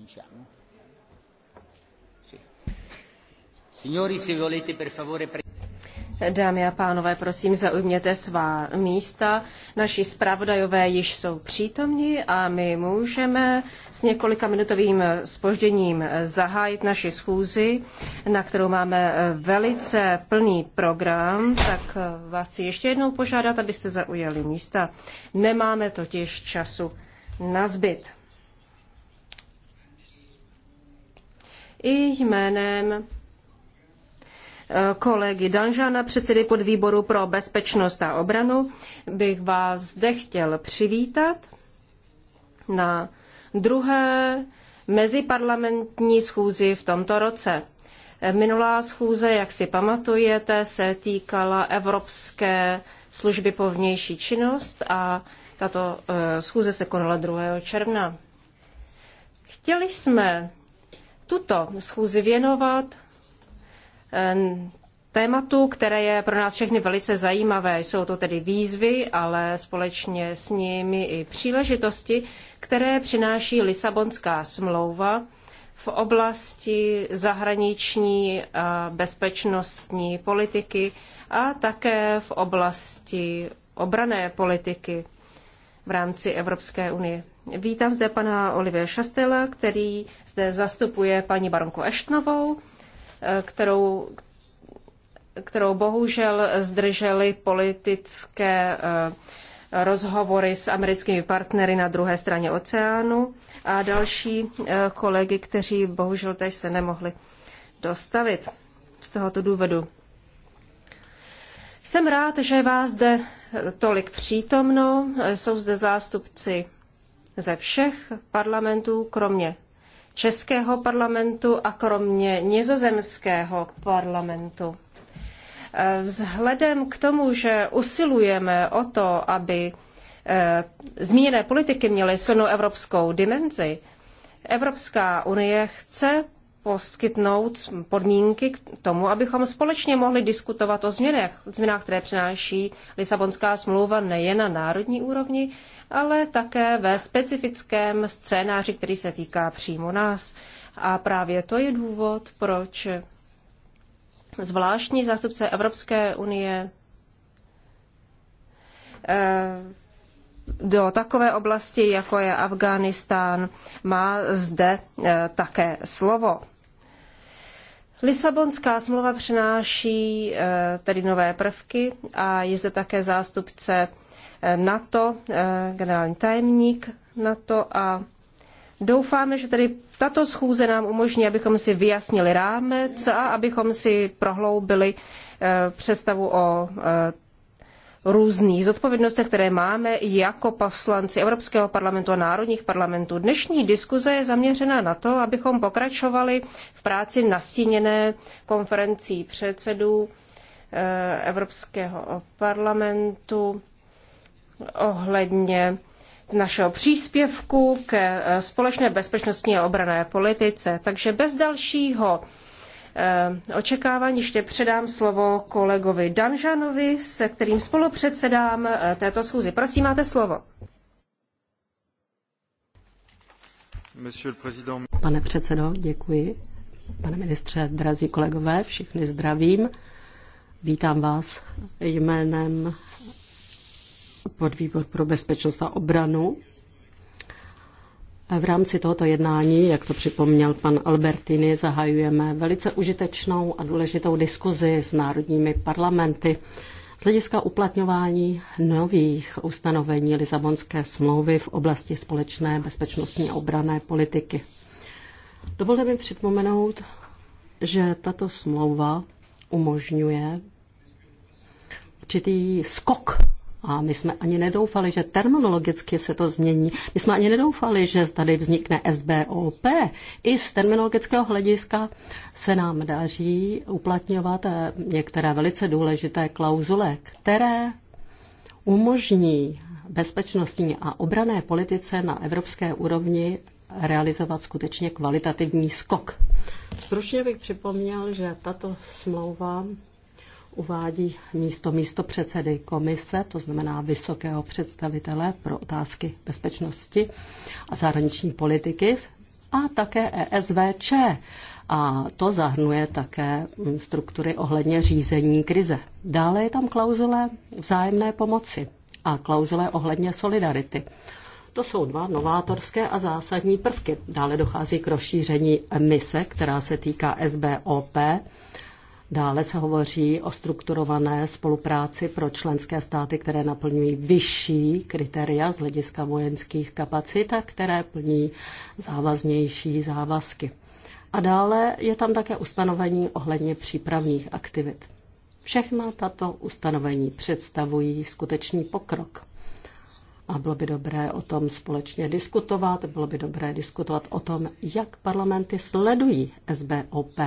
diciamo. Sì. Signori, se volete per favore Dámy a pánové, prosím, zaujměte svá místa. Naši zpravodajové již jsou přítomni a my můžeme s několika minutovým spožděním zahájit naši schůzi, na kterou máme velice plný program, tak vás chci ještě jednou požádat, abyste zaujali místa. Nemáme totiž času na zbyt. i jménem eh, kolegy Danžana, předsedy podvýboru pro bezpečnost a obranu, bych vás zde chtěl přivítat na druhé meziparlamentní schůzi v tomto roce. Eh, minulá schůze, jak si pamatujete, se týkala Evropské služby po vnější činnost a tato eh, schůze se konala 2. června. Chtěli jsme tuto schůzi věnovat eh, tématu, které je pro nás všechny velice zajímavé. Jsou to tedy výzvy, ale společně s nimi i příležitosti, které přináší Lisabonská smlouva v oblasti zahraniční a bezpečnostní politiky a také v oblasti obrané politiky v rámci Evropské unie. Vítám zde pana Olivia Šastela, který zde zastupuje paní baronku Eštnovou, eh, kterou, kterou bohužel zdrželi politické eh, rozhovory s americkými partnery na druhé straně oceánu a další eh, kolegy, kteří bohužel teď se nemohli dostavit z tohoto důvodu. Jsem rád, že vás zde tolik přítomno. Jsou zde zástupci ze všech parlamentů, kromě českého parlamentu a kromě nizozemského parlamentu. Eh, vzhledem k tomu, že usilujeme o to, aby eh, zmíněné politiky měly silnou evropskou dimenzi, Evropská unie chce poskytnout podmínky k tomu, abychom společně mohli diskutovat o změnách, změnách, které přináší Lisabonská smlouva nejen na národní úrovni, ale také ve specifickém scénáři, který se týká přímo nás. A právě to je důvod, proč zvláštní zástupce Evropské unie eh, do takové oblasti, jako je Afghánistán, má zde eh, také slovo. Lisabonská smlouva přináší eh, tedy nové prvky a je zde také zástupce eh, NATO, eh, generální tajemník NATO a doufáme, že tedy tato schůze nám umožní, abychom si vyjasnili rámec a abychom si prohloubili představu o různých zodpovědnostech, které máme jako poslanci Evropského parlamentu a národních parlamentů. Dnešní diskuze je zaměřena na to, abychom pokračovali v práci nastíněné konferencí předsedů eh, Evropského parlamentu ohledně našeho příspěvku ke eh, společné bezpečnostní a obrané politice. Takže bez dalšího Eh, očekávání. Ještě předám slovo kolegovi Danžanovi, se kterým spolupředsedám eh, této schůzi. Prosím, máte slovo. Pane předsedo, děkuji. Pane ministře, drazí kolegové, všichni zdravím. Vítám vás jménem podvýbor pro bezpečnost a obranu v rámci tohoto jednání, jak to připomněl pan Albertini, zahajujeme velice užitečnou a důležitou diskuzi s národními parlamenty. Z hlediska uplatňování nových ustanovení Lisabonské smlouvy v oblasti společné bezpečnostní a obrané politiky. Dovolte mi připomenout, že tato smlouva umožňuje určitý skok a my jsme ani nedoufali, že terminologicky se to změní. My jsme ani nedoufali, že tady vznikne SBOP. I z terminologického hlediska se nám daří uplatňovat eh, některé velice důležité klauzule, které umožní bezpečnostní a obrané politice na evropské úrovni realizovat skutečně kvalitativní skok. Stručně bych připomněl, že tato smlouva uvádí místo místo předsedy komise, to znamená vysokého představitele pro otázky bezpečnosti a zahraniční politiky a také ESVČ. A to zahrnuje také struktury ohledně řízení krize. Dále je tam klauzule vzájemné pomoci a klauzule ohledně solidarity. To jsou dva novátorské a zásadní prvky. Dále dochází k rozšíření mise, která se týká SBOP Dále se hovoří o strukturované spolupráci pro členské státy, které naplňují vyšší kritéria z hlediska vojenských kapacit a které plní závaznější závazky. A dále je tam také ustanovení ohledně přípravných aktivit. Všechna tato ustanovení představují skutečný pokrok. A bylo by dobré o tom společně diskutovat, bylo by dobré diskutovat o tom, jak parlamenty sledují SBOP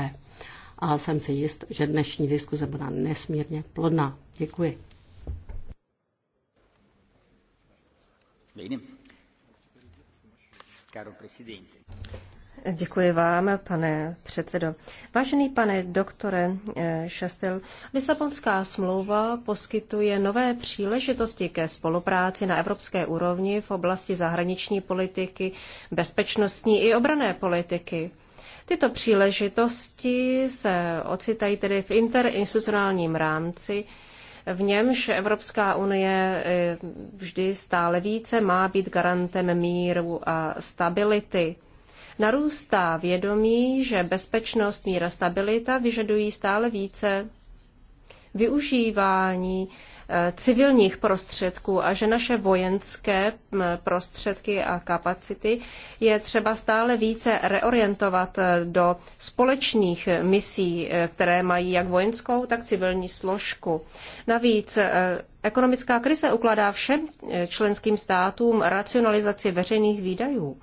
a jsem si jist, že dnešní diskuze byla nesmírně plodná. Děkuji. Děkuji vám, pane předsedo. Vážený pane doktore eh, Šestel, Lisabonská smlouva poskytuje nové příležitosti ke spolupráci na evropské úrovni v oblasti zahraniční politiky, bezpečnostní i obrané politiky. Tyto příležitosti se ocitají tedy v interinstitucionálním rámci, v němž Evropská unie eh, vždy stále více má být garantem míru a stability. Narůstá vědomí, že bezpečnost, míra, stabilita vyžadují stále více využívání eh, civilních prostředků a že naše vojenské prostředky a kapacity je třeba stále více reorientovat eh, do společných misí, eh, které mají jak vojenskou, tak civilní složku. Navíc ekonomická krize ukládá všem členským státům racionalizaci veřejných výdajů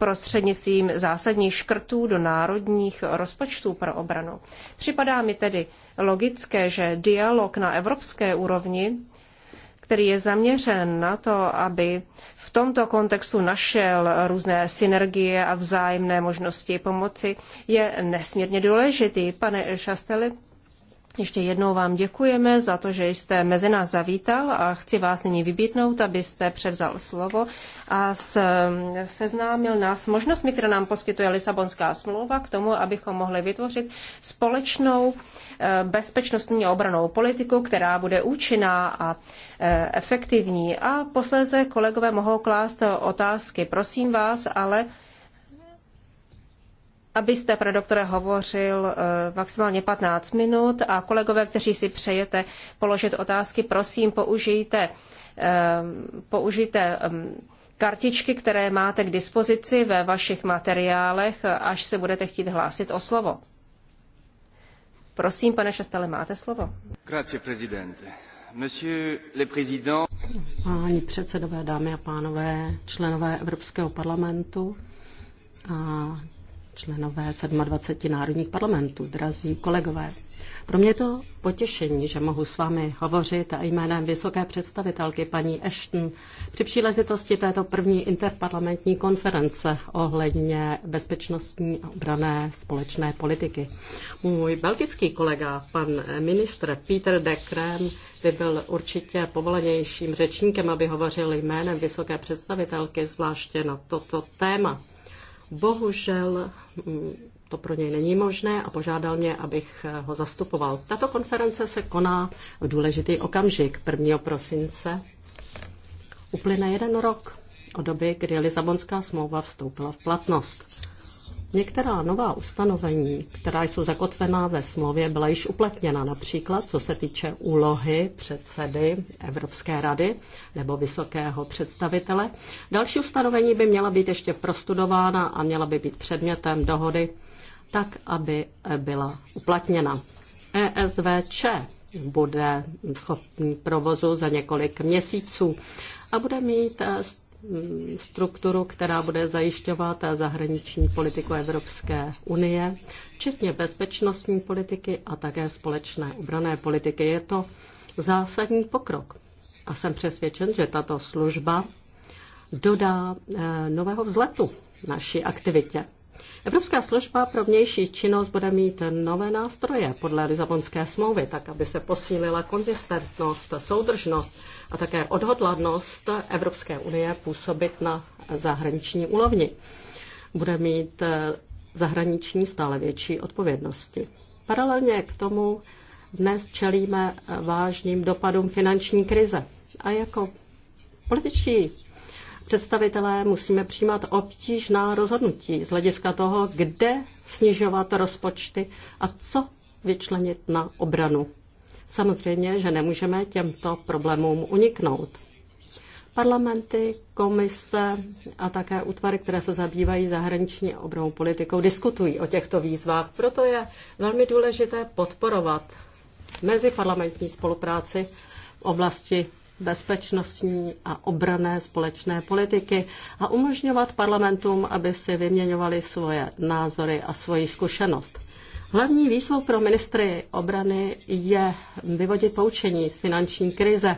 prostřednictvím zásadních škrtů do národních rozpočtů pro obranu. Připadá mi tedy logické, že dialog na evropské úrovni který je zaměřen na to, aby v tomto kontextu našel různé synergie a vzájemné možnosti pomoci, je nesmírně důležitý. Pane Šasteli, ještě jednou vám děkujeme za to, že jste mezi nás zavítal a chci vás nyní vybítnout, abyste převzal slovo a seznámil nás možnostmi, které nám poskytuje Lisabonská smlouva k tomu, abychom mohli vytvořit společnou eh, bezpečnostní obranou politiku, která bude účinná a eh, efektivní. A posléze kolegové mohou klást otázky. Prosím vás, ale abyste, pane doktore, hovořil eh, maximálně 15 minut a kolegové, kteří si přejete položit otázky, prosím, použijte, eh, použijte mm, kartičky, které máte k dispozici ve vašich materiálech, až se budete chtít hlásit o slovo. Prosím, pane Šestele, máte slovo. Grazie, prezidente. Président... Páni předsedové, dámy a pánové, členové Evropského parlamentu, a členové 27 národních parlamentů, drazí kolegové. Pro mě je to potěšení, že mohu s vámi hovořit a jménem vysoké představitelky paní Ashton při příležitosti této první interparlamentní konference ohledně bezpečnostní a obrané společné politiky. Můj belgický kolega, pan ministr Peter de Krem, by byl určitě povolenějším řečníkem, aby hovořil jménem vysoké představitelky, zvláště na toto téma. Bohužel mm, to pro něj není možné a požádal mě, abych eh, ho zastupoval. Tato konference se koná v důležitý okamžik 1. prosince. Uplyne jeden rok od doby, kdy Lisabonská smlouva vstoupila v platnost. Některá nová ustanovení, která jsou zakotvená ve smlouvě, byla již uplatněna, například co se týče úlohy předsedy Evropské rady nebo vysokého představitele. Další ustanovení by měla být ještě prostudována a měla by být předmětem dohody tak, aby byla uplatněna. ESVČ bude schopný provozu za několik měsíců a bude mít eh, Eh, strukturu, která bude zajišťovat zahraniční politiku Evropské unie, včetně bezpečnostní politiky a také společné obrané politiky. Je to zásadní pokrok. A jsem přesvědčen, že tato služba dodá eh, nového vzletu naší aktivitě. Evropská služba pro vnější činnost bude mít nové nástroje podle Lisabonské smlouvy, tak aby se posílila konzistentnost, soudržnost a také odhodlanost Evropské unie působit na zahraniční úlovni. Bude mít eh, zahraniční stále větší odpovědnosti. Paralelně k tomu dnes čelíme eh, vážným dopadům finanční krize. A jako političtí představitelé musíme přijímat obtížná rozhodnutí z hlediska toho, kde snižovat rozpočty a co vyčlenit na obranu. Samozřejmě, že nemůžeme těmto problémům uniknout. Parlamenty, komise a také útvary, které se zabývají zahraniční obrovou politikou, diskutují o těchto výzvách. Proto je velmi důležité podporovat meziparlamentní spolupráci v oblasti bezpečnostní a obrané společné politiky a umožňovat parlamentům, aby si vyměňovali svoje názory a svoji zkušenost. Hlavní výzvou pro ministry obrany je vyvodit poučení z finanční krize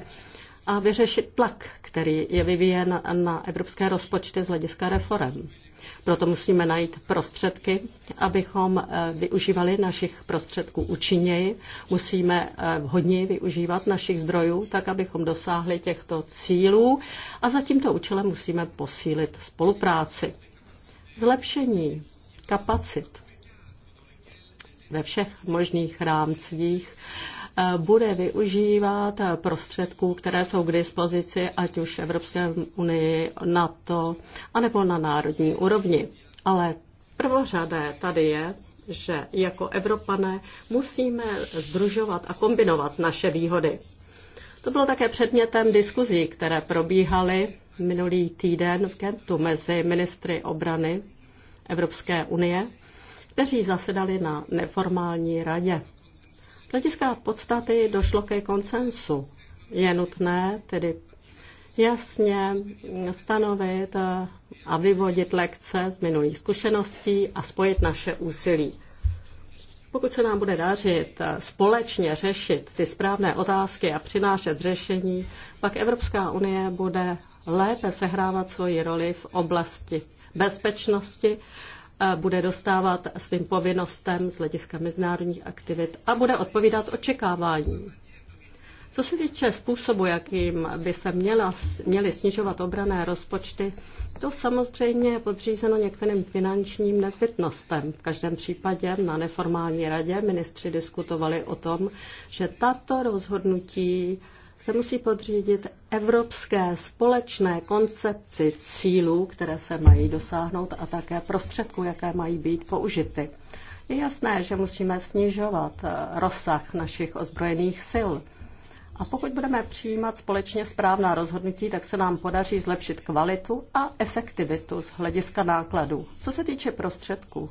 a vyřešit tlak, který je vyvíjen na evropské rozpočty z hlediska reform. Proto musíme najít prostředky, abychom eh, využívali našich prostředků účinněji. Musíme eh, hodně využívat našich zdrojů, tak abychom dosáhli těchto cílů. A za tímto účelem musíme posílit spolupráci. Zlepšení kapacit ve všech možných rámcích eh, bude využívat prostředků, které jsou k dispozici, ať už Evropské unii, NATO, anebo na národní úrovni. Ale prvořadé tady je, že jako Evropané musíme združovat a kombinovat naše výhody. To bylo také předmětem diskuzí, které probíhaly minulý týden v Kentu mezi ministry obrany Evropské unie kteří zasedali na neformální radě. Z hlediska podstaty došlo ke koncensu. Je nutné tedy jasně stanovit a vyvodit lekce z minulých zkušeností a spojit naše úsilí. Pokud se nám bude dařit společně řešit ty správné otázky a přinášet řešení, pak Evropská unie bude lépe sehrávat svoji roli v oblasti bezpečnosti bude dostávat svým povinnostem z hlediska mezinárodních aktivit a bude odpovídat očekáváním. Co se týče způsobu, jakým by se měla, měly snižovat obrané rozpočty, to samozřejmě je podřízeno některým finančním nezbytnostem. V každém případě na neformální radě ministři diskutovali o tom, že tato rozhodnutí se musí podřídit evropské společné koncepci cílů, které se mají dosáhnout a také prostředků, jaké mají být použity. Je jasné, že musíme snižovat eh, rozsah našich ozbrojených sil. A pokud budeme přijímat společně správná rozhodnutí, tak se nám podaří zlepšit kvalitu a efektivitu z hlediska nákladů. Co se týče prostředků,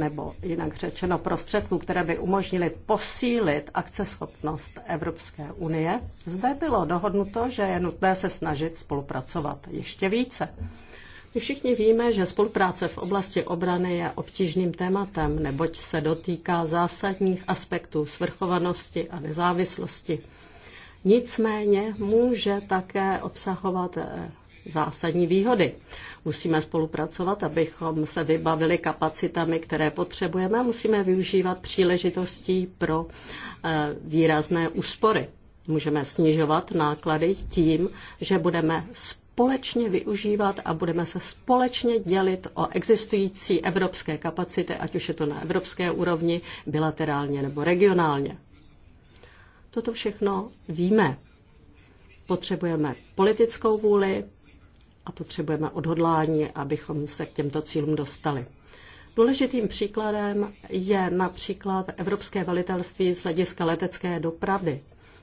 nebo jinak řečeno prostředků, které by umožnily posílit akceschopnost Evropské unie, zde bylo dohodnuto, že je nutné se snažit spolupracovat ještě více. My všichni víme, že spolupráce v oblasti obrany je obtížným tématem, neboť se dotýká zásadních aspektů svrchovanosti a nezávislosti. Nicméně může také obsahovat eh, zásadní výhody. Musíme spolupracovat, abychom se vybavili kapacitami, které potřebujeme. Musíme využívat příležitostí pro eh, výrazné úspory. Můžeme snižovat náklady tím, že budeme společně využívat a budeme se společně dělit o existující evropské kapacity, ať už je to na evropské úrovni, bilaterálně nebo regionálně. Toto všechno víme. Potřebujeme politickou vůli, a potřebujeme odhodlání, abychom se k těmto cílům dostali. Důležitým příkladem je například Evropské velitelství z hlediska letecké dopravy,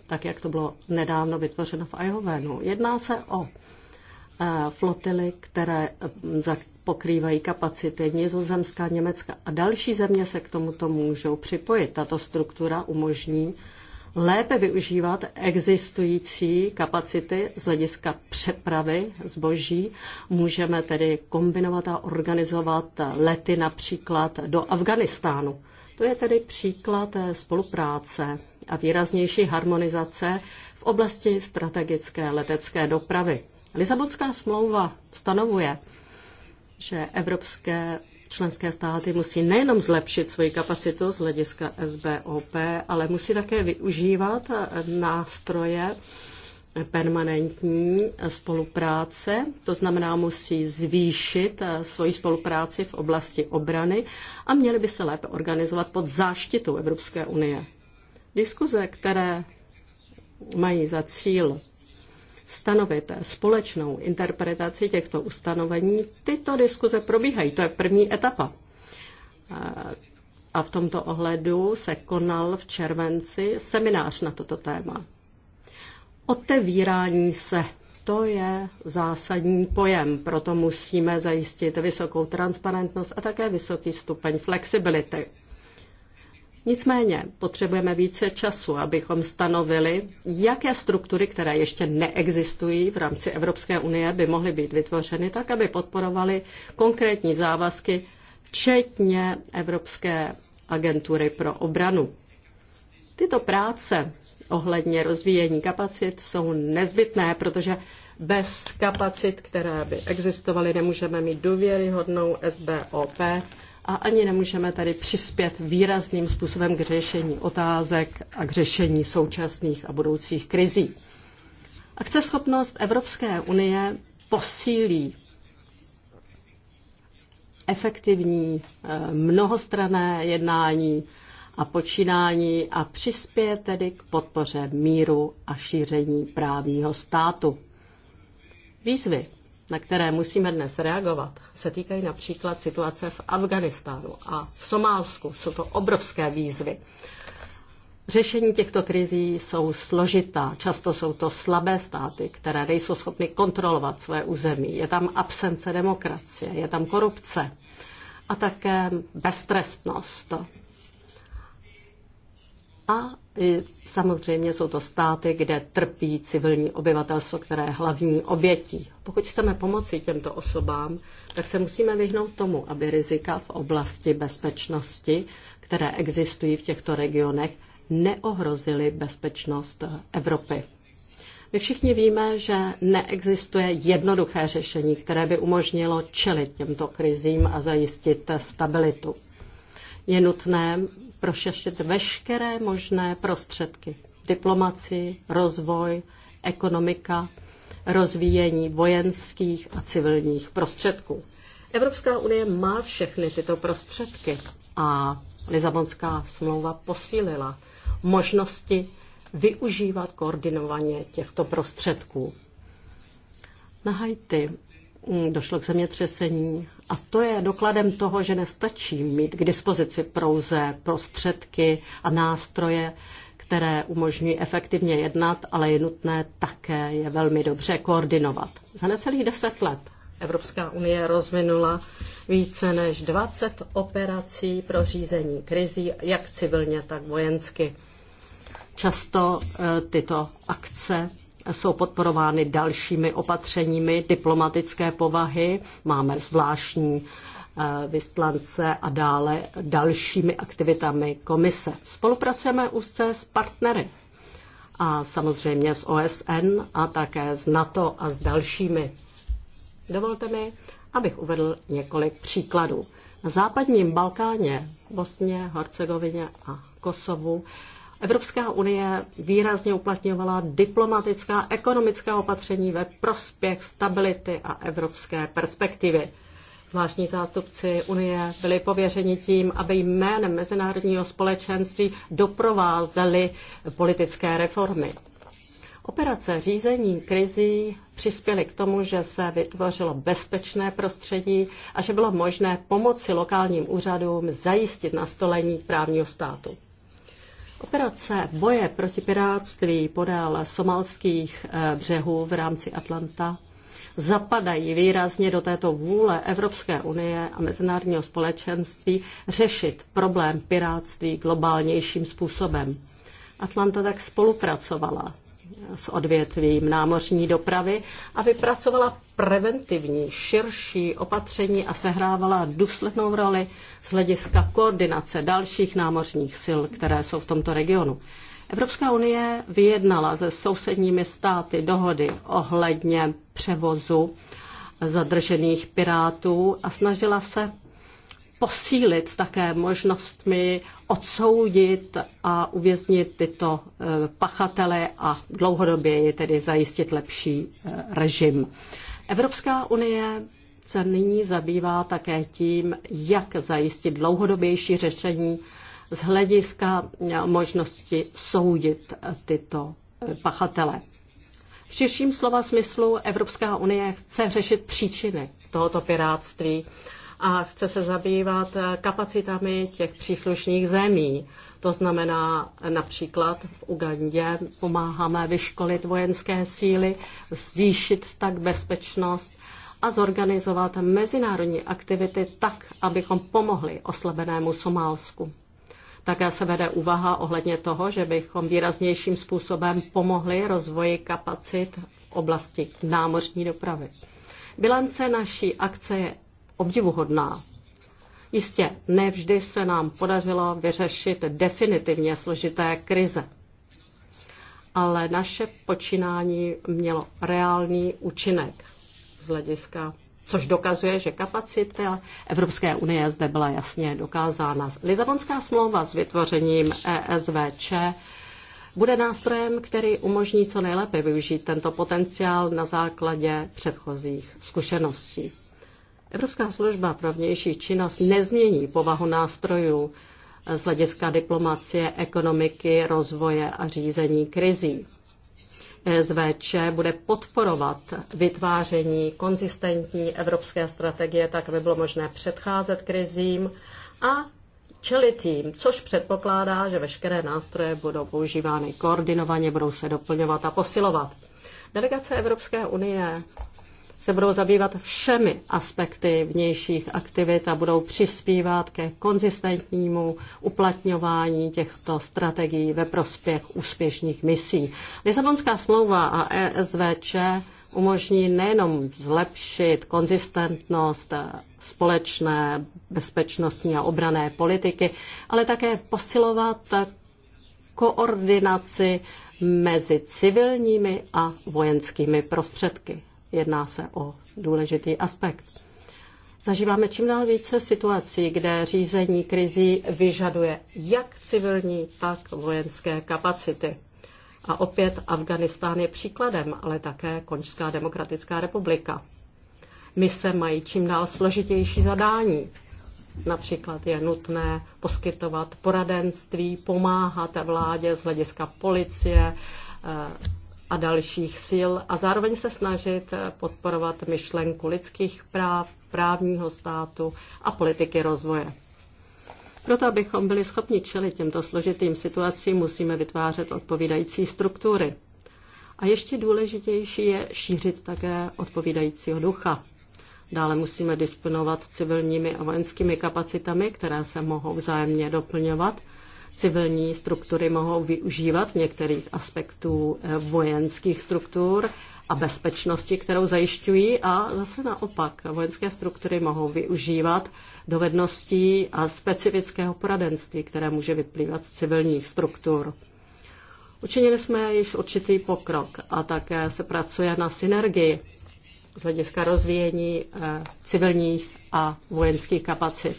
tak jak to bylo nedávno vytvořeno v Iovenu. Jedná se o eh, flotily, které hm, pokrývají kapacity Nizozemská, Německa a další země se k tomuto můžou připojit. Tato struktura umožní lépe využívat existující kapacity z hlediska přepravy zboží. Můžeme tedy kombinovat a organizovat lety například do Afganistánu. To je tedy příklad spolupráce a výraznější harmonizace v oblasti strategické letecké dopravy. Lisabonská smlouva stanovuje, že evropské Členské státy musí nejenom zlepšit svoji kapacitu z hlediska SBOP, ale musí také využívat nástroje permanentní spolupráce, to znamená musí zvýšit svoji spolupráci v oblasti obrany a měly by se lépe organizovat pod záštitou Evropské unie. Diskuze, které mají za cíl stanovit společnou interpretaci těchto ustanovení, tyto diskuze probíhají. To je první etapa. A v tomto ohledu se konal v červenci seminář na toto téma. Otevírání se to je zásadní pojem, proto musíme zajistit vysokou transparentnost a také vysoký stupeň flexibility. Nicméně potřebujeme více času, abychom stanovili, jaké struktury, které ještě neexistují v rámci Evropské unie, by mohly být vytvořeny tak, aby podporovaly konkrétní závazky, včetně Evropské agentury pro obranu. Tyto práce ohledně rozvíjení kapacit jsou nezbytné, protože bez kapacit, které by existovaly, nemůžeme mít důvěryhodnou SBOP a ani nemůžeme tady přispět výrazným způsobem k řešení otázek a k řešení současných a budoucích krizí. Akceschopnost Evropské unie posílí efektivní eh, mnohostrané jednání a počínání a přispěje tedy k podpoře míru a šíření právního státu. Výzvy, na které musíme dnes reagovat, se týkají například situace v Afganistánu a v Somálsku. Jsou to obrovské výzvy. Řešení těchto krizí jsou složitá. Často jsou to slabé státy, které nejsou schopny kontrolovat své území. Je tam absence demokracie, je tam korupce a také beztrestnost. A Samozřejmě jsou to státy, kde trpí civilní obyvatelstvo, které je hlavní obětí. Pokud chceme pomoci těmto osobám, tak se musíme vyhnout tomu, aby rizika v oblasti bezpečnosti, které existují v těchto regionech, neohrozily bezpečnost Evropy. My všichni víme, že neexistuje jednoduché řešení, které by umožnilo čelit těmto krizím a zajistit stabilitu. Je nutné prošešit veškeré možné prostředky. Diplomaci, rozvoj, ekonomika, rozvíjení vojenských a civilních prostředků. Evropská unie má všechny tyto prostředky a Lizabonská smlouva posílila možnosti využívat koordinovaně těchto prostředků. Na Haiti Mm, došlo k zemětřesení. A to je dokladem toho, že nestačí mít k dispozici prouze, prostředky a nástroje, které umožňují efektivně jednat, ale je nutné také je velmi dobře koordinovat. Za necelých deset let Evropská unie rozvinula více než 20 operací pro řízení krizí, jak civilně, tak vojensky. Často eh, tyto akce jsou podporovány dalšími opatřeními diplomatické povahy. Máme zvláštní eh, vyslance a dále dalšími aktivitami komise. Spolupracujeme úzce s partnery a samozřejmě s OSN a také s NATO a s dalšími. Dovolte mi, abych uvedl několik příkladů. Na západním Balkáně, Bosně, Hercegovině a Kosovu Evropská unie výrazně uplatňovala diplomatická ekonomická opatření ve prospěch stability a evropské perspektivy. Zvláštní zástupci Unie byli pověřeni tím, aby jménem mezinárodního společenství doprovázeli politické reformy. Operace řízení krizí přispěly k tomu, že se vytvořilo bezpečné prostředí a že bylo možné pomoci lokálním úřadům zajistit nastolení právního státu. Operace boje proti piráctví podél somalských eh, břehů v rámci Atlanta zapadají výrazně do této vůle Evropské unie a mezinárodního společenství řešit problém piráctví globálnějším způsobem. Atlanta tak spolupracovala s odvětvím námořní dopravy a vypracovala preventivní, širší opatření a sehrávala důslednou roli z hlediska koordinace dalších námořních sil, které jsou v tomto regionu. Evropská unie vyjednala se sousedními státy dohody ohledně převozu zadržených pirátů a snažila se posílit také možnostmi odsoudit a uvěznit tyto eh, pachatele a dlouhodobě je tedy zajistit lepší eh, režim. Evropská unie se nyní zabývá také tím, jak zajistit dlouhodobější řešení z hlediska eh, možnosti soudit tyto pachatele. V širším slova smyslu Evropská unie chce řešit příčiny tohoto pirátství, a chce se zabývat kapacitami těch příslušných zemí. To znamená například v Ugandě pomáháme vyškolit vojenské síly, zvýšit tak bezpečnost a zorganizovat mezinárodní aktivity tak, abychom pomohli oslabenému Somálsku. Také se vede úvaha ohledně toho, že bychom výraznějším způsobem pomohli rozvoji kapacit v oblasti námořní dopravy. Bilance naší akce je obdivuhodná. Jistě, nevždy se nám podařilo vyřešit definitivně složité krize, ale naše počínání mělo reálný účinek z hlediska, což dokazuje, že kapacita Evropské unie zde byla jasně dokázána. Lizabonská smlouva s vytvořením ESVČ bude nástrojem, který umožní co nejlépe využít tento potenciál na základě předchozích zkušeností. Evropská služba pro vnější činnost nezmění povahu nástrojů eh, z hlediska diplomacie, ekonomiky, rozvoje a řízení krizí. SVČ bude podporovat vytváření konzistentní evropské strategie, tak aby bylo možné předcházet krizím a čelit jim, což předpokládá, že veškeré nástroje budou používány koordinovaně, budou se doplňovat a posilovat. Delegace Evropské unie se budou zabývat všemi aspekty vnějších aktivit a budou přispívat ke konzistentnímu uplatňování těchto strategií ve prospěch úspěšných misí. Lisabonská smlouva a ESVČ umožní nejenom zlepšit konzistentnost společné bezpečnostní a obrané politiky, ale také posilovat koordinaci mezi civilními a vojenskými prostředky. Jedná se o důležitý aspekt. Zažíváme čím dál více situací, kde řízení krizí vyžaduje jak civilní, tak vojenské kapacity. A opět Afganistán je příkladem, ale také Končská demokratická republika. Mise mají čím dál složitější zadání. Například je nutné poskytovat poradenství, pomáhat vládě z hlediska policie, eh, a dalších sil a zároveň se snažit eh, podporovat myšlenku lidských práv, právního státu a politiky rozvoje. Proto, abychom byli schopni čelit těmto složitým situacím, musíme vytvářet odpovídající struktury. A ještě důležitější je šířit také odpovídajícího ducha. Dále musíme disponovat civilními a vojenskými kapacitami, které se mohou vzájemně doplňovat – Civilní struktury mohou využívat některých aspektů eh, vojenských struktur a bezpečnosti, kterou zajišťují, a zase naopak vojenské struktury mohou využívat dovedností a specifického poradenství, které může vyplývat z civilních struktur. Učinili jsme již určitý pokrok a také se pracuje na synergii z hlediska rozvíjení eh, civilních a vojenských kapacit.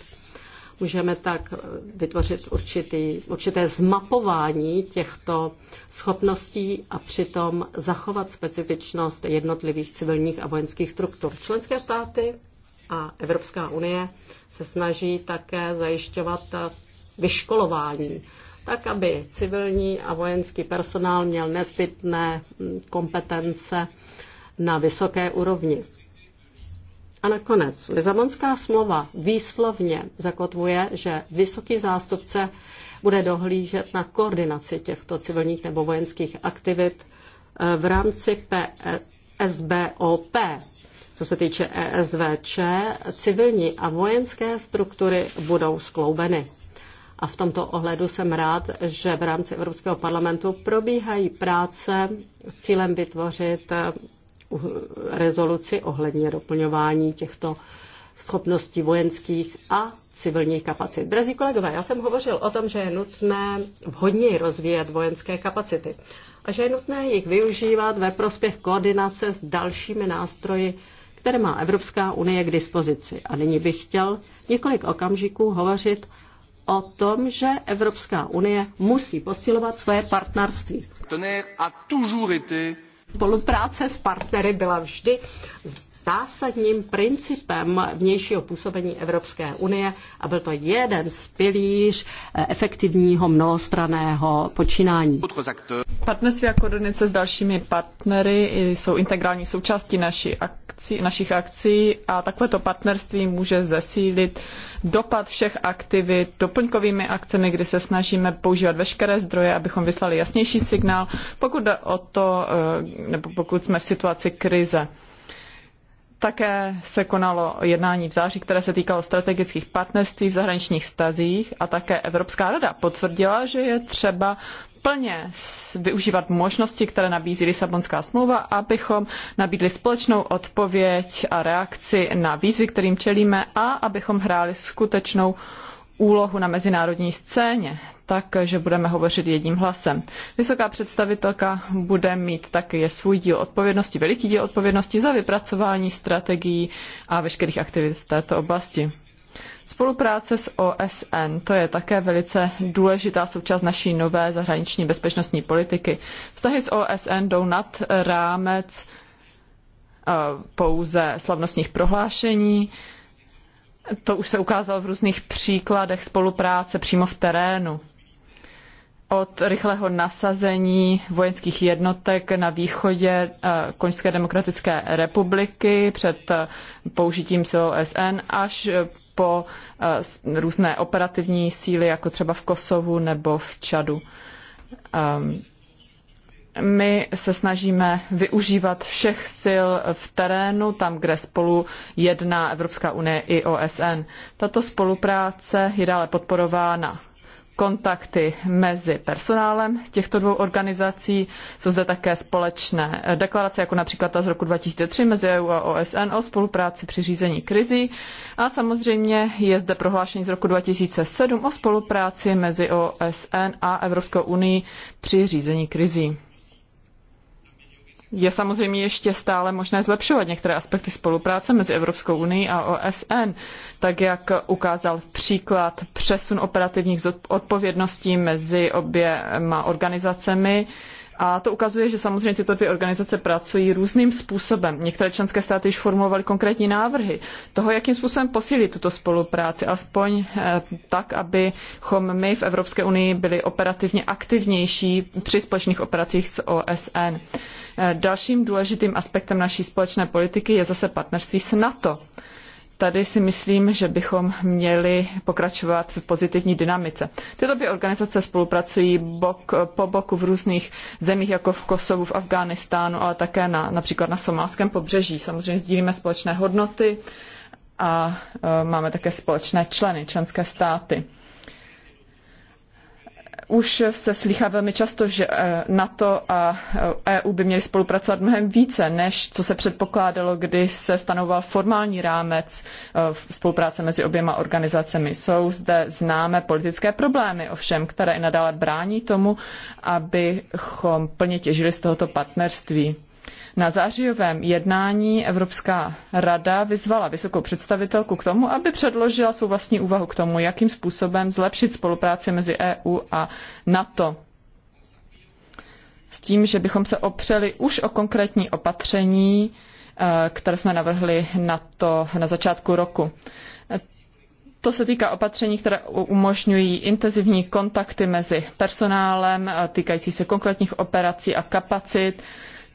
Můžeme tak vytvořit určitý, určité zmapování těchto schopností a přitom zachovat specifičnost jednotlivých civilních a vojenských struktur. Členské státy a Evropská unie se snaží také zajišťovat vyškolování tak, aby civilní a vojenský personál měl nezbytné kompetence na vysoké úrovni. A nakonec, Lizabonská smlouva výslovně zakotvuje, že vysoký zástupce bude dohlížet na koordinaci těchto civilních nebo vojenských aktivit eh, v rámci SBOP. Co se týče ESVČ, civilní a vojenské struktury budou skloubeny. A v tomto ohledu jsem rád, že v rámci Evropského parlamentu probíhají práce s cílem vytvořit eh, Uh, rezoluci ohledně doplňování těchto schopností vojenských a civilních kapacit. Drazí kolegové, já jsem hovořil o tom, že je nutné vhodněji rozvíjet vojenské kapacity a že je nutné jich využívat ve prospěch koordinace s dalšími nástroji, které má Evropská unie k dispozici. A nyní bych chtěl několik okamžiků hovořit o tom, že Evropská unie musí posilovat své partnerství. Spolupráce s partnery byla vždy zásadním principem vnějšího působení Evropské unie a byl to jeden z pilíř eh, efektivního mnohostraného počínání. Partnerství a koordinace s dalšími partnery jsou integrální součástí naší akci, našich akcí a takovéto partnerství může zesílit dopad všech aktivit doplňkovými akcemi, kdy se snažíme používat veškeré zdroje, abychom vyslali jasnější signál, pokud o to, eh, nebo pokud jsme v situaci krize. Také se konalo jednání v září, které se týkalo strategických partnerství v zahraničních vztazích a také Evropská rada potvrdila, že je třeba plně využívat možnosti, které nabízí Lisabonská smlouva, abychom nabídli společnou odpověď a reakci na výzvy, kterým čelíme a abychom hráli skutečnou úlohu na mezinárodní scéně, tak, že budeme hovořit jedním hlasem. Vysoká představitelka bude mít také svůj díl odpovědnosti, veliký díl odpovědnosti za vypracování strategií a veškerých aktivit v této oblasti. Spolupráce s OSN, to je také velice důležitá součást naší nové zahraniční bezpečnostní politiky. Vztahy s OSN jdou nad rámec eh, pouze slavnostních prohlášení, to už se ukázalo v různých příkladech spolupráce přímo v terénu. Od rychlého nasazení vojenských jednotek na východě eh, Konžské demokratické republiky před eh, použitím sil OSN až eh, po různé operativní síly, jako třeba v Kosovu nebo v Čadu. Ehm, my se snažíme využívat všech sil v terénu, tam, kde spolu jedná Evropská unie i OSN. Tato spolupráce je dále podporována kontakty mezi personálem těchto dvou organizací. Jsou zde také společné deklarace, jako například ta z roku 2003 mezi EU a OSN o spolupráci při řízení krizí. A samozřejmě je zde prohlášení z roku 2007 o spolupráci mezi OSN a Evropskou unii při řízení krizí. Je samozřejmě ještě stále možné zlepšovat některé aspekty spolupráce mezi Evropskou unii a OSN, tak jak ukázal příklad přesun operativních odpovědností mezi oběma organizacemi, a to ukazuje, že samozřejmě tyto dvě organizace pracují různým způsobem. Některé členské státy již formulovaly konkrétní návrhy toho, jakým způsobem posílit tuto spolupráci, alespoň eh, tak, abychom my v Evropské unii byli operativně aktivnější při společných operacích s OSN. Eh, dalším důležitým aspektem naší společné politiky je zase partnerství s NATO tady si myslím, že bychom měli pokračovat v pozitivní dynamice. Tyto dvě organizace spolupracují bok po boku v různých zemích, jako v Kosovu, v Afghánistánu, ale také na, například na somálském pobřeží. Samozřejmě sdílíme společné hodnoty a e, máme také společné členy, členské státy. Už se slychá velmi často, že eh, NATO a EU eh, e by měly spolupracovat mnohem více, než co se předpokládalo, kdy se stanoval formální rámec eh, spolupráce mezi oběma organizacemi. Jsou zde známé politické problémy, ovšem, které i nadále brání tomu, abychom plně těžili z tohoto partnerství. Na zářijovém jednání Evropská rada vyzvala vysokou představitelku k tomu, aby předložila svou vlastní úvahu k tomu, jakým způsobem zlepšit spolupráci mezi EU a NATO. S tím, že bychom se opřeli už o konkrétní opatření, eh, které jsme navrhli na to na začátku roku. To se týká opatření, které umožňují intenzivní kontakty mezi personálem, eh, týkající se konkrétních operací a kapacit,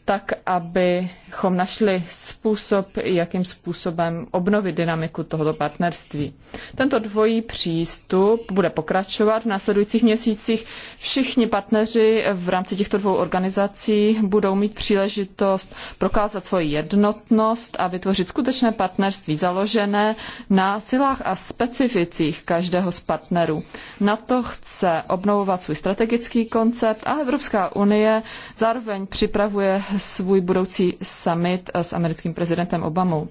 tak abychom našli způsob, jakým způsobem obnovit dynamiku tohoto partnerství. Tento dvojí přístup bude pokračovat v následujících měsících. Všichni partneři v rámci těchto dvou organizací budou mít příležitost prokázat svoji jednotnost a vytvořit skutečné partnerství založené na silách a specificích každého z partnerů. Na to chce obnovovat svůj strategický koncept a Evropská unie zároveň připravuje svůj budoucí summit s americkým prezidentem Obamou.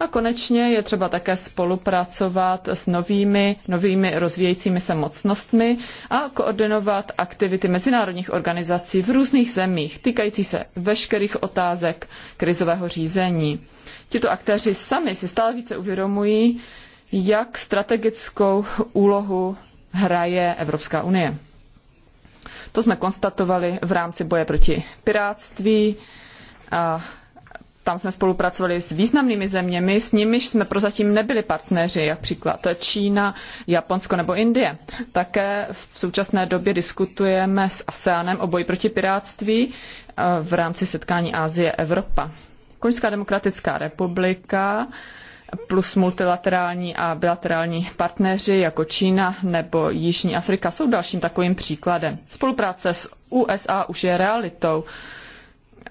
A konečně je třeba také spolupracovat s novými, novými rozvíjejícími se mocnostmi a koordinovat aktivity mezinárodních organizací v různých zemích, týkající se veškerých otázek krizového řízení. Tito aktéři sami si stále více uvědomují, jak strategickou úlohu hraje Evropská unie. To jsme konstatovali v rámci boje proti piráctví. A tam jsme spolupracovali s významnými zeměmi, s nimiž jsme prozatím nebyli partneři, jak příklad Čína, Japonsko nebo Indie. Také v současné době diskutujeme s ASEANem o boji proti pirátství eh, v rámci setkání Asie Evropa. Koňská demokratická republika plus multilaterální a bilaterální partneři jako Čína nebo Jižní Afrika jsou dalším takovým příkladem. Spolupráce s USA už je realitou.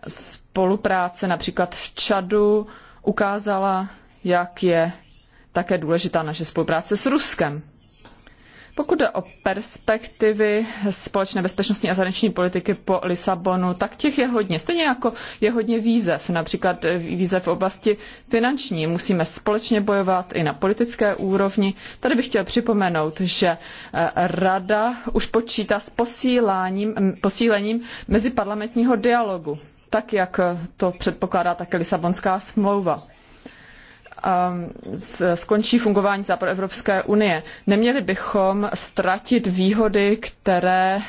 Spolupráce například v Čadu ukázala, jak je také důležitá naše spolupráce s Ruskem. Pokud jde o perspektivy společné bezpečnostní a zahraniční politiky po Lisabonu, tak těch je hodně. Stejně jako je hodně výzev, například výzev v oblasti finanční. Musíme společně bojovat i na politické úrovni. Tady bych chtěl připomenout, že eh, Rada už počítá s posíláním, posílením meziparlamentního dialogu, tak jak to předpokládá také Lisabonská smlouva. Um, skončí fungování Západoevropské unie. Neměli bychom ztratit výhody, které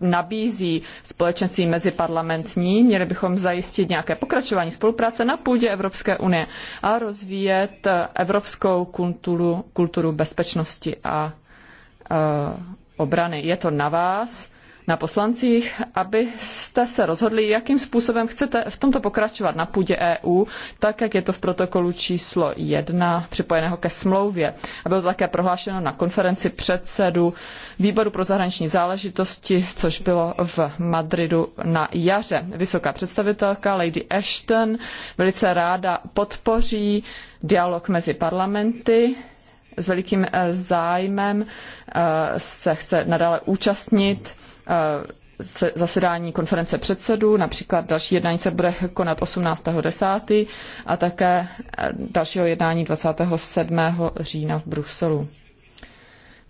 nabízí společenství meziparlamentní, měli bychom zajistit nějaké pokračování spolupráce na půdě Evropské unie a rozvíjet evropskou kulturu, kulturu bezpečnosti a, a uh, obrany. Je to na vás na poslancích, abyste se rozhodli, jakým způsobem chcete v tomto pokračovat na půdě EU, tak jak je to v protokolu číslo 1 připojeného ke smlouvě. A bylo to také prohlášeno na konferenci předsedu Výboru pro zahraniční záležitosti, což bylo v Madridu na jaře. Vysoká představitelka Lady Ashton velice ráda podpoří dialog mezi parlamenty, s velikým eh, zájmem eh, se chce nadále účastnit Eh, zasedání konference předsedů, například další jednání se bude konat 18.10. a také eh, dalšího jednání 27. října v Bruselu.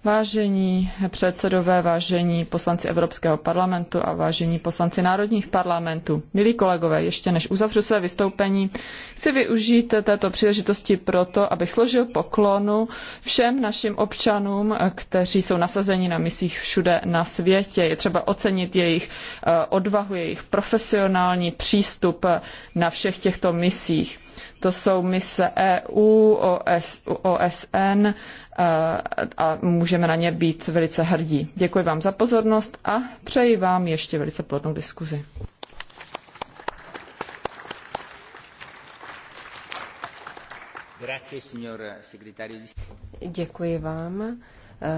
Vážení předsedové, vážení poslanci Evropského parlamentu a vážení poslanci národních parlamentů, milí kolegové, ještě než uzavřu své vystoupení, chci využít této příležitosti proto, abych složil poklonu všem našim občanům, kteří jsou nasazeni na misích všude na světě. Je třeba ocenit jejich eh, odvahu, jejich profesionální přístup eh, na všech těchto misích. To jsou mise EU, OS, OSN a můžeme na ně být velice hrdí. Děkuji vám za pozornost a přeji vám ještě velice plodnou diskuzi. Děkuji vám.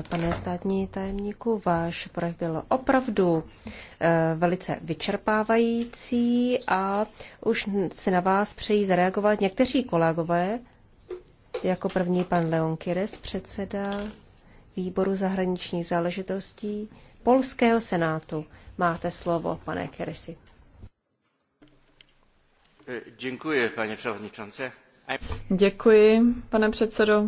Pane státní tajemníku, váš projev byl opravdu eh, velice vyčerpávající a už si na vás přejí zareagovat někteří kolegové, jako první pan Leon Kires, předseda výboru zahraničních záležitostí Polského senátu. Máte slovo, pane Kiresi. Děkuji, pane předsedající. Děkuji, pane předsedo.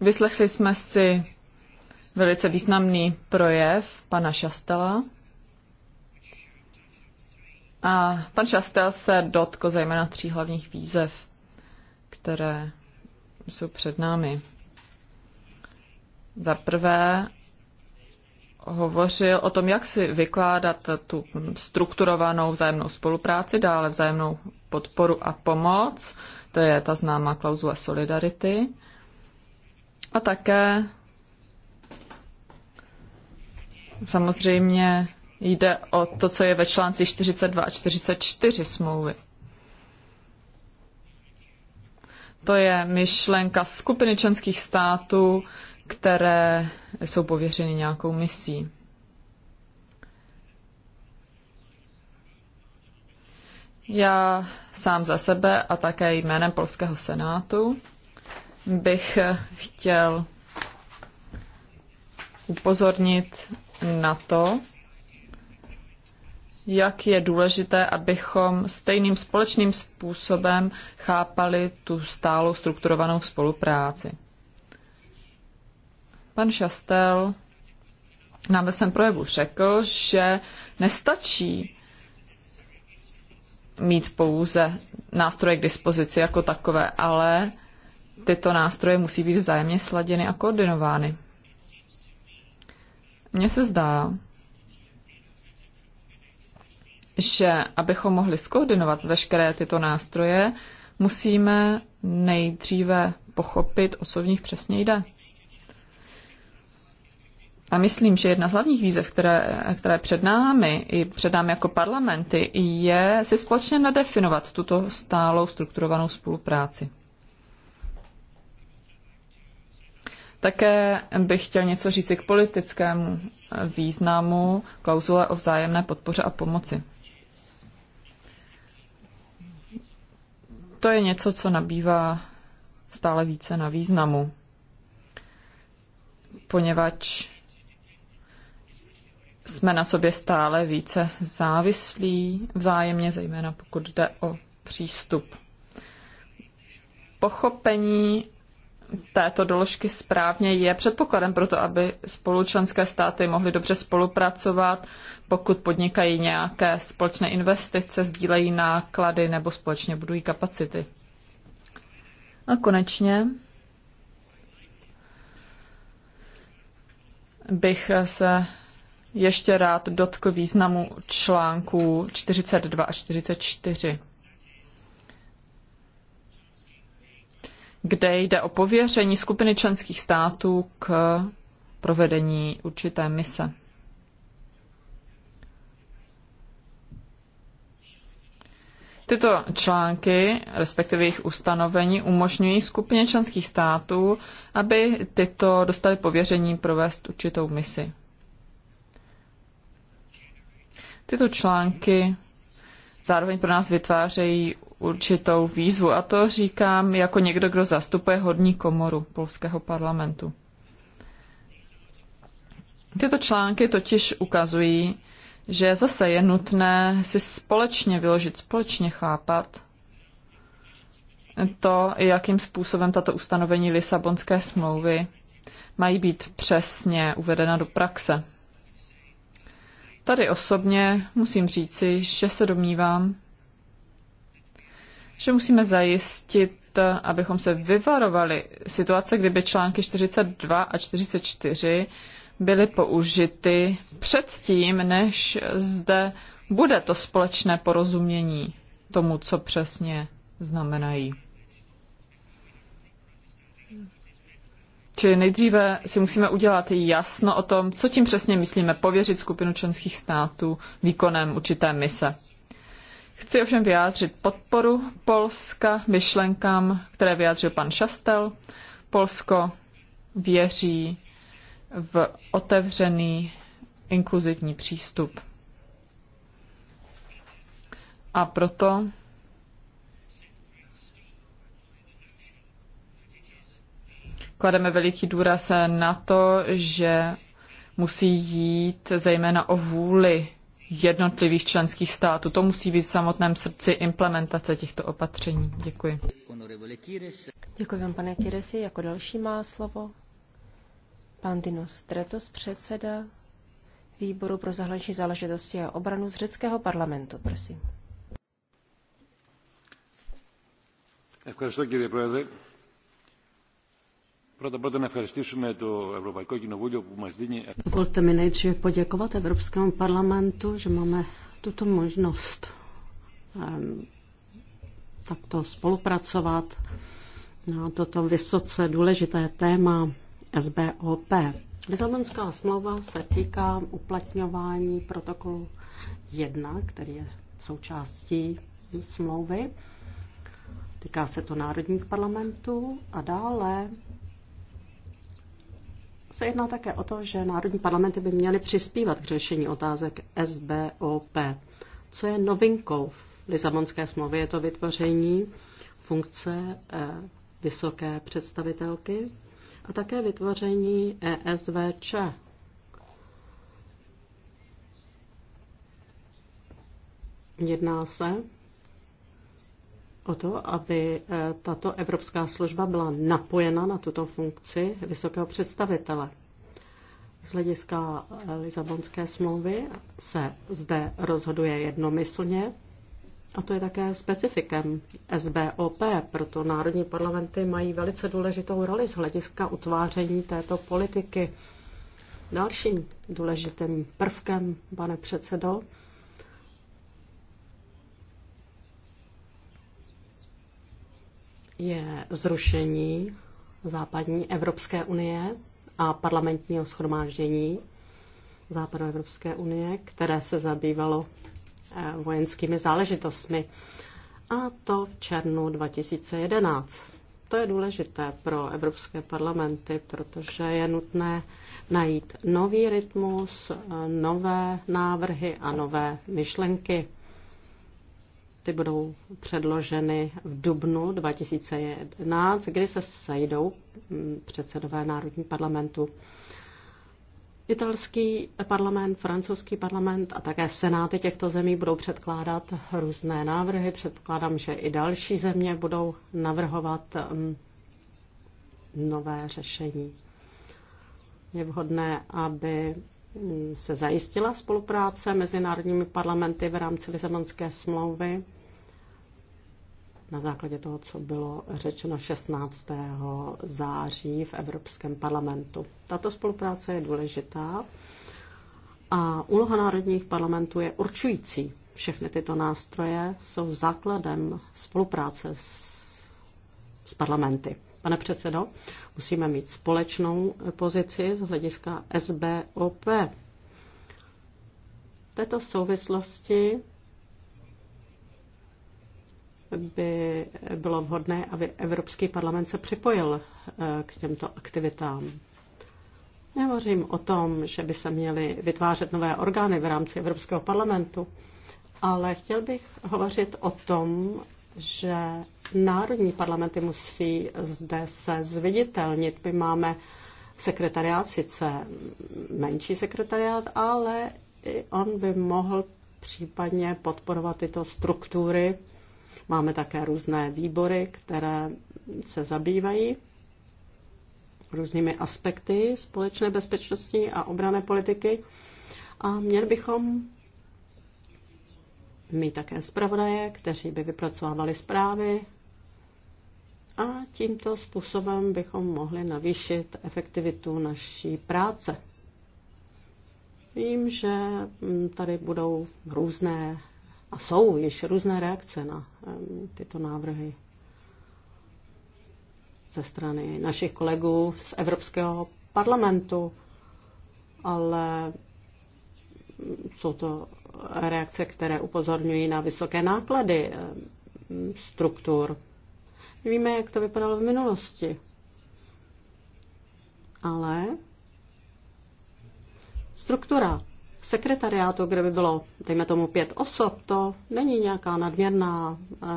Vyslechli jsme si velice významný projev pana Šastela. A pan Šastel se dotkl zejména tří hlavních výzev, které jsou před námi. Za prvé hovořil o tom, jak si vykládat tu strukturovanou vzájemnou spolupráci, dále vzájemnou podporu a pomoc, to je ta známá klauzule solidarity, a také samozřejmě Jde o to, co je ve článci 42 a 44 smlouvy. To je myšlenka skupiny členských států, které jsou pověřeny nějakou misí. Já sám za sebe a také jménem Polského senátu bych chtěl upozornit na to, jak je důležité, abychom stejným společným způsobem chápali tu stálou strukturovanou spolupráci. Pan Šastel nám ve svém projevu řekl, že nestačí mít pouze nástroje k dispozici jako takové, ale tyto nástroje musí být vzájemně sladěny a koordinovány. Mně se zdá, že abychom mohli skoordinovat veškeré tyto nástroje, musíme nejdříve pochopit, o co v nich přesně jde. A myslím, že jedna z hlavních výzev, které, které před námi i před námi jako parlamenty, je si společně nadefinovat tuto stálou strukturovanou spolupráci. Také bych chtěl něco říci k politickému významu klauzule o vzájemné podpoře a pomoci. to je něco, co nabývá stále více na významu, poněvadž jsme na sobě stále více závislí vzájemně, zejména pokud jde o přístup. Pochopení této doložky správně je předpokladem pro to, aby spolučlenské státy mohly dobře spolupracovat, pokud podnikají nějaké společné investice, sdílejí náklady nebo společně budují kapacity. A konečně bych se ještě rád dotkl významu článků 42 a 44. kde jde o pověření skupiny členských států k provedení určité mise. Tyto články, respektive jejich ustanovení, umožňují skupině členských států, aby tyto dostali pověření provést určitou misi. Tyto články zároveň pro nás vytvářejí určitou výzvu. A to říkám jako někdo, kdo zastupuje hodní komoru polského parlamentu. Tyto články totiž ukazují, že zase je nutné si společně vyložit, společně chápat to, jakým způsobem tato ustanovení Lisabonské smlouvy mají být přesně uvedena do praxe. Tady osobně musím říci, že se domnívám, že musíme zajistit, abychom se vyvarovali situace, kdyby články 42 a 44 byly použity předtím, než zde bude to společné porozumění tomu, co přesně znamenají. Čili nejdříve si musíme udělat jasno o tom, co tím přesně myslíme pověřit skupinu členských států výkonem určité mise. Chci ovšem vyjádřit podporu Polska myšlenkám, které vyjádřil pan Šastel. Polsko věří v otevřený inkluzivní přístup. A proto klademe veliký důraz na to, že musí jít zejména o vůli jednotlivých členských států. To musí být v samotném srdci implementace těchto opatření. Děkuji. Děkuji vám, pane Kiresi. Jako další má slovo pan Dinos Tretos, předseda výboru pro zahraniční záležitosti a obranu z řeckého parlamentu. Prosím. Dovolte mi nejdříve poděkovat Evropskému parlamentu, že máme tuto možnost ehm, takto spolupracovat na toto vysoce důležité téma SBOP. Lisabonská smlouva se týká uplatňování protokolu 1, který je součástí smlouvy. Týká se to národních parlamentů a dále se jedná také o to, že národní parlamenty by měly přispívat k řešení otázek SBOP. Co je novinkou v Lisabonské smlouvě, je to vytvoření funkce eh, vysoké představitelky a také vytvoření ESVČ. Jedná se o to, aby eh, tato evropská služba byla napojena na tuto funkci vysokého představitele. Z hlediska eh, Lisabonské smlouvy se zde rozhoduje jednomyslně a to je také specifikem SBOP, proto národní parlamenty mají velice důležitou roli z hlediska utváření této politiky. Dalším důležitým prvkem, pane předsedo, je zrušení západní Evropské unie a parlamentního schromáždění Západoevropské unie, které se zabývalo eh, vojenskými záležitostmi. A to v červnu 2011. To je důležité pro evropské parlamenty, protože je nutné najít nový rytmus, eh, nové návrhy a nové myšlenky. Ty budou předloženy v dubnu 2011, kdy se sejdou mm, předsedové Národní parlamentu. Italský parlament, francouzský parlament a také senáty těchto zemí budou předkládat různé návrhy. Předpokládám, že i další země budou navrhovat mm, nové řešení. Je vhodné, aby mm, se zajistila spolupráce mezi národními parlamenty v rámci Lisabonské smlouvy na základě toho, co bylo řečeno 16. září v Evropském parlamentu. Tato spolupráce je důležitá a úloha národních parlamentů je určující. Všechny tyto nástroje jsou základem spolupráce s, s parlamenty. Pane předsedo, musíme mít společnou pozici z hlediska SBOP. V této souvislosti by bylo vhodné, aby Evropský parlament se připojil eh, k těmto aktivitám. Nehovořím o tom, že by se měly vytvářet nové orgány v rámci Evropského parlamentu, ale chtěl bych hovořit o tom, že národní parlamenty musí zde se zviditelnit. My máme sekretariát, sice menší sekretariát, ale i on by mohl případně podporovat tyto struktury Máme také různé výbory, které se zabývají různými aspekty společné bezpečnostní a obrané politiky. A měli bychom mít také zpravodaje, kteří by vypracovávali zprávy a tímto způsobem bychom mohli navýšit efektivitu naší práce. Vím, že tady budou různé a jsou již různé reakce na tyto návrhy ze strany našich kolegů z Evropského parlamentu, ale jsou to reakce, které upozorňují na vysoké náklady struktur. Víme, jak to vypadalo v minulosti. Ale struktura sekretariátu, kde by bylo, dejme tomu, pět osob, to není nějaká nadměrná uh,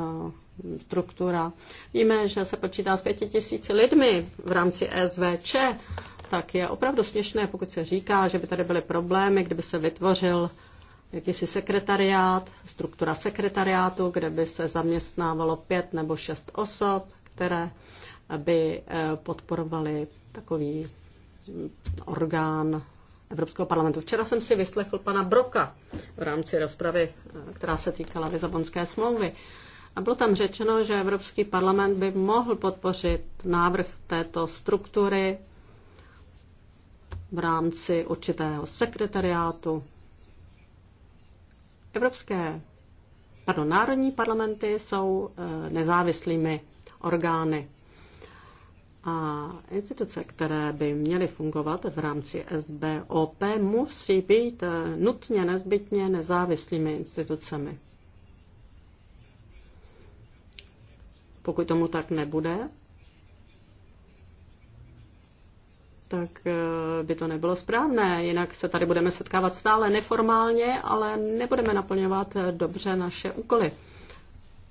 struktura. Víme, že se počítá s pěti tisíci lidmi v rámci SVČ, tak je opravdu směšné, pokud se říká, že by tady byly problémy, kdyby se vytvořil jakýsi sekretariát, struktura sekretariátu, kde by se zaměstnávalo pět nebo šest osob, které by eh, podporovaly takový orgán Evropského parlamentu. Včera jsem si vyslechl pana Broka v rámci rozpravy, eh, která se týkala Lisabonské smlouvy. A bylo tam řečeno, že Evropský parlament by mohl podpořit návrh této struktury v rámci určitého sekretariátu. Evropské, pardon, národní parlamenty jsou eh, nezávislými orgány. A instituce, které by měly fungovat v rámci SBOP, musí být eh, nutně nezbytně nezávislými institucemi. Pokud tomu tak nebude, tak eh, by to nebylo správné. Jinak se tady budeme setkávat stále neformálně, ale nebudeme naplňovat eh, dobře naše úkoly.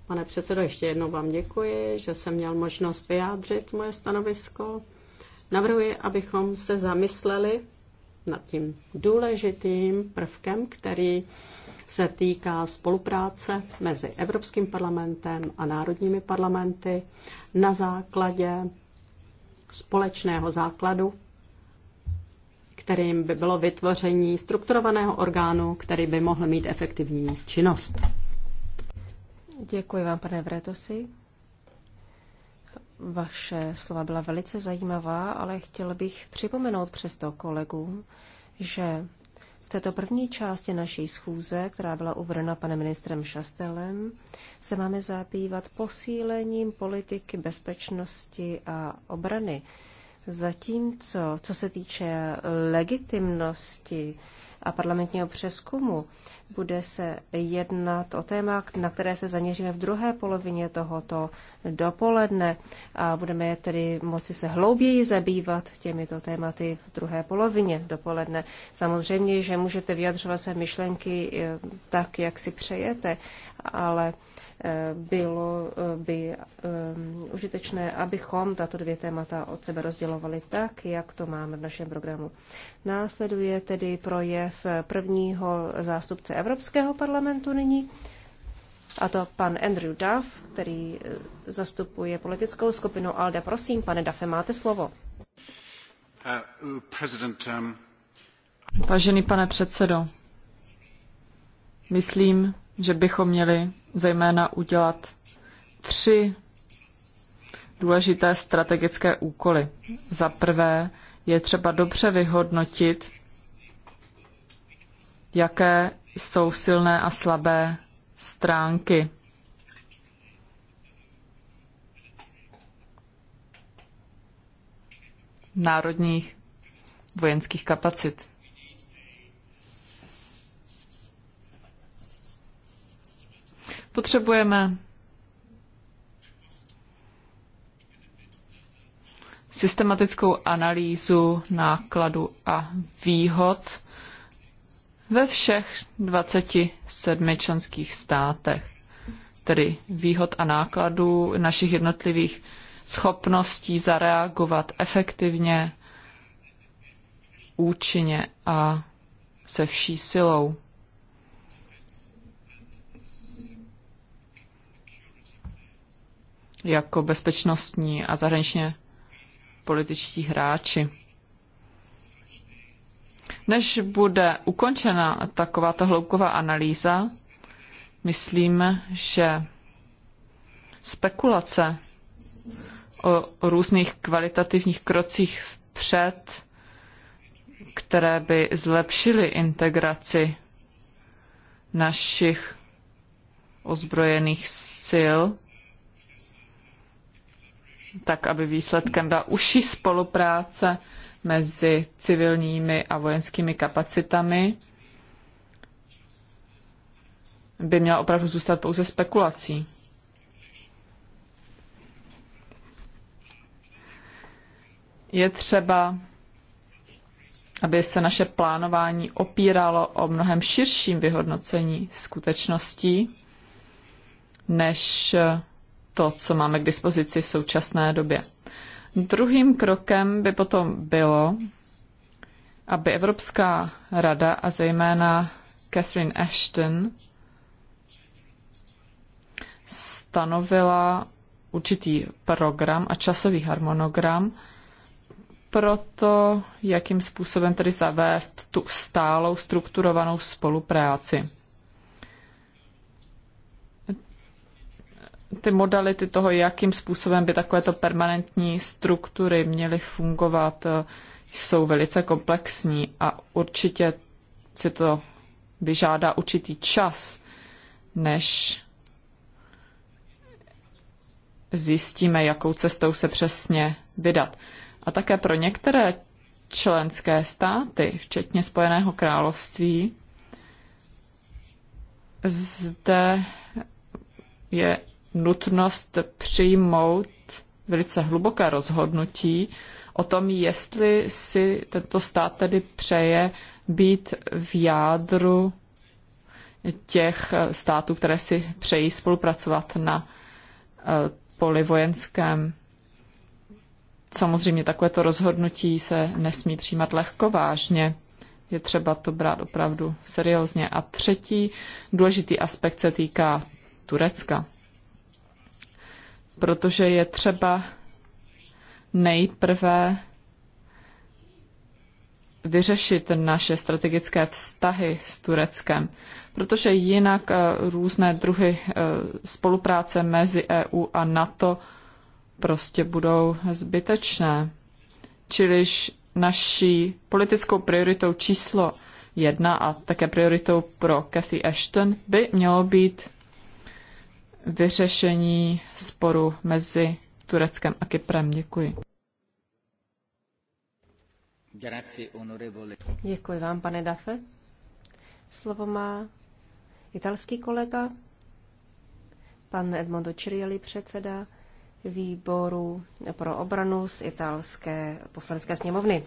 Pane předsedo, ještě jednou vám děkuji, že jsem měl možnost vyjádřit moje stanovisko. Navrhuji, abychom se zamysleli nad tím důležitým prvkem, který se týká spolupráce mezi Evropským parlamentem a národními parlamenty na základě společného základu, kterým by bylo vytvoření strukturovaného orgánu, který by mohl mít efektivní činnost. Děkuji vám, pane Vretosi. Vaše slova byla velice zajímavá, ale chtěl bych připomenout přesto kolegům, že v této první části naší schůze, která byla uvedena panem ministrem Šastelem, se máme zabývat posílením politiky bezpečnosti a obrany. Zatímco, co se týče legitimnosti a parlamentního přeskumu. Bude se jednat o téma, na které se zaměříme v druhé polovině tohoto dopoledne a budeme tedy moci se hlouběji zabývat těmito tématy v druhé polovině dopoledne. Samozřejmě, že můžete vyjadřovat své myšlenky eh, tak, jak si přejete, ale Eh, bylo eh, by ehm, užitečné, abychom tato dvě témata od sebe rozdělovali tak, jak to máme v našem programu. Následuje tedy projev prvního zástupce Evropského parlamentu nyní, a to pan Andrew Duff, který eh, zastupuje politickou skupinu ALDE. Prosím, pane Duffe, máte slovo. Uh, um, Vážený pane předsedo, myslím, že bychom měli zejména udělat tři důležité strategické úkoly. Za prvé je třeba dobře vyhodnotit, jaké jsou silné a slabé stránky. národních vojenských kapacit. Potřebujeme systematickou analýzu nákladu a výhod ve všech 27 členských státech, tedy výhod a nákladů našich jednotlivých schopností zareagovat efektivně, účinně a se vší silou. jako bezpečnostní a zahraničně političtí hráči. Než bude ukončena takováto hlouková analýza, myslím, že spekulace o různých kvalitativních krocích vpřed, které by zlepšily integraci našich ozbrojených sil tak aby výsledkem byla užší spolupráce mezi civilními a vojenskými kapacitami, by měla opravdu zůstat pouze spekulací. Je třeba, aby se naše plánování opíralo o mnohem širším vyhodnocení skutečností, než to, co máme k dispozici v současné době. Druhým krokem by potom bylo, aby Evropská rada a zejména Catherine Ashton stanovila určitý program a časový harmonogram pro to, jakým způsobem tedy zavést tu stálou strukturovanou spolupráci. ty modality toho, jakým způsobem by takovéto permanentní struktury měly fungovat, eh, jsou velice komplexní a určitě si to vyžádá určitý čas, než zjistíme, jakou cestou se přesně vydat. A také pro některé členské státy, včetně Spojeného království, zde je nutnost přijmout velice hluboké rozhodnutí o tom, jestli si tento stát tedy přeje být v jádru těch států, které si přejí spolupracovat na e, poli vojenském. Samozřejmě takovéto rozhodnutí se nesmí přijímat vážně Je třeba to brát opravdu seriózně. A třetí důležitý aspekt se týká Turecka protože je třeba nejprve vyřešit naše strategické vztahy s Tureckem, protože jinak eh, různé druhy eh, spolupráce mezi EU a NATO prostě budou zbytečné. Čiliž naší politickou prioritou číslo jedna a také prioritou pro Cathy Ashton by mělo být vyřešení sporu mezi Tureckem a Kyprem. Děkuji. Děkuji vám, pane Dafe. Slovo má italský kolega, pan Edmondo Cirielli, předseda výboru pro obranu z italské poslanecké sněmovny.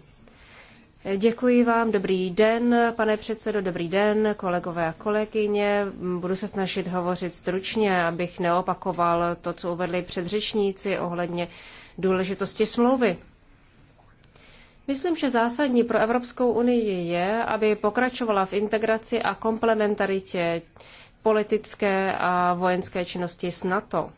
Děkuji vám, dobrý den, pane předsedo, dobrý den, kolegové a kolegyně. Budu se snažit hovořit stručně, abych neopakoval to, co uvedli předřečníci ohledně důležitosti smlouvy. Myslím, že zásadní pro Evropskou unii je, aby pokračovala v integraci a komplementaritě politické a vojenské činnosti s NATO.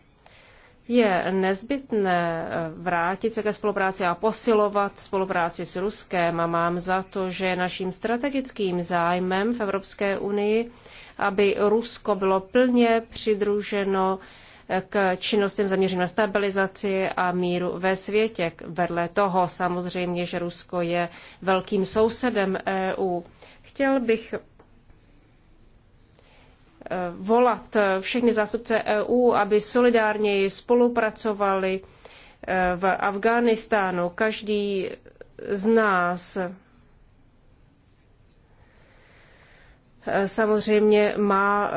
Je nezbytné eh, vrátit se ke spolupráci a posilovat spolupráci s Ruskem a mám za to, že je naším strategickým zájmem v Evropské unii, aby Rusko bylo plně přidruženo eh, k činnostem zaměřeným na stabilizaci a míru ve světě. Vedle toho samozřejmě, že Rusko je velkým sousedem EU. Chtěl bych Eh, volat eh, všechny zástupce EU, aby solidárněji spolupracovali eh, v Afghánistánu. Každý z nás samozřejmě má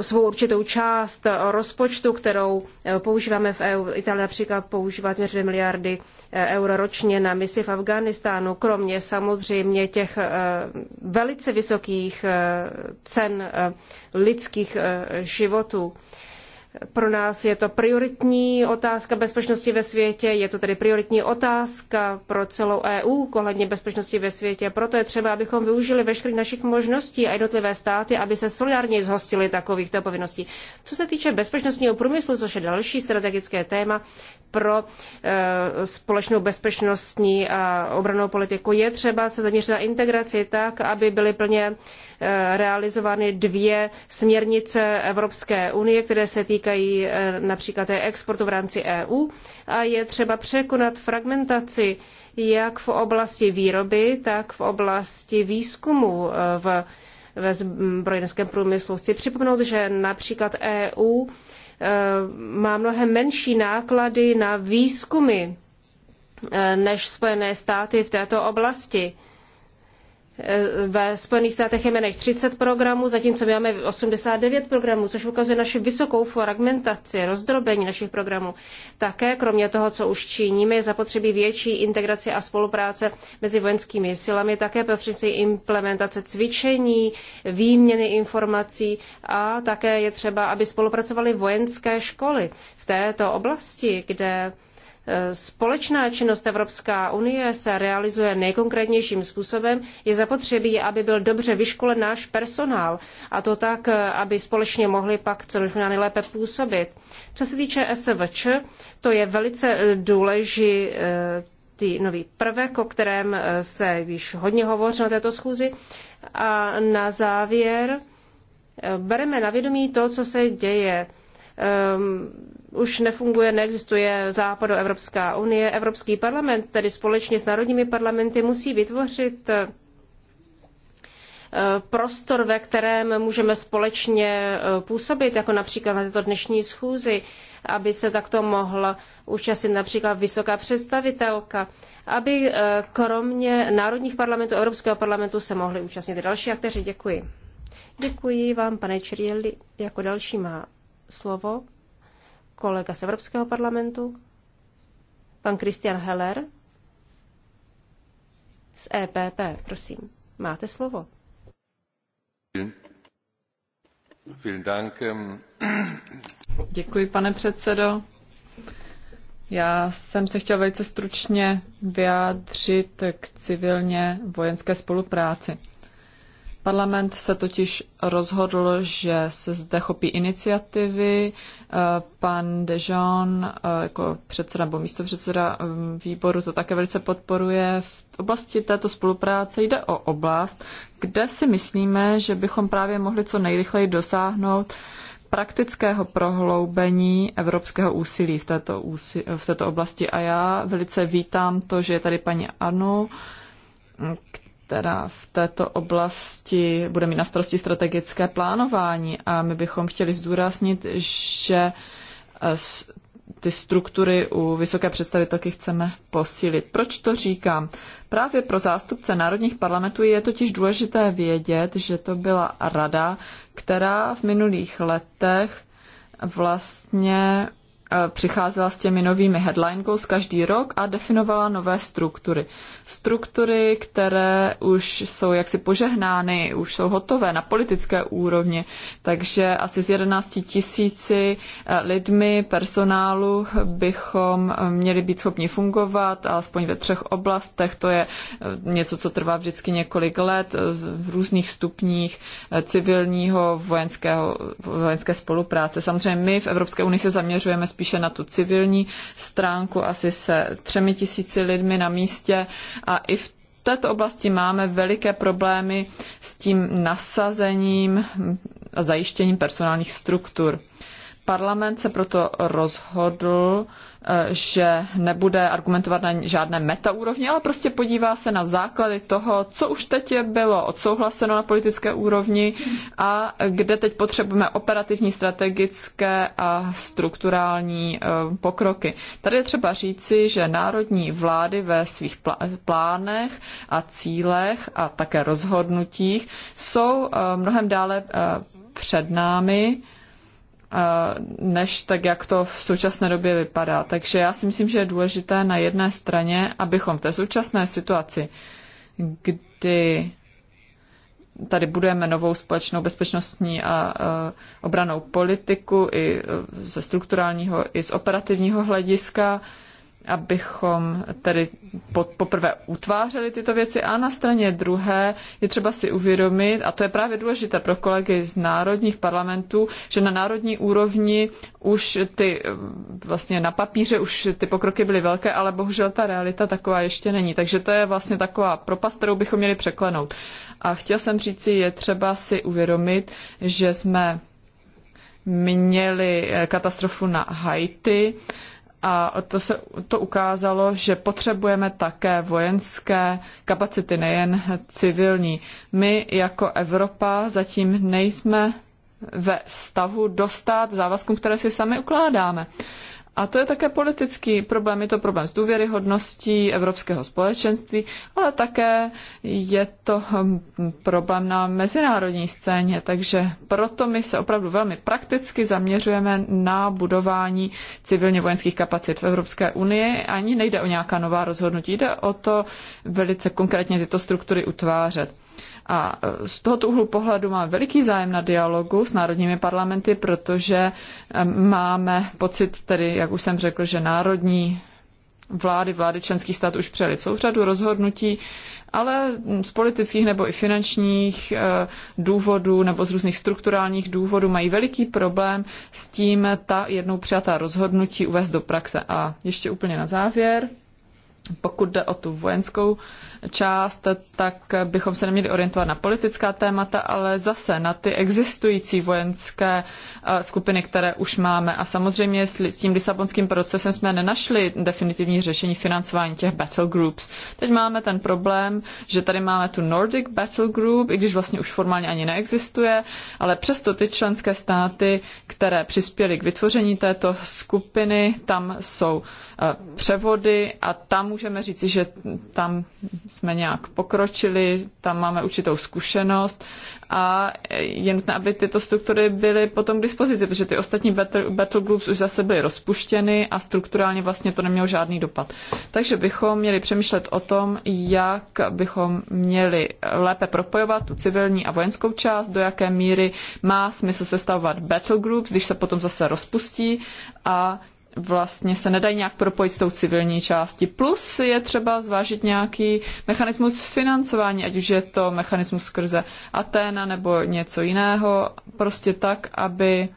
svou určitou část rozpočtu, kterou eh, používáme v EU. Itálie například používá téměř 2 miliardy eh, eur ročně na misi v Afghánistánu, kromě samozřejmě těch eh, velice vysokých cen lidských životů. Pro nás je to prioritní otázka bezpečnosti ve světě, je to tedy prioritní otázka pro celou EU ohledně bezpečnosti ve světě. Proto je třeba, abychom využili veškerých našich možností a jednotlivé státy, aby se solidárně zhostili takovýchto povinností. Co se týče bezpečnostního průmyslu, což je další strategické téma pro e, společnou bezpečnostní a obrannou politiku, je třeba se zaměřit na integraci tak, aby byly plně Eh, realizovány dvě směrnice Evropské unie, které se týkají eh, například exportu v rámci EU a je třeba překonat fragmentaci jak v oblasti výroby, tak v oblasti výzkumu eh, v, ve zbrojenském průmyslu. Chci připomenout, že například EU má mnohem menší náklady na výzkumy než Spojené státy v této oblasti. Eh, ve Spojených státech je méně než 30 programů, zatímco my máme 89 programů, což ukazuje naši vysokou fragmentaci, rozdrobení našich programů. Také, kromě toho, co už činíme, je zapotřebí větší integrace a spolupráce mezi vojenskými silami, také prostřednictvím implementace cvičení, výměny informací a také je třeba, aby spolupracovaly vojenské školy v této oblasti, kde společná činnost Evropská unie se realizuje nejkonkrétnějším způsobem, je zapotřebí, aby byl dobře vyškolen náš personál a to tak, aby společně mohli pak co možná nejlépe působit. Co se týče SVČ, to je velice eh, důležitý eh, nový prvek, o kterém eh, se již hodně hovoří na této schůzi. A na závěr bereme na vědomí to, co se děje. Um, už nefunguje, neexistuje Západoevropská unie. Evropský parlament tedy společně s národními parlamenty musí vytvořit eh, prostor, ve kterém můžeme společně eh, působit, jako například na této dnešní schůzi, aby se takto mohla účastnit například vysoká představitelka, aby eh, kromě národních parlamentů Evropského parlamentu se mohli účastnit další aktéři. Děkuji. Děkuji vám, pane Čirieli. Jako další má slovo kolega z Evropského parlamentu, pan Christian Heller z EPP. Prosím, máte slovo. Ähm, Děkuji, pane předsedo. Já jsem se chtěl velice stručně vyjádřit k civilně vojenské spolupráci. Parlament se totiž rozhodl, že se zde chopí iniciativy. Eh, pan Dejon eh, jako předseda nebo místo předseda eh, výboru to také velice podporuje. V oblasti této spolupráce jde o oblast, kde si myslíme, že bychom právě mohli co nejrychleji dosáhnout praktického prohloubení evropského úsilí v této, úsi, v této oblasti. A já velice vítám to, že je tady paní Anu, která která v této oblasti bude mít na starosti strategické plánování a my bychom chtěli zdůraznit, že eh, ty struktury u vysoké představitelky chceme posílit. Proč to říkám? Právě pro zástupce národních parlamentů je totiž důležité vědět, že to byla rada, která v minulých letech vlastně Eh, přicházela s těmi novými headline goals každý rok a definovala nové struktury. Struktury, které už jsou jaksi požehnány, už jsou hotové na politické úrovni, takže asi z 11 tisíci eh, lidmi, personálu bychom eh, měli být schopni fungovat, alespoň ve třech oblastech. To je něco, co trvá vždycky několik let v různých stupních civilního, vojenského, vojenské spolupráce. Samozřejmě my v Evropské unii se zaměřujeme spíše na tu civilní stránku, asi se třemi tisíci lidmi na místě a i v této oblasti máme veliké problémy s tím nasazením a zajištěním personálních struktur. Parlament se proto rozhodl, eh, že nebude argumentovat na žádné metaúrovni, ale prostě podívá se na základy toho, co už teď bylo odsouhlaseno na politické úrovni a kde teď potřebujeme operativní, strategické a strukturální eh, pokroky. Tady je třeba říci, že národní vlády ve svých plánech a cílech a také rozhodnutích jsou eh, mnohem dále před námi, než tak, jak to v současné době vypadá. Takže já si myslím, že je důležité na jedné straně, abychom v té současné situaci, kdy tady budeme novou společnou bezpečnostní a obranou politiku i ze strukturálního, i z operativního hlediska, abychom tedy poprvé utvářeli tyto věci a na straně druhé je třeba si uvědomit, a to je právě důležité pro kolegy z národních parlamentů, že na národní úrovni už ty vlastně na papíře už ty pokroky byly velké, ale bohužel ta realita taková ještě není. Takže to je vlastně taková propast, kterou bychom měli překlenout. A chtěl jsem říci, je třeba si uvědomit, že jsme měli katastrofu na Haiti, a to, se, to ukázalo, že potřebujeme také vojenské kapacity, nejen civilní. My jako Evropa zatím nejsme ve stavu dostat závazkům, které si sami ukládáme. A to je také politický problém. Je to problém s důvěryhodností evropského společenství, ale také je to hm, problém na mezinárodní scéně. Takže proto my se opravdu velmi prakticky zaměřujeme na budování civilně vojenských kapacit v Evropské unii. Ani nejde o nějaká nová rozhodnutí, jde o to velice konkrétně tyto struktury utvářet. A e, z tohoto úhlu pohledu máme veliký zájem na dialogu s národními parlamenty, protože e, máme pocit tedy, jak už jsem řekl, že národní vlády, vlády členských států už přijali celou řadu rozhodnutí, ale z politických nebo i finančních e, důvodů nebo z různých strukturálních důvodů mají veliký problém s tím ta jednou přijatá rozhodnutí uvést do praxe. A ještě úplně na závěr pokud jde o tu vojenskou část, tak bychom se neměli orientovat na politická témata, ale zase na ty existující vojenské eh, skupiny, které už máme. A samozřejmě s tím lisabonským procesem jsme nenašli definitivní řešení financování těch battle groups. Teď máme ten problém, že tady máme tu Nordic Battle Group, i když vlastně už formálně ani neexistuje, ale přesto ty členské státy, které přispěly k vytvoření této skupiny, tam jsou eh, převody a tam můžeme říci, že tam jsme nějak pokročili, tam máme určitou zkušenost a je nutné, aby tyto struktury byly potom k dispozici, protože ty ostatní battle, battle groups už zase byly rozpuštěny a strukturálně vlastně to nemělo žádný dopad. Takže bychom měli přemýšlet o tom, jak bychom měli lépe propojovat tu civilní a vojenskou část, do jaké míry má smysl sestavovat battle groups, když se potom zase rozpustí a vlastně se nedají nějak propojit s tou civilní částí. Plus je třeba zvážit nějaký mechanismus financování, ať už je to mechanismus skrze Atena nebo něco jiného, prostě tak, aby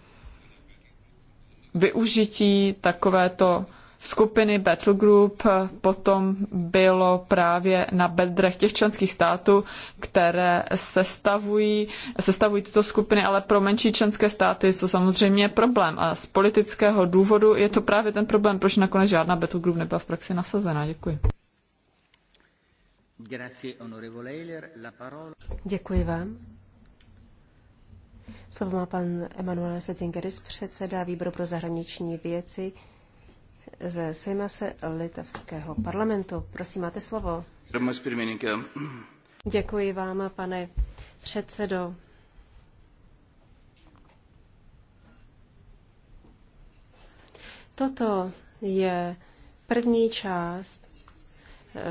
využití takovéto skupiny Battle Group potom bylo právě na bedrech těch členských států, které sestavují, sestavují tyto skupiny, ale pro menší členské státy je to samozřejmě problém. A z politického důvodu je to právě ten problém, proč nakonec žádná Battle Group nebyla v praxi nasazena. Děkuji. Děkuji vám. Slovo má pan Emanuel Setingeris, předseda výboru pro zahraniční věci ze Sejmase Litevského parlamentu. Prosím, máte slovo. Děkuji vám, pane předsedo. Toto je první část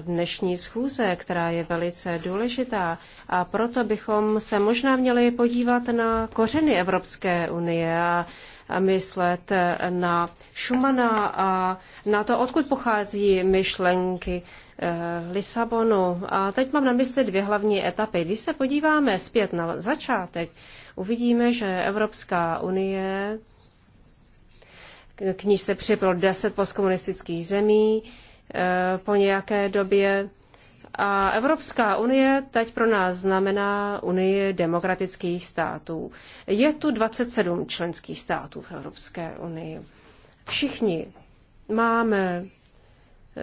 dnešní schůze, která je velice důležitá. A proto bychom se možná měli podívat na kořeny Evropské unie a myslet na Schumana a na to, odkud pochází myšlenky eh, Lisabonu. A teď mám na mysli dvě hlavní etapy. Když se podíváme zpět na začátek, uvidíme, že Evropská unie, k níž se připlo deset postkomunistických zemí, eh, po nějaké době a Evropská unie teď pro nás znamená Unii demokratických států. Je tu 27 členských států v Evropské unii. Všichni máme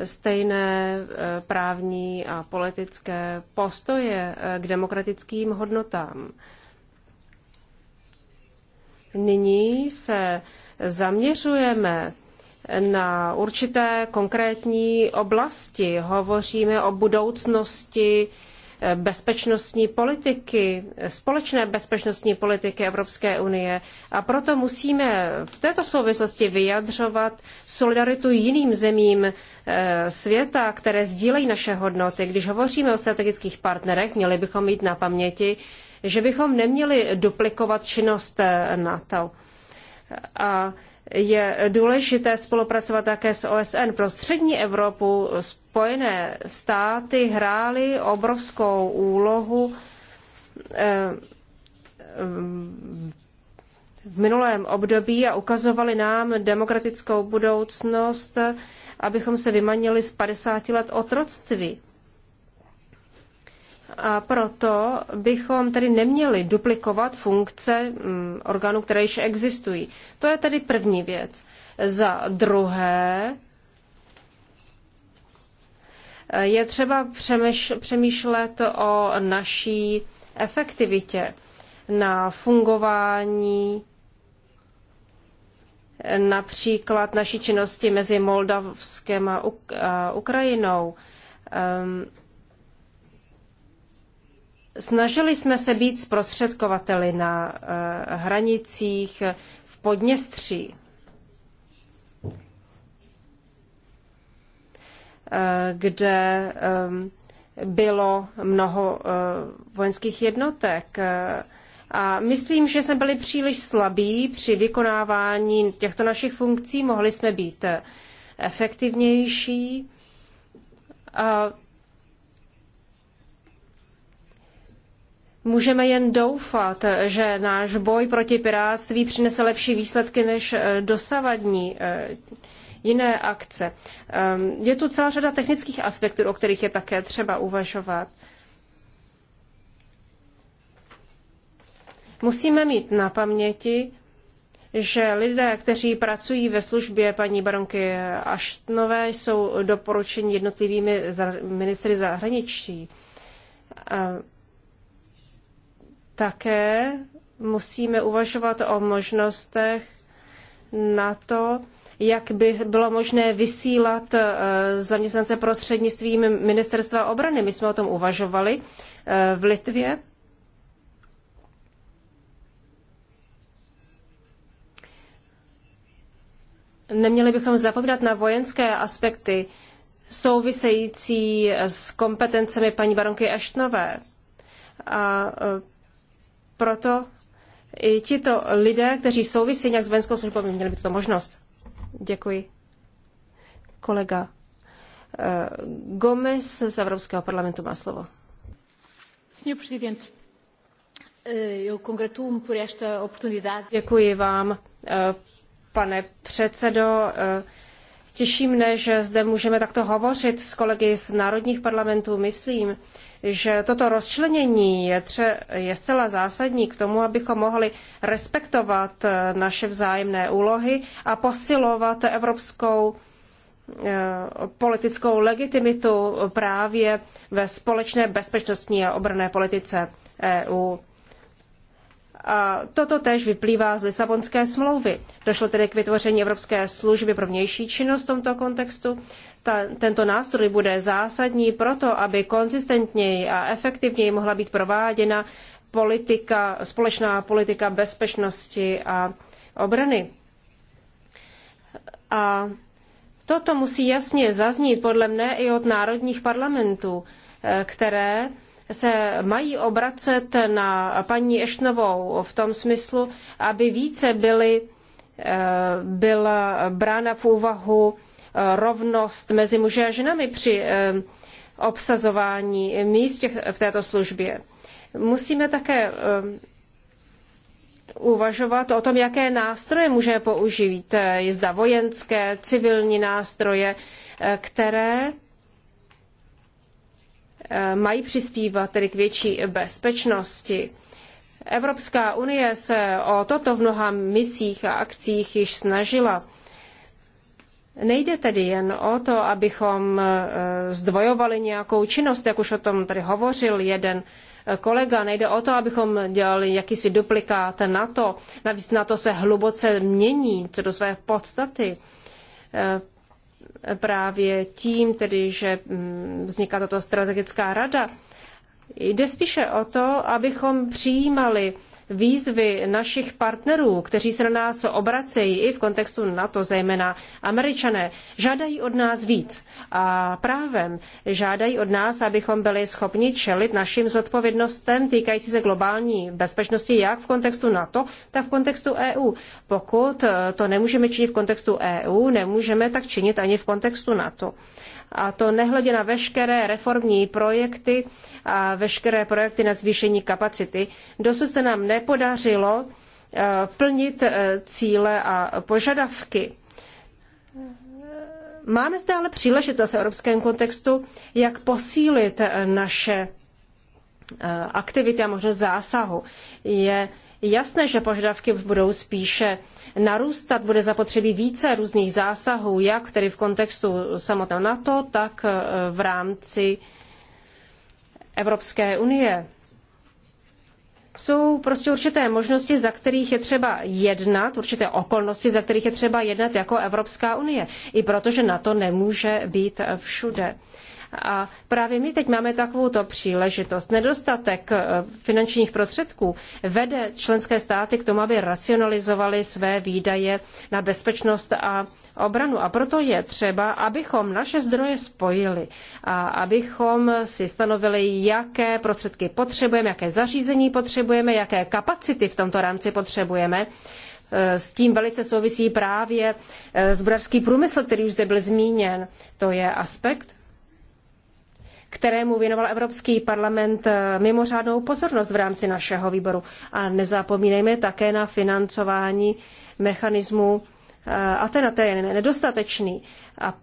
stejné eh, právní a politické postoje eh, k demokratickým hodnotám. Nyní se zaměřujeme na určité konkrétní oblasti. Hovoříme o budoucnosti eh, bezpečnostní politiky, společné bezpečnostní politiky Evropské unie. A proto musíme v této souvislosti vyjadřovat solidaritu jiným zemím eh, světa, které sdílejí naše hodnoty. Když hovoříme o strategických partnerech, měli bychom mít na paměti, že bychom neměli duplikovat činnost eh, NATO. A je důležité spolupracovat také s OSN. Pro střední Evropu Spojené státy hrály obrovskou úlohu eh, v minulém období a ukazovali nám demokratickou budoucnost, abychom se vymanili z 50 let otroctví. A proto bychom tedy neměli duplikovat funkce mm, orgánů, které již existují. To je tedy první věc. Za druhé, je třeba přemýšlet o naší efektivitě na fungování například naší činnosti mezi Moldavskem a, Ukrajinou. Ehm, Snažili jsme se být zprostředkovateli na eh, hranicích v Podněstří. Eh, kde eh, bylo mnoho vojenských jednotek. A myslím, že jsme byli příliš slabí při vykonávání těchto našich funkcí. Mohli jsme být efektivnější. A Můžeme jen doufat, že náš boj proti pirátství přinese lepší výsledky než eh, dosavadní eh, jiné akce. Eh, je tu celá řada technických aspektů, o kterých je také třeba uvažovat. Musíme mít na paměti, že lidé, kteří pracují ve službě paní baronky Aštnové, jsou doporučeni jednotlivými ministry zahraničí. Také musíme uvažovat o možnostech na to, jak by bylo možné vysílat eh, zaměstnance prostřednictvím ministerstva obrany. My jsme o tom uvažovali eh, v Litvě. Neměli bychom zapomínat na vojenské aspekty související s kompetencemi paní baronky Eštnové. A eh, proto i tito lidé, kteří souvisí nějak s vojenskou službou, by měli by tuto možnost. Děkuji. Kolega eh, Gomez z Evropského parlamentu má slovo. Eh, Děkuji vám, eh, pane předsedo. Těší mne, že zde můžeme takto hovořit s kolegy z národních parlamentů. Myslím, že toto rozčlenění je, tře- je zcela zásadní k tomu, abychom mohli respektovat eh, naše vzájemné úlohy a posilovat evropskou eh, politickou legitimitu právě ve společné bezpečnostní a obranné politice EU toto též vyplývá z Lisabonské smlouvy. Došlo tedy k vytvoření Evropské služby pro vnější činnost v tomto kontextu. Ta, tento nástroj bude zásadní proto, aby konzistentněji a efektivněji mohla být prováděna politika, společná politika bezpečnosti a obrany. A toto musí jasně zaznít podle mne i od národních parlamentů, eh, které se mají obracet na paní Ešnovou v tom smyslu, aby více byly, eh, byla brána v úvahu eh, rovnost mezi muži a ženami při eh, obsazování míst v této službě. Musíme také uvažovat o tom, jaké nástroje může použít. Zda vojenské, civilní nástroje, které Eh, mají přispívat tedy k větší bezpečnosti. Evropská unie se o toto v mnoha misích a akcích již snažila. Nejde tedy jen o to, abychom eh, zdvojovali nějakou činnost, jak už o tom tady hovořil jeden eh, kolega. Nejde o to, abychom dělali jakýsi duplikát NATO. Navíc NATO se hluboce mění co do své podstaty právě tím, tedy, že mm, vzniká tato strategická rada. Jde spíše o to, abychom přijímali výzvy našich partnerů, kteří se na nás obracejí i v kontextu NATO, zejména američané, žádají od nás víc. A právem žádají od nás, abychom byli schopni čelit našim zodpovědnostem týkající se globální bezpečnosti, jak v kontextu NATO, tak v kontextu EU. Pokud to nemůžeme činit v kontextu EU, nemůžeme tak činit ani v kontextu NATO a to nehledě na veškeré reformní projekty a veškeré projekty na zvýšení kapacity. Dosud se nám nepodařilo eh, plnit eh, cíle a požadavky. Máme zde ale příležitost v evropském kontextu, jak posílit eh, naše aktivity a možnost zásahu. Je jasné, že požadavky budou spíše narůstat, bude zapotřebí více různých zásahů, jak tedy v kontextu samotného NATO, tak eh, v rámci Evropské unie. Jsou prostě určité možnosti, za kterých je třeba jednat, určité okolnosti, za kterých je třeba jednat jako Evropská unie. I protože na to nemůže být eh, všude. A právě my teď máme takovouto příležitost. Nedostatek eh, finančních prostředků vede členské státy k tomu, aby racionalizovali své výdaje na bezpečnost a obranu. A proto je třeba, abychom naše zdroje spojili a abychom si stanovili, jaké prostředky potřebujeme, jaké zařízení potřebujeme, jaké kapacity v tomto rámci potřebujeme. Eh, s tím velice souvisí právě eh, zbrojařský průmysl, který už zde byl zmíněn. To je aspekt, kterému věnoval Evropský parlament eh, mimořádnou pozornost v rámci našeho výboru. A nezapomínejme také na financování mechanismu eh, a ten a ten je nedostatečný. A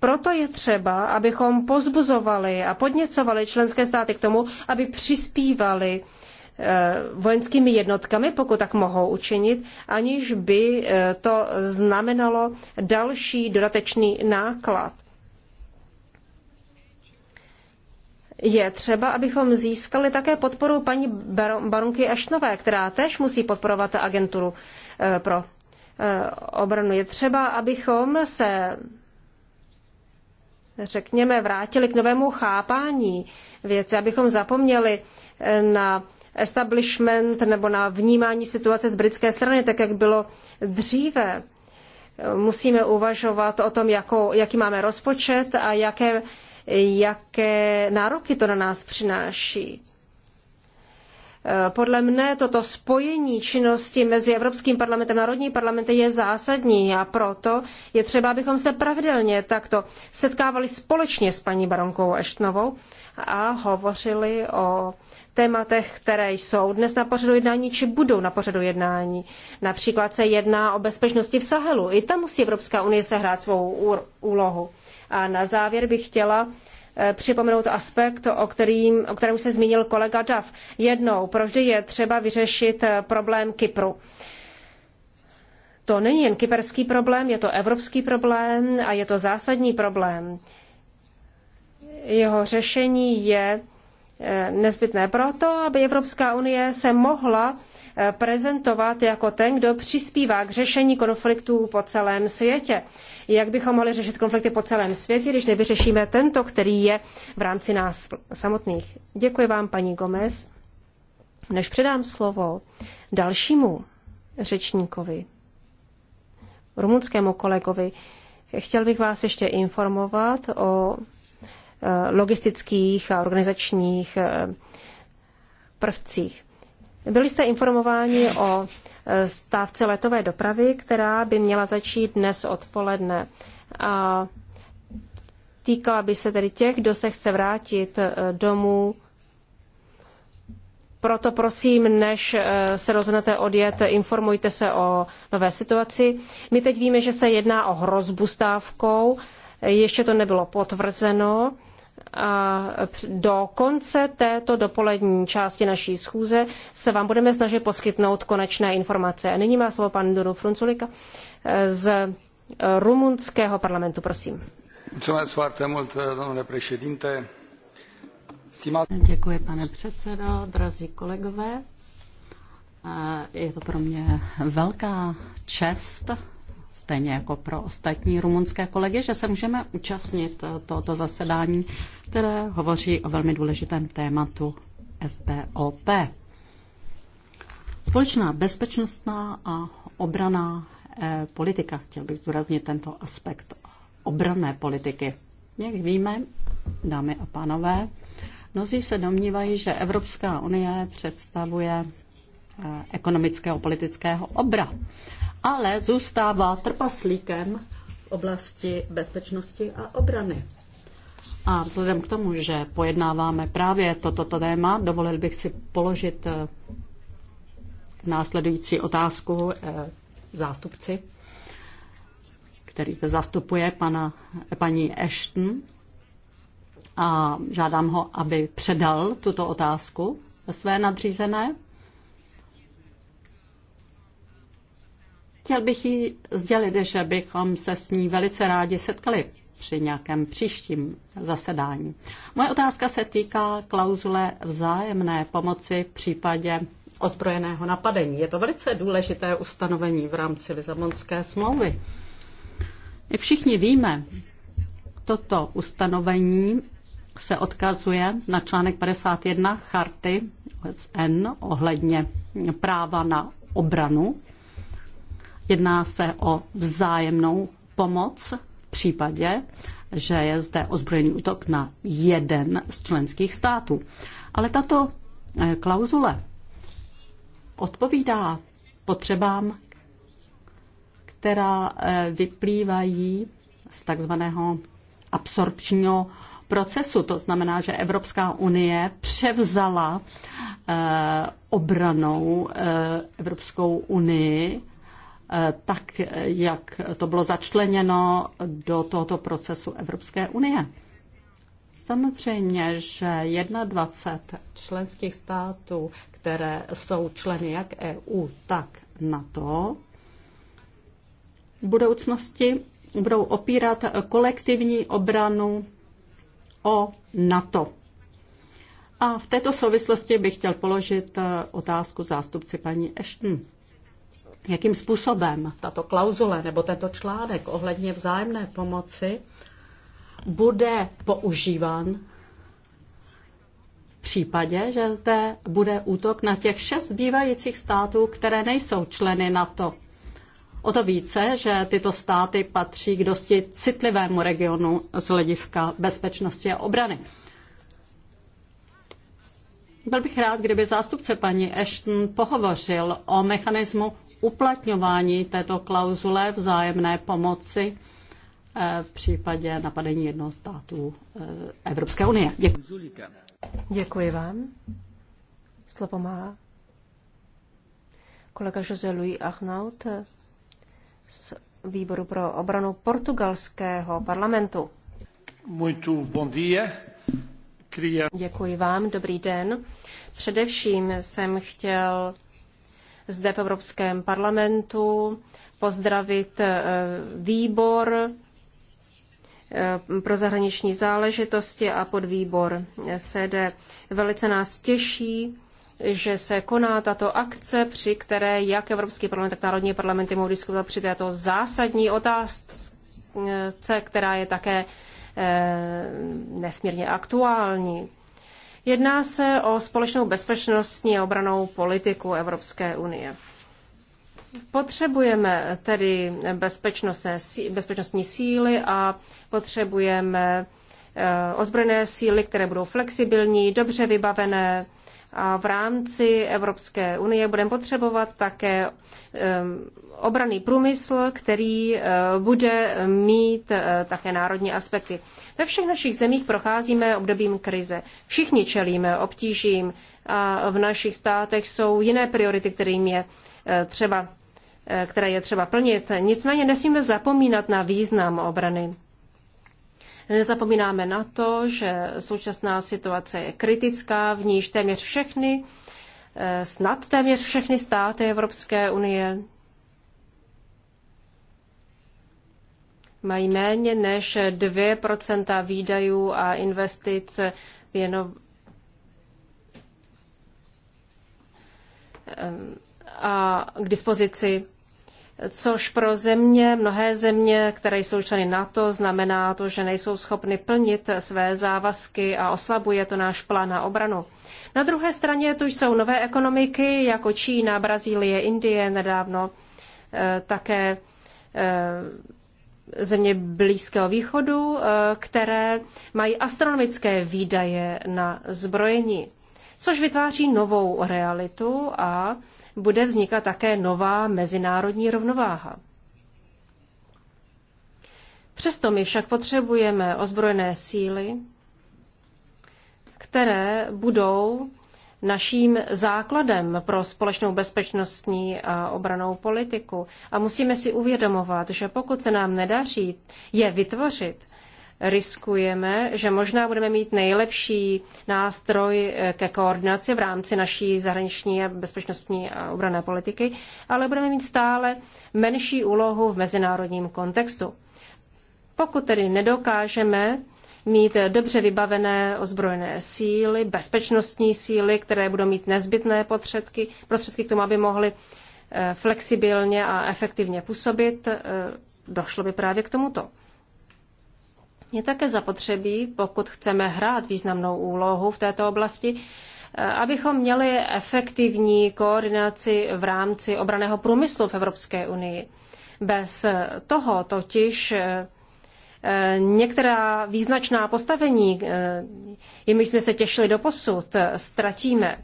proto je třeba, abychom pozbuzovali a podněcovali členské státy k tomu, aby přispívali eh, vojenskými jednotkami, pokud tak mohou učinit, aniž by to znamenalo další dodatečný náklad. je třeba, abychom získali také podporu paní baronky Ešnové, která tež musí podporovat agenturu eh, pro eh, obranu. Je třeba, abychom se řekněme, vrátili k novému chápání věci, abychom zapomněli eh, na establishment nebo na vnímání situace z britské strany, tak jak bylo dříve. Musíme uvažovat o tom, jakou, jaký máme rozpočet a jaké jaké nároky to na nás přináší. Eh, podle mne toto spojení činnosti mezi Evropským parlamentem a Národní parlamentem je zásadní a proto je třeba, abychom se pravidelně takto setkávali společně s paní baronkou Eštnovou a hovořili o tématech, které jsou dnes na pořadu jednání či budou na pořadu jednání. Například se jedná o bezpečnosti v Sahelu. I tam musí Evropská unie sehrát svou úlohu. A na závěr bych chtěla eh, připomenout aspekt, o, kterým, o kterém se zmínil kolega Duff. Jednou provždy je třeba vyřešit eh, problém Kypru. To není jen kyperský problém, je to evropský problém a je to zásadní problém. Jeho řešení je Eh, nezbytné proto, aby Evropská unie se mohla eh, prezentovat jako ten, kdo přispívá k řešení konfliktů po celém světě. Jak bychom mohli řešit konflikty po celém světě, když nevyřešíme tento, který je v rámci nás samotných? Děkuji vám, paní Gomez. Než předám slovo dalšímu řečníkovi, rumunskému kolegovi, chtěl bych vás ještě informovat o Eh, logistických a organizačních eh, prvcích. Byli jste informováni o eh, stávce letové dopravy, která by měla začít dnes odpoledne. A týkala by se tedy těch, kdo se chce vrátit domů. Proto prosím, než se rozhodnete odjet, informujte se o nové situaci. My teď víme, že se jedná o hrozbu stávkou. Ještě to nebylo potvrzeno do konce této dopolední části naší schůze se vám budeme snažit poskytnout konečné informace. nyní má slovo pan Dunu Frunculika eh, z eh, rumunského parlamentu, prosím. Eh, Děkuji, pane předsedo, drazí kolegové. Je to pro mě velká čest stejně jako pro ostatní rumunské kolegy, že se můžeme účastnit eh, tohoto zasedání, které hovoří o velmi důležitém tématu SBOP. Společná bezpečnostná a obraná eh, politika. Chtěl bych zdůraznit tento aspekt obrané politiky. Jak víme, dámy a pánové, mnozí se domnívají, že Evropská unie představuje eh, ekonomického politického obra ale zůstává trpaslíkem v oblasti bezpečnosti a obrany. A vzhledem k tomu, že pojednáváme právě toto téma, dovolil bych si položit eh, následující otázku eh, zástupci, který zde zastupuje pana, paní Ashton. A žádám ho, aby předal tuto otázku své nadřízené Chtěl bych jí sdělit, že bychom se s ní velice rádi setkali při nějakém příštím zasedání. Moje otázka se týká klauzule vzájemné pomoci v případě ozbrojeného napadení. Je to velice důležité ustanovení v rámci Lizabonské smlouvy. Jak všichni víme, toto ustanovení se odkazuje na článek 51 charty OSN ohledně práva na obranu Jedná se o vzájemnou pomoc v případě, že je zde ozbrojený útok na jeden z členských států. Ale tato eh, klauzule odpovídá potřebám, která eh, vyplývají z takzvaného absorpčního procesu. To znamená, že Evropská unie převzala eh, obranou Evropskou unii Eh, tak, eh, jak to bylo začleněno do tohoto procesu Evropské unie. Samozřejmě, že 21 členských států, které jsou členy jak EU, tak NATO, v budoucnosti budou opírat kolektivní obranu o NATO. A v této souvislosti bych chtěl položit eh, otázku zástupci paní Ashton jakým způsobem tato klauzule nebo tento článek ohledně vzájemné pomoci bude používan v případě, že zde bude útok na těch šest zbývajících států, které nejsou členy NATO. O to více, že tyto státy patří k dosti citlivému regionu z hlediska bezpečnosti a obrany. Byl bych rád, kdyby zástupce paní Ashton pohovořil o mechanismu uplatňování této klauzule vzájemné pomoci eh, v případě napadení jednoho státu eh, Evropské unie. Děkuji. Děkuji vám. Slovo má kolega José Luis Achnaut z výboru pro obranu portugalského parlamentu. Muito bom dia. Děkuji vám, dobrý den. Především jsem chtěl zde v Evropském parlamentu, pozdravit eh, výbor eh, pro zahraniční záležitosti a podvýbor SED. Velice nás těší, že se koná tato akce, při které jak Evropský parlament, tak národní parlamenty mohou diskutovat při této zásadní otázce, která je také eh, nesmírně aktuální. Jedná se o společnou bezpečnostní a obranou politiku Evropské unie. Potřebujeme tedy bezpečnostné, bezpečnostní síly a potřebujeme eh, ozbrojené síly, které budou flexibilní, dobře vybavené, a v rámci Evropské unie budeme potřebovat také ehm, obraný průmysl, který eh, bude mít eh, také národní aspekty. Ve všech našich zemích procházíme obdobím krize. Všichni čelíme obtížím a v našich státech jsou jiné priority, kterým je eh, třeba, které je třeba plnit. Nicméně nesmíme zapomínat na význam obrany. Nezapomínáme na to, že současná situace je kritická, v níž téměř všechny, eh, snad téměř všechny státy Evropské unie mají méně než 2 výdajů a investic věno... a k dispozici což pro země, mnohé země, které jsou členy NATO, znamená to, že nejsou schopny plnit své závazky a oslabuje to náš plán na obranu. Na druhé straně tu jsou nové ekonomiky, jako Čína, Brazílie, Indie nedávno, eh, také eh, země Blízkého východu, eh, které mají astronomické výdaje na zbrojení, což vytváří novou realitu a bude vznikat také nová mezinárodní rovnováha. Přesto my však potřebujeme ozbrojené síly, které budou naším základem pro společnou bezpečnostní a obranou politiku. A musíme si uvědomovat, že pokud se nám nedaří je vytvořit, riskujeme, že možná budeme mít nejlepší nástroj eh, ke koordinaci v rámci naší zahraniční a bezpečnostní a obranné politiky, ale budeme mít stále menší úlohu v mezinárodním kontextu. Pokud tedy nedokážeme mít dobře vybavené ozbrojené síly, bezpečnostní síly, které budou mít nezbytné potředky, prostředky k tomu, aby mohly eh, flexibilně a efektivně působit, eh, došlo by právě k tomuto. Je také zapotřebí, pokud chceme hrát významnou úlohu v této oblasti, eh, abychom měli efektivní koordinaci v rámci obraného průmyslu v Evropské unii. Bez toho totiž eh, eh, některá význačná postavení, jimiž jsme se těšili do posud, ztratíme.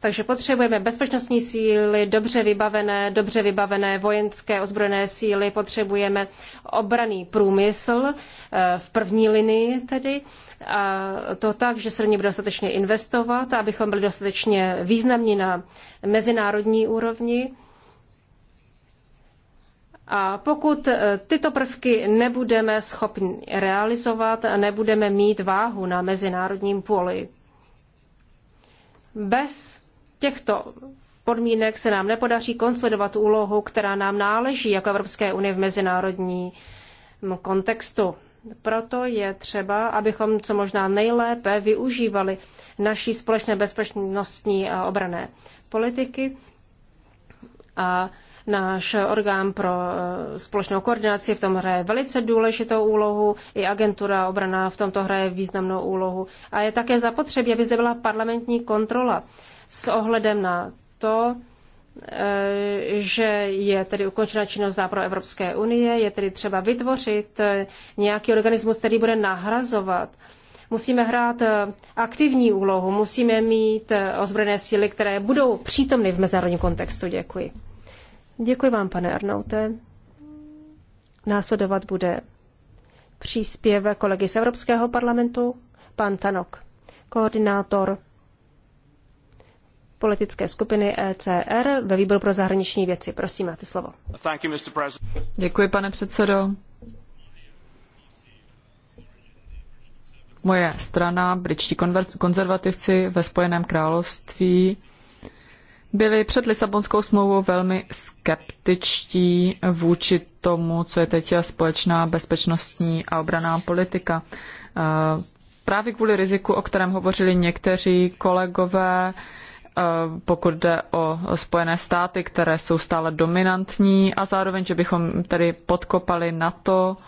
Takže potřebujeme bezpečnostní síly, dobře vybavené, dobře vybavené vojenské ozbrojené síly, potřebujeme obraný průmysl eh, v první linii tedy, a to tak, že se do něj bude dostatečně investovat, abychom byli dostatečně významní na mezinárodní úrovni. A pokud eh, tyto prvky nebudeme schopni realizovat, nebudeme mít váhu na mezinárodním poli. Bez těchto podmínek se nám nepodaří konsolidovat úlohu, která nám náleží jako Evropské unie v mezinárodním kontextu. Proto je třeba, abychom co možná nejlépe využívali naší společné bezpečnostní a eh, obrané politiky a náš orgán pro eh, společnou koordinaci v tom hraje velice důležitou úlohu, i agentura obrana v tomto hraje významnou úlohu. A je také zapotřebí, aby zde byla parlamentní kontrola s ohledem na to, eh, že je tedy ukončena činnost západu Evropské unie, je tedy třeba vytvořit eh, nějaký organismus, který bude nahrazovat. Musíme hrát eh, aktivní úlohu, musíme mít ozbrojené síly, které budou přítomny v mezinárodním kontextu. Děkuji. Děkuji vám, pane Arnaute. Následovat bude příspěvek kolegy z Evropského parlamentu, pan Tanok, koordinátor politické skupiny ECR ve výboru pro zahraniční věci. Prosím, máte slovo. Děkuji, pane předsedo. Moje strana, britští konzervativci ve Spojeném království, byli před Lisabonskou smlouvou velmi skeptičtí vůči tomu, co je teď společná bezpečnostní a obraná politika. Eh, právě kvůli riziku, o kterém hovořili někteří kolegové, Eh, pokud jde o Spojené státy, které jsou stále dominantní a zároveň, že bychom tedy podkopali NATO, uh,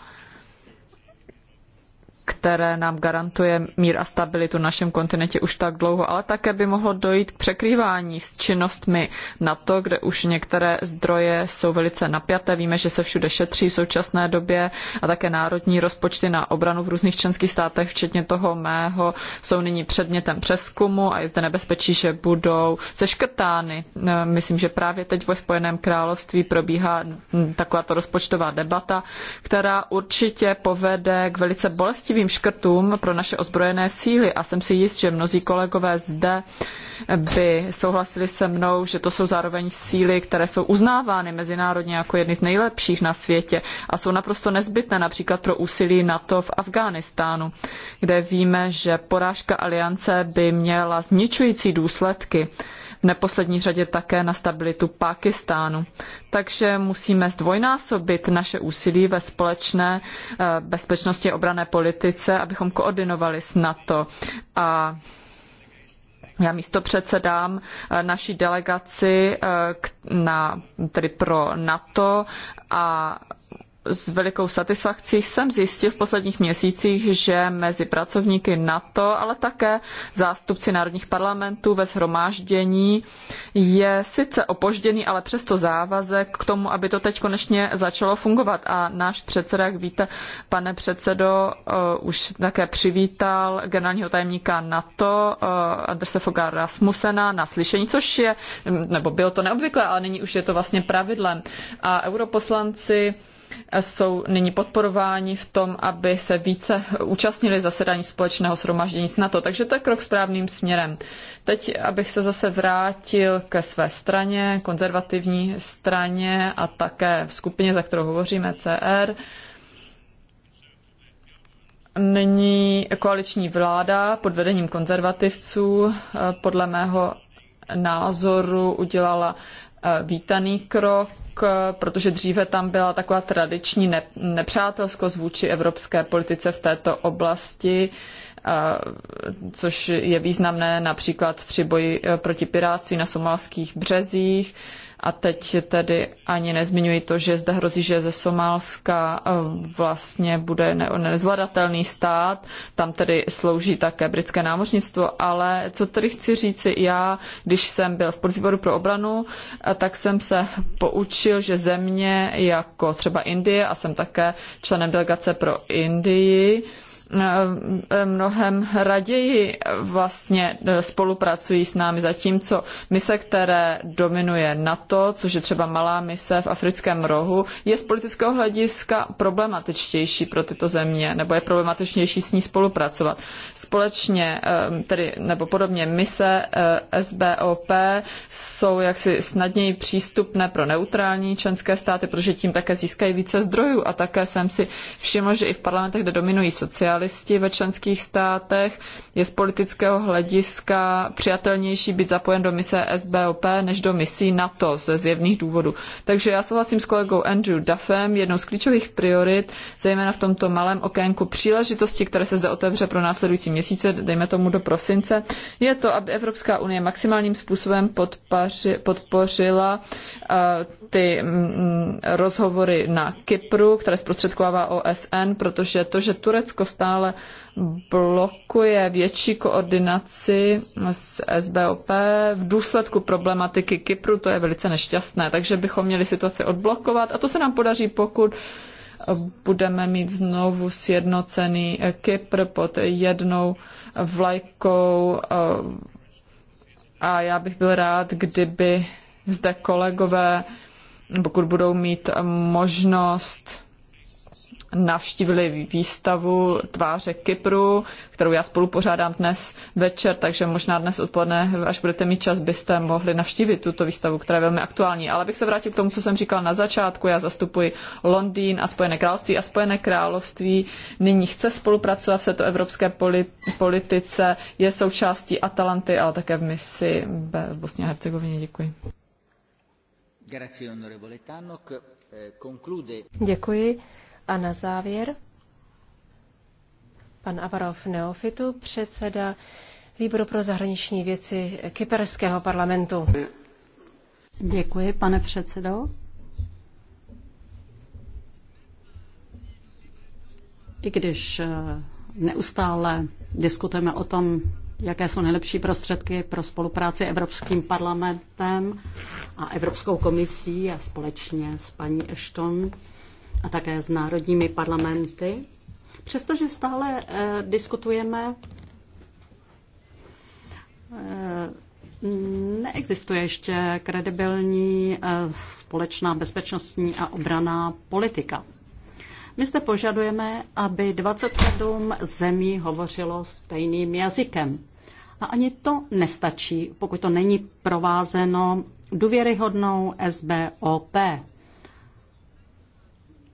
které nám garantuje mír a stabilitu na našem kontinentě už tak dlouho, ale také by mohlo dojít k překrývání s činnostmi NATO, kde už některé zdroje jsou velice napjaté. Víme, že se všude šetří v současné době a také národní rozpočty na obranu v různých členských státech, včetně toho mého, jsou nyní předmětem přeskumu a je zde nebezpečí, že budou seškrtány. E, myslím, že právě teď ve Spojeném království probíhá takováto rozpočtová debata, která určitě povede k velice bolestivým rozpočtovým škrtům pro naše ozbrojené síly a jsem si jist, že mnozí kolegové zde by souhlasili se mnou, že to jsou zároveň síly, které jsou uznávány mezinárodně jako jedny z nejlepších na světě a jsou naprosto nezbytné například pro úsilí NATO v Afghánistánu, kde víme, že porážka aliance by měla zničující důsledky v neposlední řadě také na stabilitu Pákistánu. Takže musíme zdvojnásobit naše úsilí ve společné eh, bezpečnosti a obrané politice, abychom koordinovali s NATO a já místo předsedám eh, naší delegaci eh, na, tedy pro NATO a s velikou satisfakcí jsem zjistil v posledních měsících, že mezi pracovníky NATO, ale také zástupci národních parlamentů ve shromáždění je sice opožděný, ale přesto závazek k tomu, aby to teď konečně začalo fungovat. A náš předseda, jak víte, pane předsedo, eh, už také přivítal generálního tajemníka NATO uh, eh, Andrese Foga Rasmusena na slyšení, což je, nebo bylo to neobvyklé, ale nyní už je to vlastně pravidlem. A europoslanci jsou nyní podporováni v tom, aby se více účastnili zasedání společného shromaždění s NATO. Takže to je krok správným směrem. Teď, abych se zase vrátil ke své straně, konzervativní straně a také v skupině, za kterou hovoříme, CR. Nyní koaliční vláda pod vedením konzervativců eh, podle mého názoru udělala Eh, vítaný krok, eh, protože dříve tam byla taková tradiční nepřátelskost vůči evropské politice v této oblasti, eh, což je významné například při boji proti pirátství na somalských březích, a teď tedy ani nezmiňuji to, že zde hrozí, že ze Somálska eh, vlastně bude nezvladatelný stát, tam tedy slouží také britské námořnictvo, ale co tedy chci říci, já, když jsem byl v podvýboru pro obranu, eh, tak jsem se poučil, že země jako třeba Indie, a jsem také členem delegace pro Indii, Eh, mnohem raději vlastně eh, spolupracují s námi, zatímco mise, které dominuje NATO, což je třeba malá mise v africkém rohu, je z politického hlediska problematičtější pro tyto země, nebo je problematičnější s ní spolupracovat. Společně, eh, tedy, nebo podobně, mise SBOP jsou jaksi snadněji přístupné pro neutrální členské státy, protože tím také získají více zdrojů a také jsem si všiml, že i v parlamentech, kde dominují sociální realisti ve členských státech. Je z politického hlediska přijatelnější být zapojen do mise SBOP než do misí NATO ze zjevných důvodů. Takže já souhlasím s kolegou Andrew Duffem, jednou z klíčových priorit, zejména v tomto malém okénku příležitosti, které se zde otevře pro následující měsíce, dejme tomu do prosince, je to, aby Evropská unie maximálním způsobem podpaři, podpořila uh, ty mm, rozhovory na Kypru, které zprostředkovává OSN, protože to, že Turecko stále neustále blokuje větší koordinaci s SBOP v důsledku problematiky Kypru. To je velice nešťastné, takže bychom měli situaci odblokovat a to se nám podaří, pokud budeme mít znovu sjednocený Kypr pod jednou vlajkou a já bych byl rád, kdyby zde kolegové, pokud budou mít možnost navštívili výstavu Tváře Kypru, kterou já spolu pořádám dnes večer, takže možná dnes odpoledne, až budete mít čas, byste mohli navštívit tuto výstavu, která je velmi aktuální. Ale abych se vrátil k tomu, co jsem říkal na začátku, já zastupuji Londýn a Spojené království a Spojené království nyní chce spolupracovat v této evropské politice, je součástí Atalanty, ale také v misi v Bosně a Hercegovině. Děkuji. Eh, Děkuji. A na závěr pan Avarov Neofitu, předseda Výboru pro zahraniční věci Kyperského parlamentu. Děkuji, pane předsedo. I když eh, neustále diskutujeme o tom, jaké jsou nejlepší prostředky pro spolupráci Evropským parlamentem a Evropskou komisí a společně s paní Ešton, a také s národními parlamenty, přestože stále eh, diskutujeme, eh, neexistuje ještě kredibilní eh, společná bezpečnostní a obraná politika. My zde požadujeme, aby 27 zemí hovořilo stejným jazykem. A ani to nestačí, pokud to není provázeno důvěryhodnou SBOP.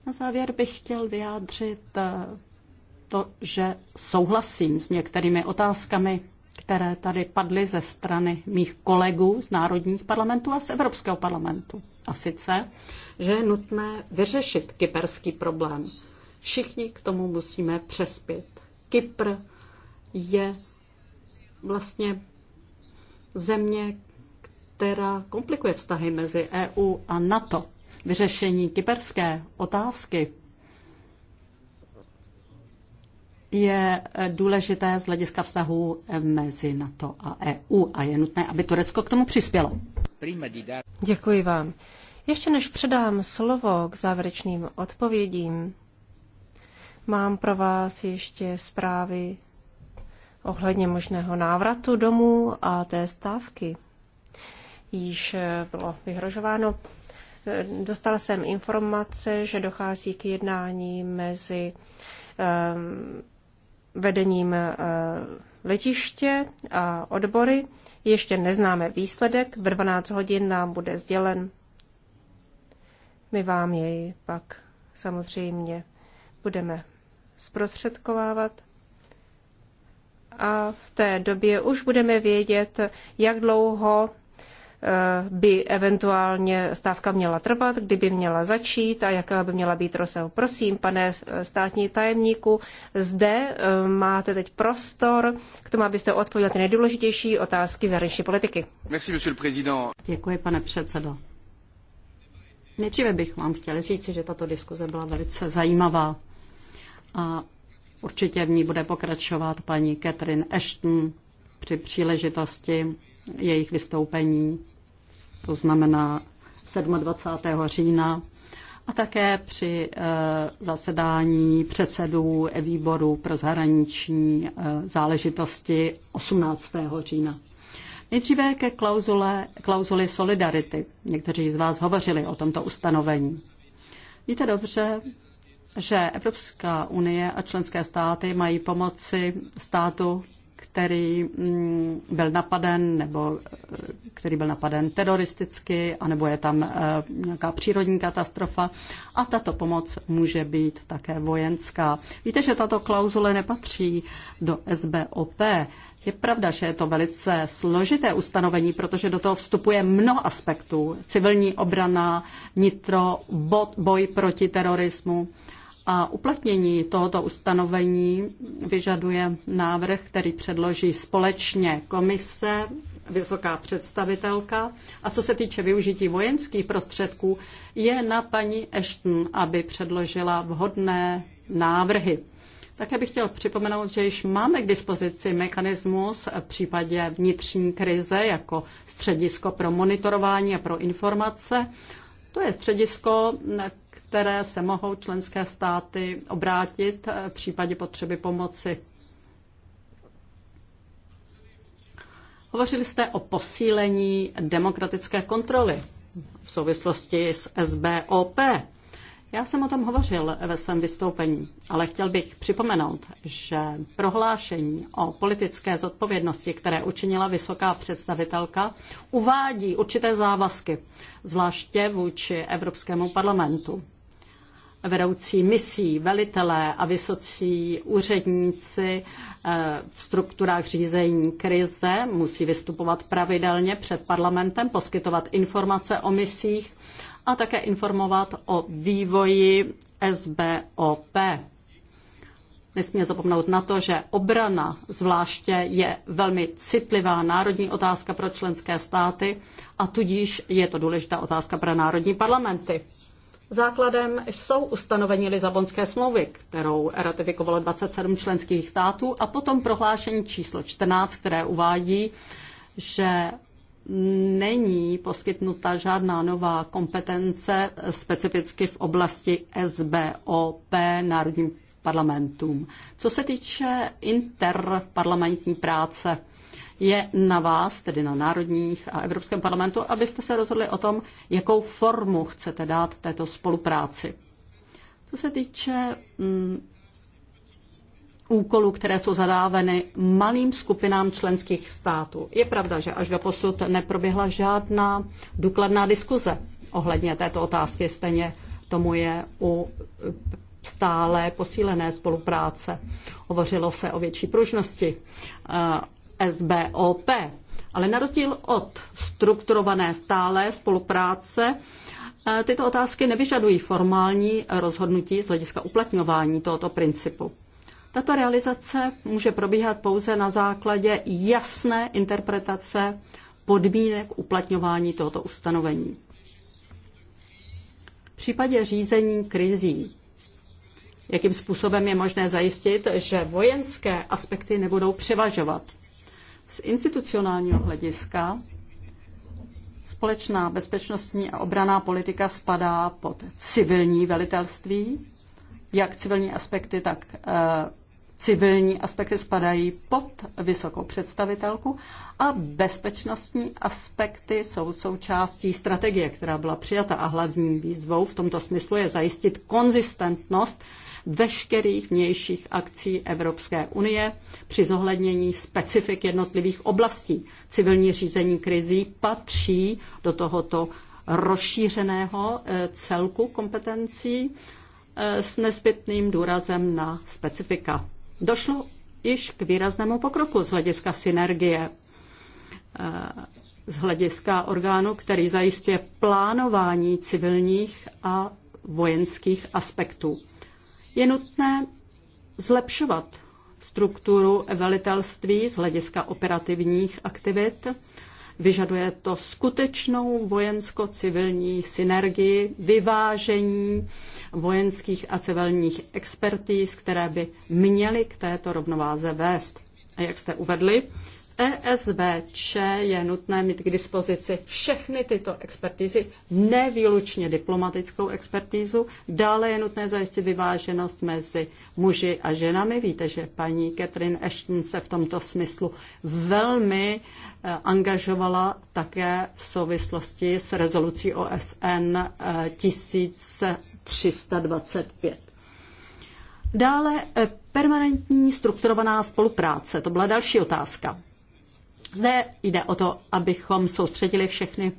Na závěr bych chtěl vyjádřit eh, to, že souhlasím s některými otázkami, které tady padly ze strany mých kolegů z národních parlamentů a z Evropského parlamentu. A sice, že je nutné vyřešit kyperský problém. Všichni k tomu musíme přespět. Kypr je vlastně země, která komplikuje vztahy mezi EU a NATO vyřešení kyperské otázky je důležité z hlediska vztahů mezi NATO a EU a je nutné, aby Turecko k tomu přispělo. Děkuji vám. Ještě než předám slovo k závěrečným odpovědím, mám pro vás ještě zprávy ohledně možného návratu domů a té stávky. Již bylo vyhrožováno Dostala jsem informace, že dochází k jednání mezi ehm, vedením eh, letiště a odbory. Ještě neznáme výsledek, v 12 hodin nám bude sdělen. My vám jej pak samozřejmě budeme zprostředkovávat. A v té době už budeme vědět, jak dlouho Eh, by eventuálně stávka měla trvat, kdyby měla začít a jaká by měla být rozsahu. Prosím, pane státní tajemníku, zde eh, máte teď prostor k tomu, abyste odpověděl ty nejdůležitější otázky zahraniční politiky. Merci, Děkuji, pane předsedo. Nejdříve bych vám chtěl říct, že tato diskuze byla velice zajímavá a určitě v ní bude pokračovat paní Catherine Ashton při příležitosti jejich vystoupení, to znamená 27. října a také při eh, zasedání předsedů výboru pro zahraniční eh, záležitosti 18. října. Nejdříve ke klauzule, klauzuli solidarity. Někteří z vás hovořili o tomto ustanovení. Víte dobře, že Evropská unie a členské státy mají pomoci státu který mm, byl napaden nebo eh, který byl napaden teroristicky, anebo je tam eh, nějaká přírodní katastrofa. A tato pomoc může být také vojenská. Víte, že tato klauzule nepatří do SBOP. Je pravda, že je to velice složité ustanovení, protože do toho vstupuje mnoho aspektů. Civilní obrana, nitro, boj proti terorismu. A uplatnění tohoto ustanovení vyžaduje návrh, který předloží společně komise, vysoká představitelka. A co se týče využití vojenských prostředků, je na paní Ashton, aby předložila vhodné návrhy. Také bych chtěl připomenout, že již máme k dispozici mechanismus v případě vnitřní krize jako středisko pro monitorování a pro informace. To je středisko, které se mohou členské státy obrátit eh, v případě potřeby pomoci. Hovořili jste o posílení demokratické kontroly v souvislosti s SBOP. Já jsem o tom hovořil ve svém vystoupení, ale chtěl bych připomenout, že prohlášení o politické zodpovědnosti, které učinila vysoká představitelka, uvádí určité závazky, zvláště vůči Evropskému parlamentu vedoucí misí, velitelé a vysocí úředníci eh, v strukturách řízení krize musí vystupovat pravidelně před parlamentem, poskytovat informace o misích a také informovat o vývoji SBOP. Nesmíme zapomenout na to, že obrana zvláště je velmi citlivá národní otázka pro členské státy a tudíž je to důležitá otázka pro národní parlamenty. Základem jsou ustanovení Lizabonské smlouvy, kterou ratifikovalo 27 členských států a potom prohlášení číslo 14, které uvádí, že není poskytnuta žádná nová kompetence specificky v oblasti SBOP národním parlamentům. Co se týče interparlamentní práce, je na vás, tedy na národních a Evropském parlamentu, abyste se rozhodli o tom, jakou formu chcete dát této spolupráci. Co se týče mm, úkolů, které jsou zadáveny malým skupinám členských států. Je pravda, že až do posud neproběhla žádná důkladná diskuze ohledně této otázky, stejně tomu je u stále posílené spolupráce. Hovořilo se o větší pružnosti, SBOP. Ale na rozdíl od strukturované stále spolupráce, eh, tyto otázky nevyžadují formální rozhodnutí z hlediska uplatňování tohoto principu. Tato realizace může probíhat pouze na základě jasné interpretace podmínek uplatňování tohoto ustanovení. V případě řízení krizí, jakým způsobem je možné zajistit, že vojenské aspekty nebudou převažovat. Z institucionálního hlediska společná bezpečnostní a obraná politika spadá pod civilní velitelství. Jak civilní aspekty, tak eh, civilní aspekty spadají pod vysokou představitelku a bezpečnostní aspekty jsou součástí strategie, která byla přijata a hlavní výzvou v tomto smyslu je zajistit konzistentnost veškerých vnějších akcí Evropské unie při zohlednění specifik jednotlivých oblastí. Civilní řízení krizí patří do tohoto rozšířeného eh, celku kompetencí eh, s nezbytným důrazem na specifika. Došlo již k výraznému pokroku z hlediska synergie eh, z hlediska orgánu, který zajistuje plánování civilních a vojenských aspektů. Je nutné zlepšovat strukturu velitelství z hlediska operativních aktivit. Vyžaduje to skutečnou vojensko-civilní synergii, vyvážení vojenských a civilních expertíz, které by měly k této rovnováze vést. A jak jste uvedli, ESVČ je nutné mít k dispozici všechny tyto expertízy, nevýlučně diplomatickou expertízu. Dále je nutné zajistit vyváženost mezi muži a ženami. Víte, že paní Catherine Ashton se v tomto smyslu velmi eh, angažovala také v souvislosti s rezolucí OSN 1325. Eh, Dále eh, permanentní strukturovaná spolupráce, to byla další otázka jde o to, abychom soustředili všechny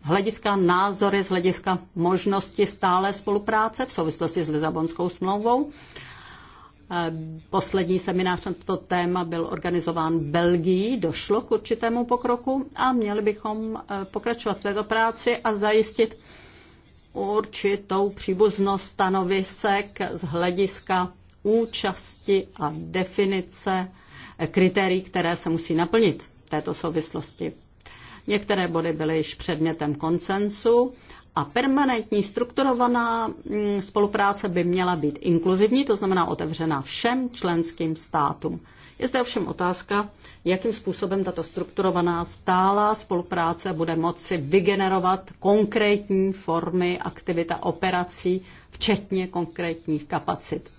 hlediska názory, z hlediska možnosti stále spolupráce v souvislosti s Lizabonskou smlouvou. Eh, poslední seminář na toto téma byl organizován v Belgii, došlo k určitému pokroku a měli bychom eh, pokračovat v této práci a zajistit určitou příbuznost stanovisek z hlediska účasti a definice eh, kritérií, které se musí naplnit této souvislosti. Některé body byly již předmětem konsensu a permanentní strukturovaná mm, spolupráce by měla být inkluzivní, to znamená otevřená všem členským státům. Je zde ovšem otázka, jakým způsobem tato strukturovaná stálá spolupráce bude moci vygenerovat konkrétní formy aktivita operací, včetně konkrétních kapacit.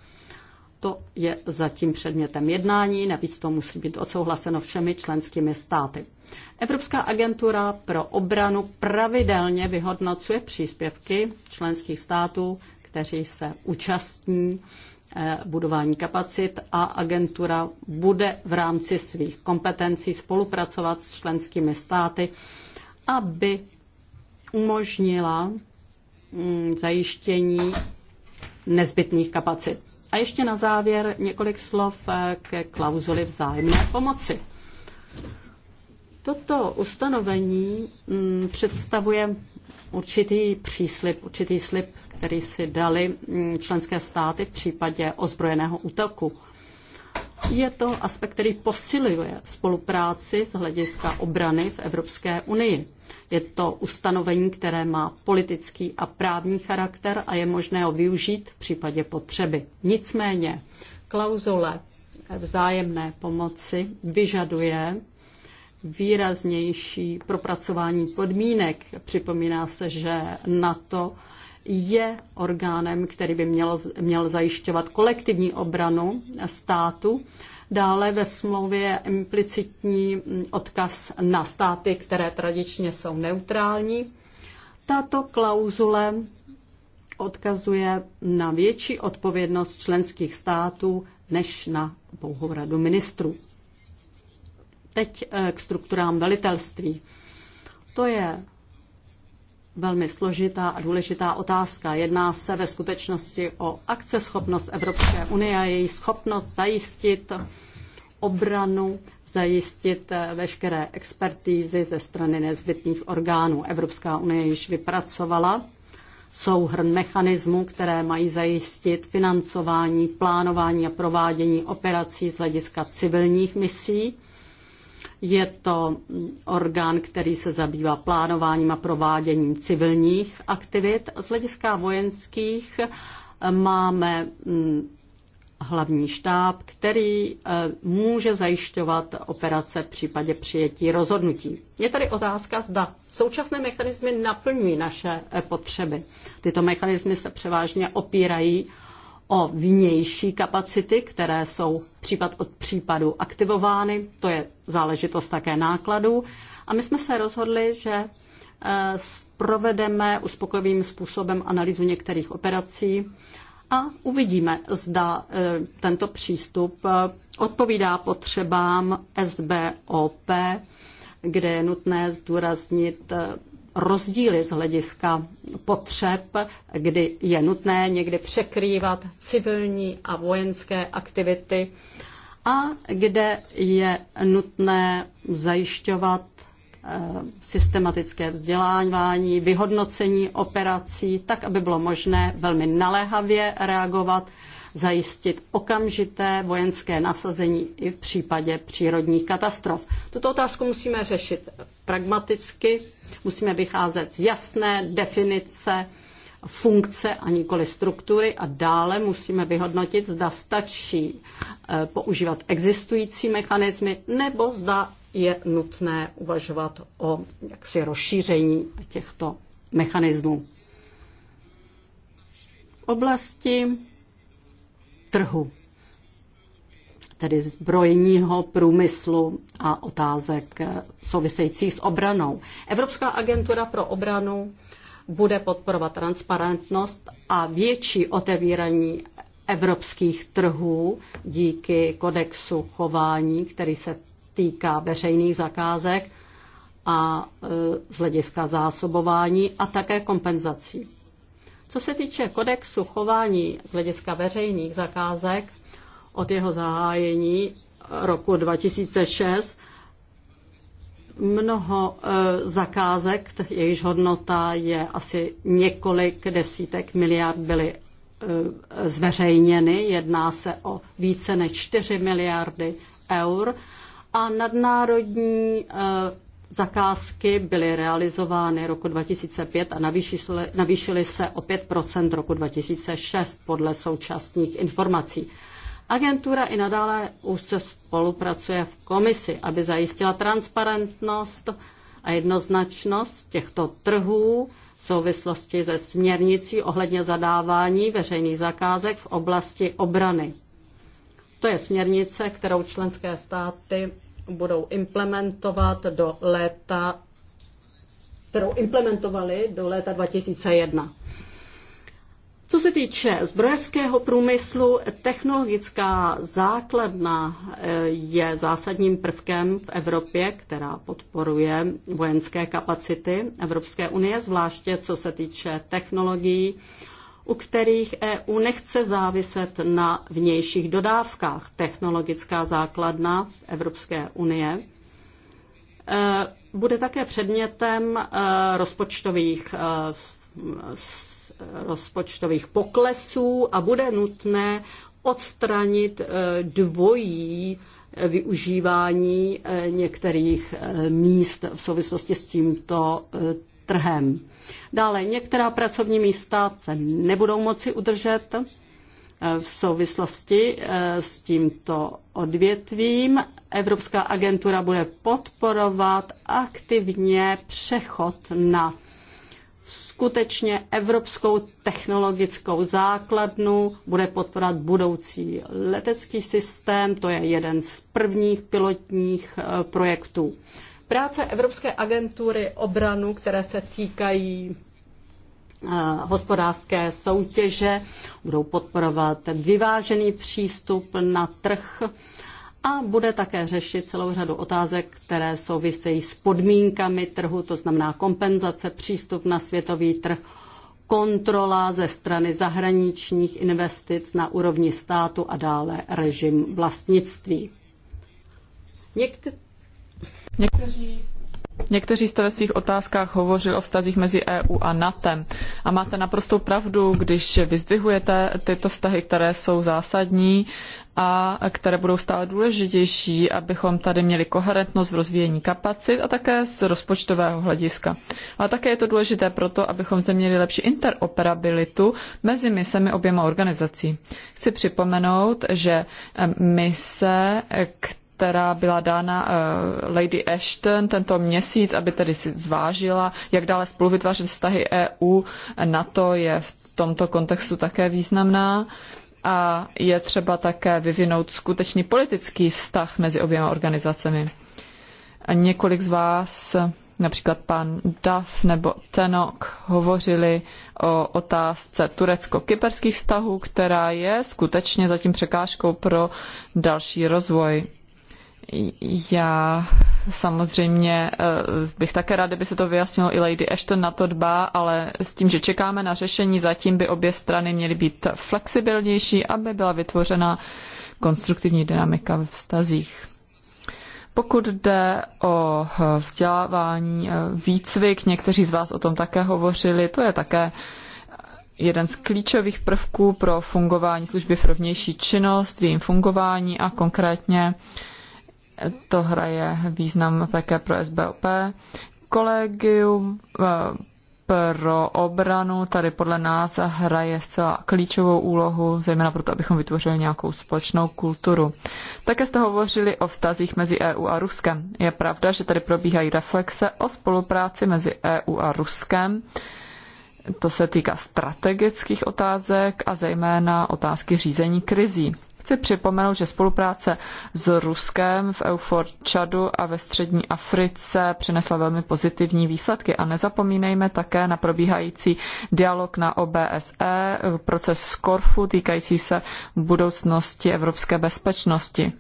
To je zatím předmětem jednání, navíc to musí být odsouhlaseno všemi členskými státy. Evropská agentura pro obranu pravidelně vyhodnocuje příspěvky členských států, kteří se účastní eh, budování kapacit a agentura bude v rámci svých kompetencí spolupracovat s členskými státy, aby umožnila mm, zajištění nezbytných kapacit. A ještě na závěr několik slov eh, ke klauzuli vzájemné pomoci. Toto ustanovení mm, představuje určitý příslip, určitý slib, který si dali mm, členské státy v případě ozbrojeného útoku. Je to aspekt, který posiluje spolupráci z hlediska obrany v Evropské unii. Je to ustanovení, které má politický a právní charakter a je možné ho využít v případě potřeby. Nicméně klauzule vzájemné pomoci vyžaduje výraznější propracování podmínek. Připomíná se, že NATO je orgánem, který by měl, měl zajišťovat kolektivní obranu státu. Dále ve smlouvě je implicitní odkaz na státy, které tradičně jsou neutrální. Tato klauzule odkazuje na větší odpovědnost členských států než na pouhou radu ministrů. Teď eh, k strukturám velitelství. To je velmi složitá a důležitá otázka. Jedná se ve skutečnosti o akceschopnost Evropské unie a její schopnost zajistit obranu, zajistit eh, veškeré expertízy ze strany nezbytných orgánů. Evropská unie již vypracovala souhrn mechanismů, které mají zajistit financování, plánování a provádění operací z hlediska civilních misí je to orgán, který se zabývá plánováním a prováděním civilních aktivit. Z hlediska vojenských eh, máme mm, hlavní štáb, který eh, může zajišťovat operace v případě přijetí rozhodnutí. Je tady otázka, zda současné mechanismy naplňují naše eh, potřeby. Tyto mechanismy se převážně opírají o vnější kapacity, které jsou případ od případu aktivovány. To je záležitost také nákladů. A my jsme se rozhodli, že eh, provedeme uspokojivým způsobem analýzu některých operací a uvidíme, zda eh, tento přístup eh, odpovídá potřebám SBOP, kde je nutné zdůraznit rozdíly z hlediska potřeb, kdy je nutné někdy překrývat civilní a vojenské aktivity a kde je nutné zajišťovat eh, systematické vzdělávání, vyhodnocení operací, tak, aby bylo možné velmi naléhavě reagovat zajistit okamžité vojenské nasazení i v případě přírodních katastrof. Tuto otázku musíme řešit pragmaticky, musíme vycházet z jasné definice funkce a nikoli struktury a dále musíme vyhodnotit, zda stačí e, používat existující mechanismy nebo zda je nutné uvažovat o jaksi rozšíření těchto mechanismů. V oblasti trhu, tedy zbrojního průmyslu a otázek eh, souvisejících s obranou. Evropská agentura pro obranu bude podporovat transparentnost a větší otevírání evropských trhů díky kodexu chování, který se týká veřejných zakázek a eh, z hlediska zásobování a také kompenzací. Co se týče kodexu chování z hlediska veřejných zakázek od jeho zahájení roku 2006, mnoho e, zakázek, jejichž hodnota je asi několik desítek miliard, byly e, zveřejněny. Jedná se o více než 4 miliardy eur a nadnárodní e, zakázky byly realizovány roku 2005 a navýšily, navýšily se o 5 roku 2006 podle současných informací. Agentura i nadále úzce spolupracuje v komisi, aby zajistila transparentnost a jednoznačnost těchto trhů v souvislosti se směrnicí ohledně zadávání veřejných zakázek v oblasti obrany. To je směrnice, kterou členské státy budou implementovat do léta, kterou implementovali do léta 2001. Co se týče zbrojařského průmyslu, technologická základna eh, je zásadním prvkem v Evropě, která podporuje vojenské kapacity Evropské unie, zvláště co se týče technologií u kterých EU nechce záviset na vnějších dodávkách. Technologická základna Evropské unie e, bude také předmětem e, rozpočtových e, rozpočtových poklesů a bude nutné odstranit dvojí využívání některých míst v souvislosti s tímto trhem. Dále některá pracovní místa se nebudou moci udržet eh, v souvislosti eh, s tímto odvětvím. Evropská agentura bude podporovat aktivně přechod na skutečně evropskou technologickou základnu, bude podporovat budoucí letecký systém, to je jeden z prvních pilotních eh, projektů. Práce Evropské agentury obranu, které se týkají eh, hospodářské soutěže, budou podporovat vyvážený přístup na trh a bude také řešit celou řadu otázek, které souvisejí s podmínkami trhu, to znamená kompenzace, přístup na světový trh, kontrola ze strany zahraničních investic na úrovni státu a dále režim vlastnictví. Někte- Někteří, někteří jste ve svých otázkách hovořil o vztazích mezi EU a NATO. A máte naprostou pravdu, když vyzdvihujete tyto vztahy, které jsou zásadní a které budou stále důležitější, abychom tady měli koherentnost v rozvíjení kapacit a také z rozpočtového hlediska. Ale také je to důležité proto, abychom zde měli lepší interoperabilitu mezi misemi oběma organizací. Chci připomenout, že mise, které která byla dána eh, Lady Ashton tento měsíc, aby tedy si zvážila, jak dále spoluvytvářet vztahy EU. Na to je v tomto kontextu také významná a je třeba také vyvinout skutečný politický vztah mezi oběma organizacemi. několik z vás, například pan Duff nebo Tenok, hovořili o otázce turecko-kyperských vztahů, která je skutečně zatím překážkou pro další rozvoj já samozřejmě eh, bych také ráda, by se to vyjasnilo i Lady Ashton na to dbá, ale s tím, že čekáme na řešení, zatím by obě strany měly být flexibilnější, aby byla vytvořena konstruktivní dynamika ve vztazích. Pokud jde o eh, vzdělávání, eh, výcvik, někteří z vás o tom také hovořili, to je také jeden z klíčových prvků pro fungování služby pro vnější činnost, v jejím fungování a konkrétně to hraje význam také pro SBOP. Kolegium eh, pro obranu tady podle nás hraje zcela klíčovou úlohu, zejména proto, abychom vytvořili nějakou společnou kulturu. Také jste hovořili o vztazích mezi EU a Ruskem. Je pravda, že tady probíhají reflexe o spolupráci mezi EU a Ruskem. To se týká strategických otázek a zejména otázky řízení krizí. Chci připomenout, že spolupráce s Ruskem v Eufor Čadu a ve střední Africe přinesla velmi pozitivní výsledky a nezapomínejme také na probíhající dialog na OBSE, proces z Korfu týkající se budoucnosti evropské bezpečnosti.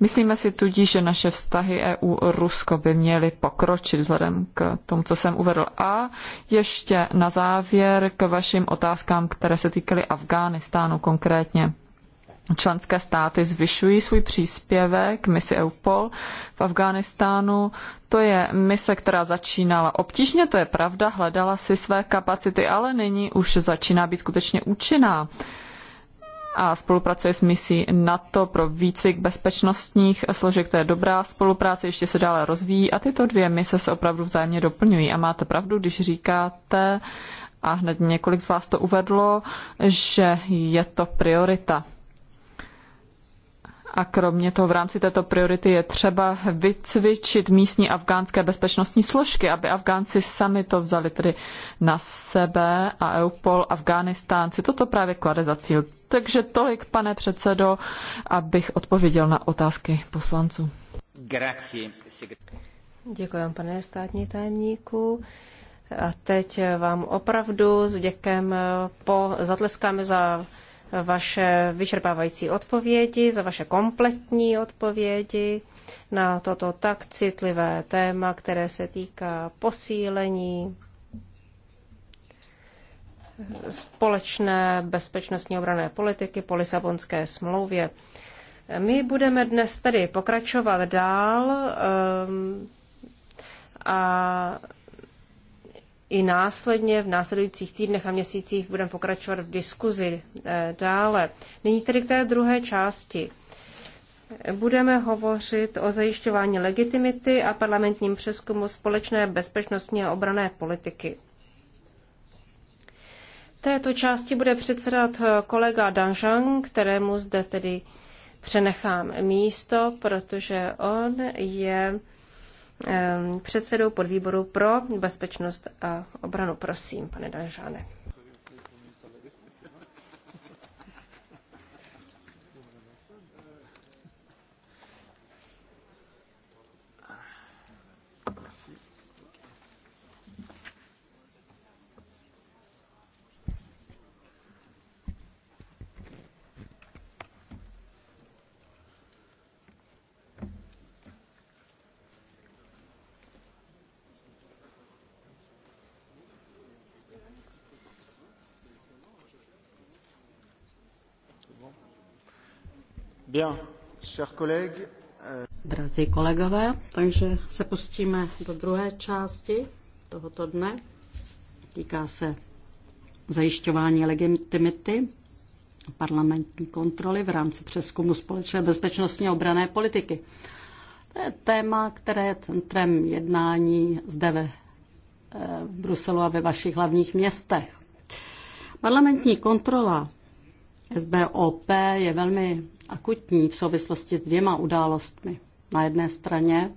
Myslíme si tudíž, že naše vztahy EU-Rusko by měly pokročit vzhledem k tomu, co jsem uvedl. A ještě na závěr k vašim otázkám, které se týkaly Afghánistánu konkrétně. Členské státy zvyšují svůj příspěvek misi EUPOL v Afghánistánu. To je mise, která začínala obtížně, to je pravda, hledala si své kapacity, ale nyní už začíná být skutečně účinná a spolupracuje s misí NATO pro výcvik bezpečnostních složek. To je dobrá spolupráce, ještě se dále rozvíjí a tyto dvě mise se opravdu vzájemně doplňují. A máte pravdu, když říkáte, a hned několik z vás to uvedlo, že je to priorita a kromě toho v rámci této priority je třeba vycvičit místní afgánské bezpečnostní složky, aby Afgánci sami to vzali tedy na sebe a EUPOL, Afghánistán si toto právě klade za cíl. Takže tolik, pane předsedo, abych odpověděl na otázky poslanců. Grazie. Děkuji, pane státní tajemníku. A teď vám opravdu s vděkem po zatleskáme za vaše vyčerpávající odpovědi, za vaše kompletní odpovědi na toto tak citlivé téma, které se týká posílení společné bezpečnostní obrané politiky po Lisabonské smlouvě. My budeme dnes tedy pokračovat dál um, a i následně v následujících týdnech a měsících budeme pokračovat v diskuzi eh, dále. Nyní tedy k té druhé části. Budeme hovořit o zajišťování legitimity a parlamentním přeskumu společné bezpečnostní a obrané politiky. Této části bude předsedat eh, kolega Danžan, kterému zde tedy přenechám místo, protože on je předsedou podvýboru pro bezpečnost a obranu. Prosím, pane Danžáne. Euh, Drazí kolegové, takže se pustíme do druhé části tohoto dne. Týká se zajišťování legitimity parlamentní kontroly v rámci přeskumu společné bezpečnostní a obrané politiky. To je téma, které je centrem jednání zde ve eh, v Bruselu a ve vašich hlavních městech. Parlamentní kontrola SBOP je velmi akutní v souvislosti s dvěma událostmi. Na jedné straně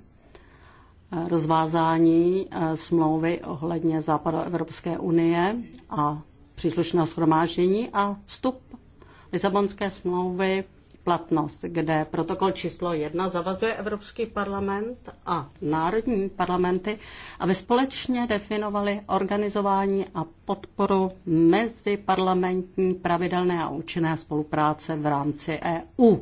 eh, rozvázání eh, smlouvy ohledně Západoevropské unie a příslušného schromáždění a vstup Lisabonské smlouvy platnost, kde protokol číslo jedna zavazuje Evropský parlament a národní parlamenty, aby společně definovali organizování a podporu mezi parlamentní pravidelné a účinné spolupráce v rámci EU.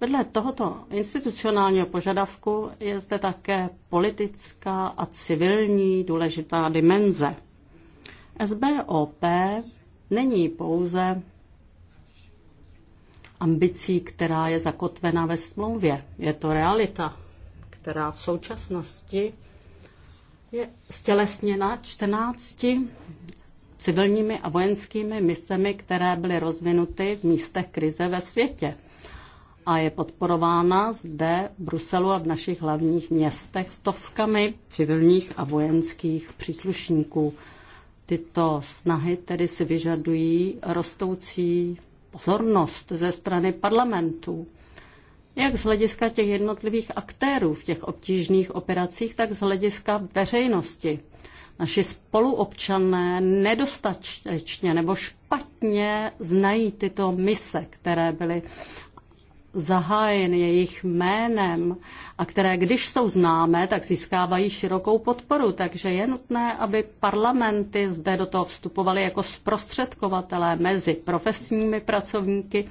Vedle tohoto institucionálního požadavku je zde také politická a civilní důležitá dimenze. SBOP není pouze ambicí, která je zakotvena ve smlouvě. Je to realita, která v současnosti je stělesněna 14 civilními a vojenskými misemi, které byly rozvinuty v místech krize ve světě a je podporována zde v Bruselu a v našich hlavních městech stovkami civilních a vojenských příslušníků. Tyto snahy tedy si vyžadují rostoucí pozornost ze strany parlamentů, jak z hlediska těch jednotlivých aktérů v těch obtížných operacích, tak z hlediska veřejnosti. Naši spoluobčané nedostatečně nebo špatně znají tyto mise, které byly zahájeny jejich jménem a které, když jsou známé, tak získávají širokou podporu. Takže je nutné, aby parlamenty zde do toho vstupovaly jako zprostředkovatelé mezi profesními pracovníky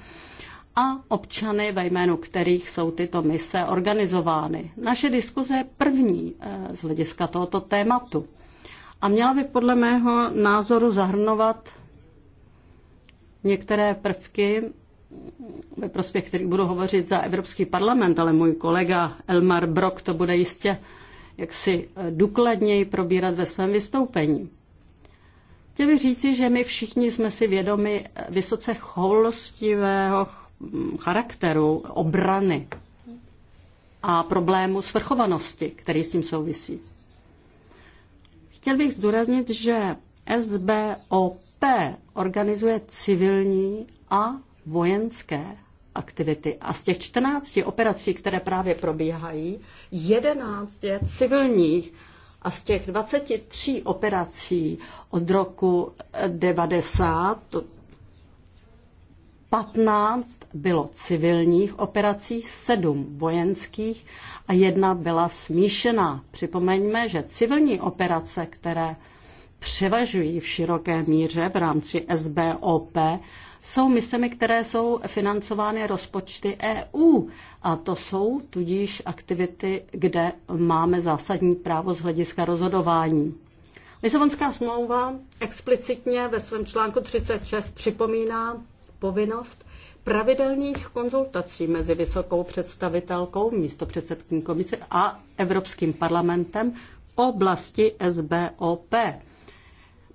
a občany, ve jménu kterých jsou tyto mise organizovány. Naše diskuze je první eh, z hlediska tohoto tématu a měla by podle mého názoru zahrnovat některé prvky, ve prospěch kterých budu hovořit za Evropský parlament, ale můj kolega Elmar Brok to bude jistě jaksi eh, důkladněji probírat ve svém vystoupení. Chtěl bych říci, že my všichni jsme si vědomi eh, vysoce choulostivého hm, charakteru obrany a problému svrchovanosti, který s tím souvisí. Chtěl bych zdůraznit, že SBOP organizuje civilní a vojenské aktivity. A z těch 14 operací, které právě probíhají, 11 je civilních. A z těch 23 operací od roku 90, 15 bylo civilních operací, 7 vojenských a jedna byla smíšená. Připomeňme, že civilní operace, které převažují v široké míře v rámci SBOP, jsou misemi, které jsou financovány rozpočty EU. A to jsou tudíž aktivity, kde máme zásadní právo z hlediska rozhodování. Lisabonská smlouva explicitně ve svém článku 36 připomíná povinnost pravidelných konzultací mezi vysokou představitelkou, místopředsedkyní komise a Evropským parlamentem oblasti SBOP.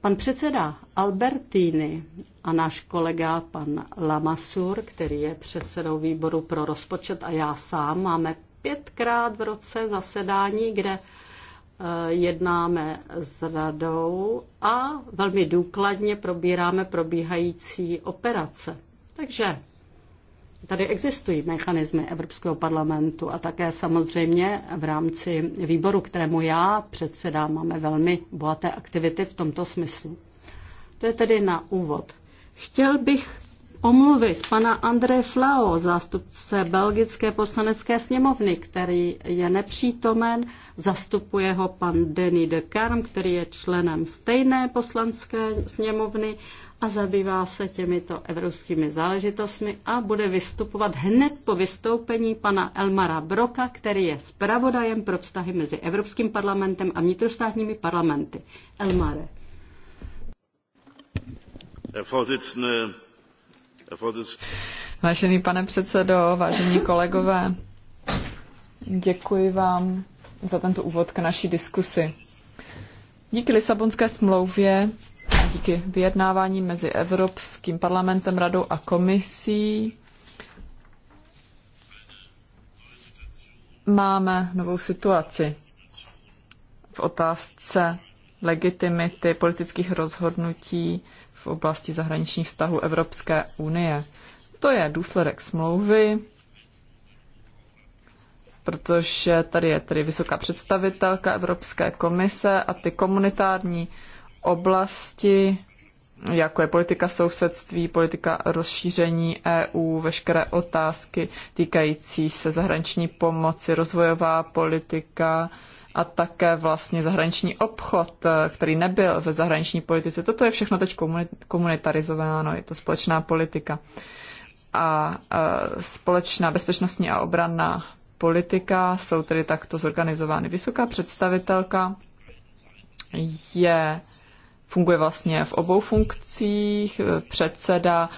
Pan předseda Albertini a náš kolega pan Lamasur, který je předsedou výboru pro rozpočet a já sám, máme pětkrát v roce zasedání, kde eh, jednáme s radou a velmi důkladně probíráme probíhající operace. Takže Tady existují mechanismy Evropského parlamentu a také samozřejmě v rámci výboru, kterému já předsedám, máme velmi bohaté aktivity v tomto smyslu. To je tedy na úvod. Chtěl bych omluvit pana André Flao, zástupce Belgické poslanecké sněmovny, který je nepřítomen. Zastupuje ho pan Denis de Karm, který je členem stejné poslanské sněmovny a zabývá se těmito evropskými záležitostmi a bude vystupovat hned po vystoupení pana Elmara Broka, který je zpravodajem pro vztahy mezi Evropským parlamentem a vnitrostátními parlamenty. Elmare. Vážený pane předsedo, vážení kolegové, děkuji vám za tento úvod k naší diskusi. Díky Lisabonské smlouvě díky vyjednávání mezi Evropským parlamentem, radou a komisí máme novou situaci v otázce legitimity politických rozhodnutí v oblasti zahraničních vztahů Evropské unie. To je důsledek smlouvy, protože tady je tedy vysoká představitelka Evropské komise a ty komunitární oblasti, jako je politika sousedství, politika rozšíření EU, veškeré otázky týkající se zahraniční pomoci, rozvojová politika a také vlastně zahraniční obchod, který nebyl ve zahraniční politice. Toto je všechno teď komunitarizováno, je to společná politika. A společná bezpečnostní a obranná politika jsou tedy takto zorganizovány. Vysoká představitelka je funguje vlastně v obou funkcích, eh, předseda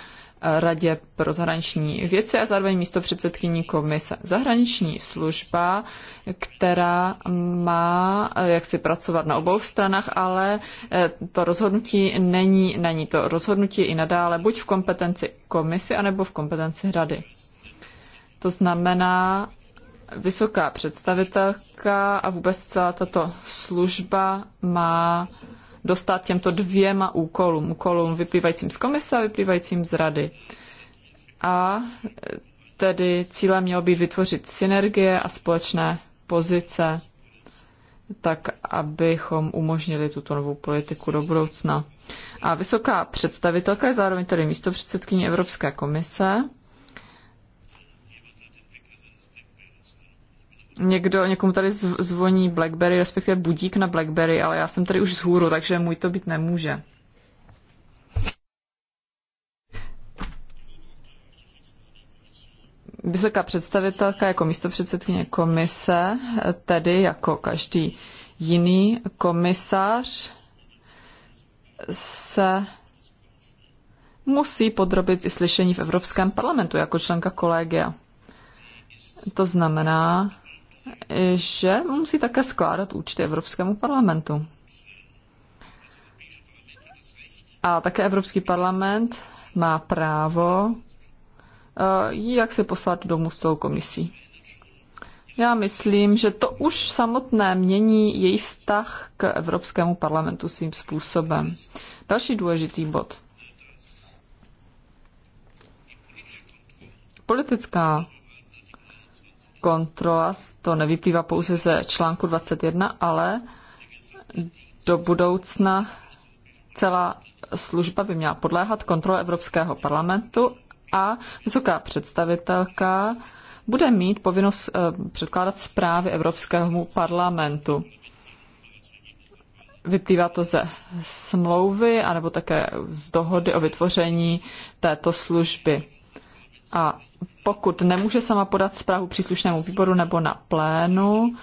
eh, Radě pro zahraniční věci a zároveň místo předsedkyní komise. Zahraniční služba, která má eh, jak si pracovat na obou stranách, ale to rozhodnutí není na ní. To rozhodnutí i nadále buď v kompetenci komisy, anebo v kompetenci rady. To znamená, vysoká představitelka a vůbec celá tato služba má dostat těmto dvěma úkolům, úkolům vyplývajícím z komise a vyplývajícím z rady. A tedy cílem mělo být vytvořit synergie a společné pozice, tak abychom umožnili tuto novou politiku do budoucna. A vysoká představitelka je zároveň tedy místo předsedkyní Evropské komise někdo, někomu tady zvoní Blackberry, respektive budík na Blackberry, ale já jsem tady už z hůru, takže můj to být nemůže. Vysoká představitelka jako místo předsedkyně komise, tedy jako každý jiný komisař, se musí podrobit i slyšení v Evropském parlamentu jako členka kolegia. To znamená, že musí také skládat účty Evropskému parlamentu. A také Evropský parlament má právo eh, jak se poslat domů s tou komisí. Já myslím, že to už samotné mění její vztah k Evropskému parlamentu svým způsobem. Další důležitý bod. Politická kontrolas, to nevyplývá pouze ze článku 21, ale do budoucna celá služba by měla podléhat kontrole Evropského parlamentu a vysoká představitelka bude mít povinnost eh, předkládat zprávy Evropskému parlamentu. Vyplývá to ze smlouvy anebo také z dohody o vytvoření této služby. A pokud nemůže sama podat zprávu příslušnému výboru nebo na plénu,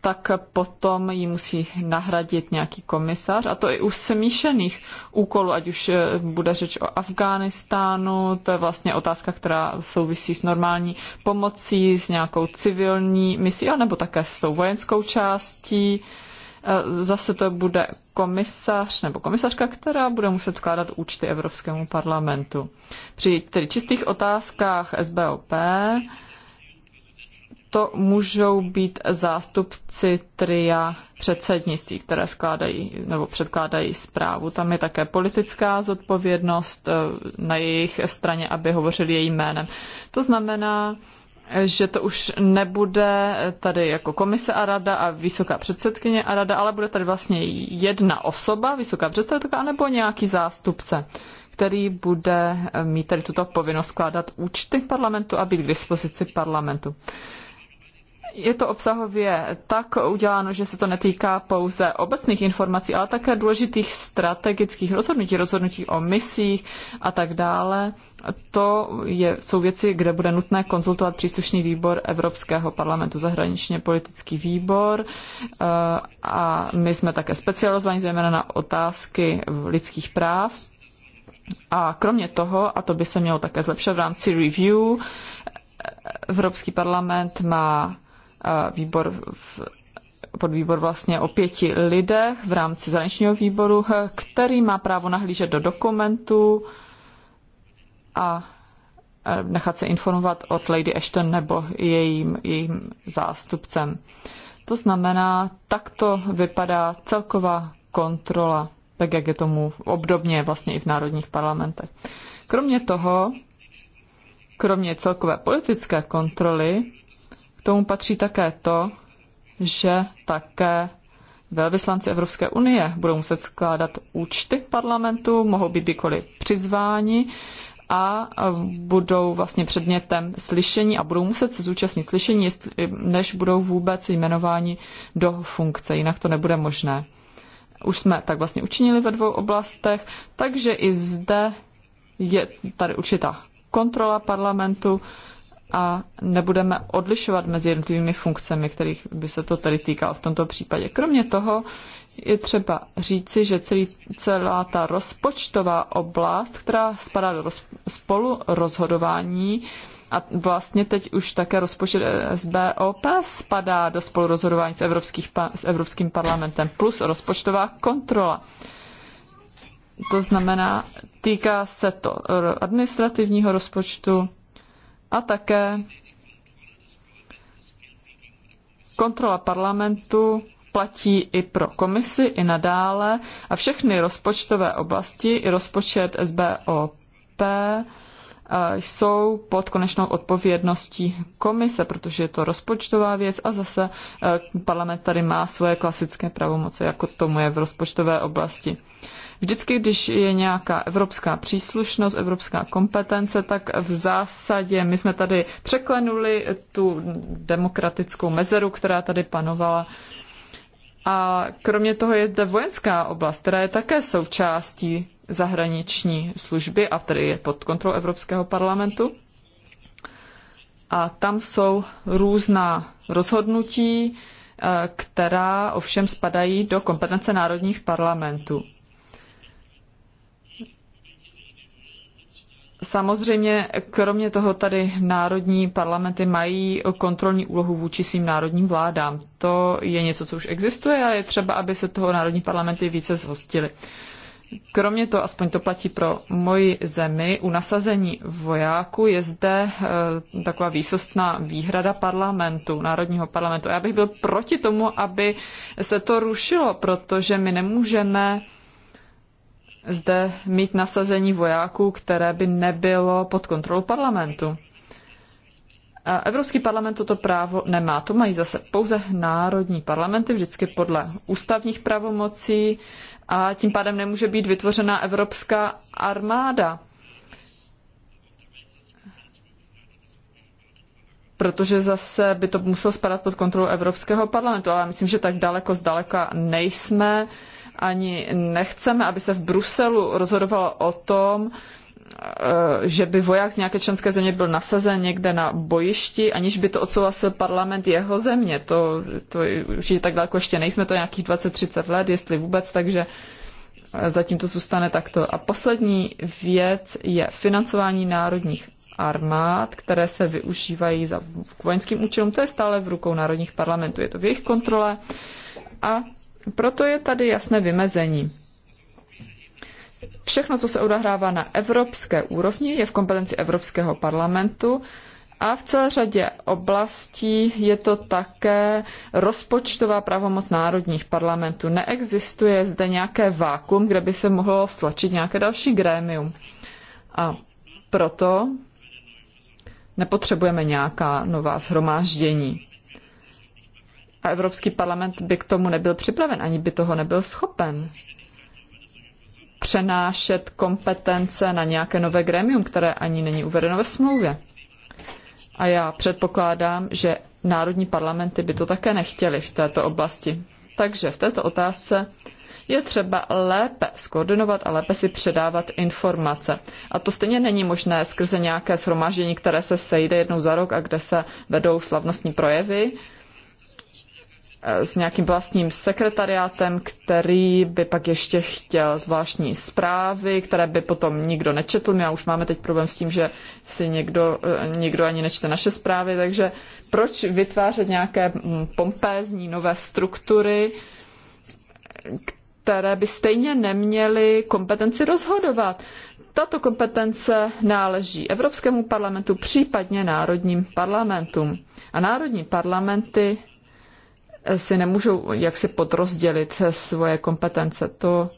tak potom ji musí nahradit nějaký komisař. A to i u smíšených úkolů, ať už eh, bude řeč o Afghánistánu, to je vlastně otázka, která souvisí s normální pomocí, s nějakou civilní misí, nebo také s tou vojenskou částí. Eh, zase to bude komisař nebo komisařka, která bude muset skládat účty Evropskému parlamentu. Při tedy čistých otázkách SBOP to můžou být zástupci tria předsednictví, které skládají nebo předkládají zprávu. Tam je také politická zodpovědnost eh, na jejich straně, aby hovořili jejím jménem. To znamená, že to už nebude tady jako komise a rada a vysoká předsedkyně a rada, ale bude tady vlastně jedna osoba, vysoká představitelka, anebo nějaký zástupce, který bude mít tady tuto povinnost skládat účty parlamentu a být k dispozici parlamentu je to obsahově tak uděláno, že se to netýká pouze obecných informací, ale také důležitých strategických rozhodnutí, rozhodnutí o misích a tak dále. To je, jsou věci, kde bude nutné konzultovat příslušný výbor Evropského parlamentu, zahraničně politický výbor eh, a my jsme také specializovaní zejména na otázky lidských práv. A kromě toho, a to by se mělo také zlepšit v rámci review, Evropský parlament má výbor v podvýbor vlastně o pěti lidech v rámci zahraničního výboru, který má právo nahlížet do dokumentů a nechat se informovat od Lady Ashton nebo jejím, jejím zástupcem. To znamená, takto vypadá celková kontrola, tak jak je tomu obdobně vlastně i v národních parlamentech. Kromě toho, kromě celkové politické kontroly, tomu patří také to, že také velvyslanci Evropské unie budou muset skládat účty parlamentu, mohou být kdykoliv přizváni a budou vlastně předmětem slyšení a budou muset se zúčastnit slyšení, než budou vůbec jmenováni do funkce, jinak to nebude možné. Už jsme tak vlastně učinili ve dvou oblastech, takže i zde je tady určitá kontrola parlamentu a nebudeme odlišovat mezi jednotlivými funkcemi, kterých by se to tedy týkalo v tomto případě. Kromě toho je třeba říci, že celý, celá ta rozpočtová oblast, která spadá do roz, spolu rozhodování, a vlastně teď už také rozpočet SBOP spadá do spolurozhodování s, Evropských, s Evropským parlamentem, plus rozpočtová kontrola. To znamená, týká se to administrativního rozpočtu, a také kontrola parlamentu platí i pro komisi i nadále a všechny rozpočtové oblasti i rozpočet SBOP Eh, jsou pod konečnou odpovědností komise, protože je to rozpočtová věc a zase eh, parlament tady má svoje klasické pravomoce, jako tomu je v rozpočtové oblasti. Vždycky, když je nějaká evropská příslušnost, evropská kompetence, tak v zásadě my jsme tady překlenuli tu demokratickou mezeru, která tady panovala. A kromě toho je zde vojenská oblast, která je také součástí zahraniční služby a tedy je pod kontrolou Evropského parlamentu. A tam jsou různá rozhodnutí, eh, která ovšem spadají do kompetence národních parlamentů. Samozřejmě, kromě toho tady národní parlamenty mají kontrolní úlohu vůči svým národním vládám. To je něco, co už existuje a je třeba, aby se toho národní parlamenty více zhostily. Kromě toho, aspoň to platí pro moji zemi, u nasazení vojáků je zde eh, taková výsostná výhrada parlamentu, Národního parlamentu. Já bych byl proti tomu, aby se to rušilo, protože my nemůžeme zde mít nasazení vojáků, které by nebylo pod kontrolou parlamentu. Evropský parlament toto právo nemá. To mají zase pouze národní parlamenty, vždycky podle ústavních pravomocí a tím pádem nemůže být vytvořena evropská armáda. protože zase by to muselo spadat pod kontrolu Evropského parlamentu, ale myslím, že tak daleko zdaleka nejsme, ani nechceme, aby se v Bruselu rozhodovalo o tom, Eh, že by voják z nějaké členské země byl nasazen někde na bojišti, aniž by to odsouhlasil parlament jeho země. To, to určitě tak daleko ještě nejsme, to nějakých 20-30 let, jestli vůbec, takže eh, zatím to zůstane takto. A poslední věc je financování národních armád, které se využívají za, vojenským účelům. To je stále v rukou národních parlamentů, je to v jejich kontrole a proto je tady jasné vymezení Všechno, co se odehrává na evropské úrovni, je v kompetenci Evropského parlamentu a v celé řadě oblastí je to také rozpočtová pravomoc národních parlamentů. Neexistuje zde nějaké vákum, kde by se mohlo vtlačit nějaké další grémium. A proto nepotřebujeme nějaká nová shromáždění. A Evropský parlament by k tomu nebyl připraven, ani by toho nebyl schopen přenášet kompetence na nějaké nové gremium, které ani není uvedeno ve smlouvě. A já předpokládám, že národní parlamenty by to také nechtěli v této oblasti. Takže v této otázce je třeba lépe skoordinovat a lépe si předávat informace. A to stejně není možné skrze nějaké shromáždění, které se sejde jednou za rok a kde se vedou slavnostní projevy, Eh, s nějakým vlastním sekretariátem, který by pak ještě chtěl zvláštní zprávy, které by potom nikdo nečetl. My už máme teď problém s tím, že si někdo, eh, někdo ani nečte naše zprávy, takže proč vytvářet nějaké mm, pompézní nové struktury, které by stejně neměly kompetenci rozhodovat. Tato kompetence náleží Evropskému parlamentu, případně národním parlamentům. A národní parlamenty si nemůžou jaksi podrozdělit svoje kompetence. To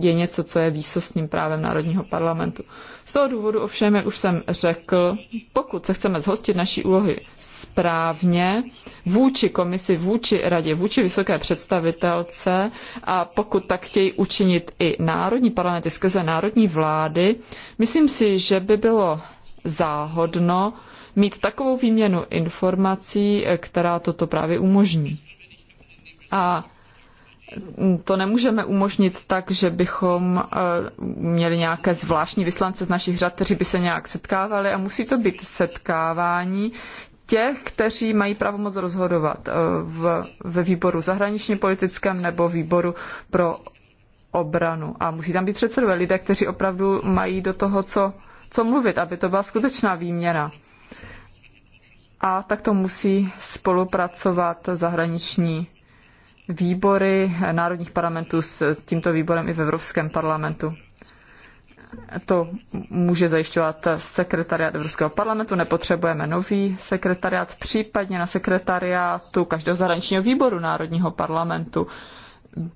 je něco, co je výsostným právem Národního parlamentu. Z toho důvodu ovšem, jak už jsem řekl, pokud se chceme zhostit naší úlohy správně, vůči komisi, vůči radě, vůči vysoké představitelce a pokud tak chtějí učinit i národní parlamenty skrze národní vlády, myslím si, že by bylo záhodno mít takovou výměnu informací, která toto právě umožní. A to nemůžeme umožnit tak, že bychom eh, měli nějaké zvláštní vyslance z našich řad, kteří by se nějak setkávali a musí to být setkávání těch, kteří mají pravomoc rozhodovat eh, v, ve výboru zahraničně politickém nebo výboru pro obranu. A musí tam být předsedové lidé, kteří opravdu mají do toho, co, co mluvit, aby to byla skutečná výměna. A tak to musí spolupracovat zahraniční výbory národních parlamentů s tímto výborem i v Evropském parlamentu. To může zajišťovat sekretariát Evropského parlamentu, nepotřebujeme nový sekretariát, případně na sekretariátu každého zahraničního výboru Národního parlamentu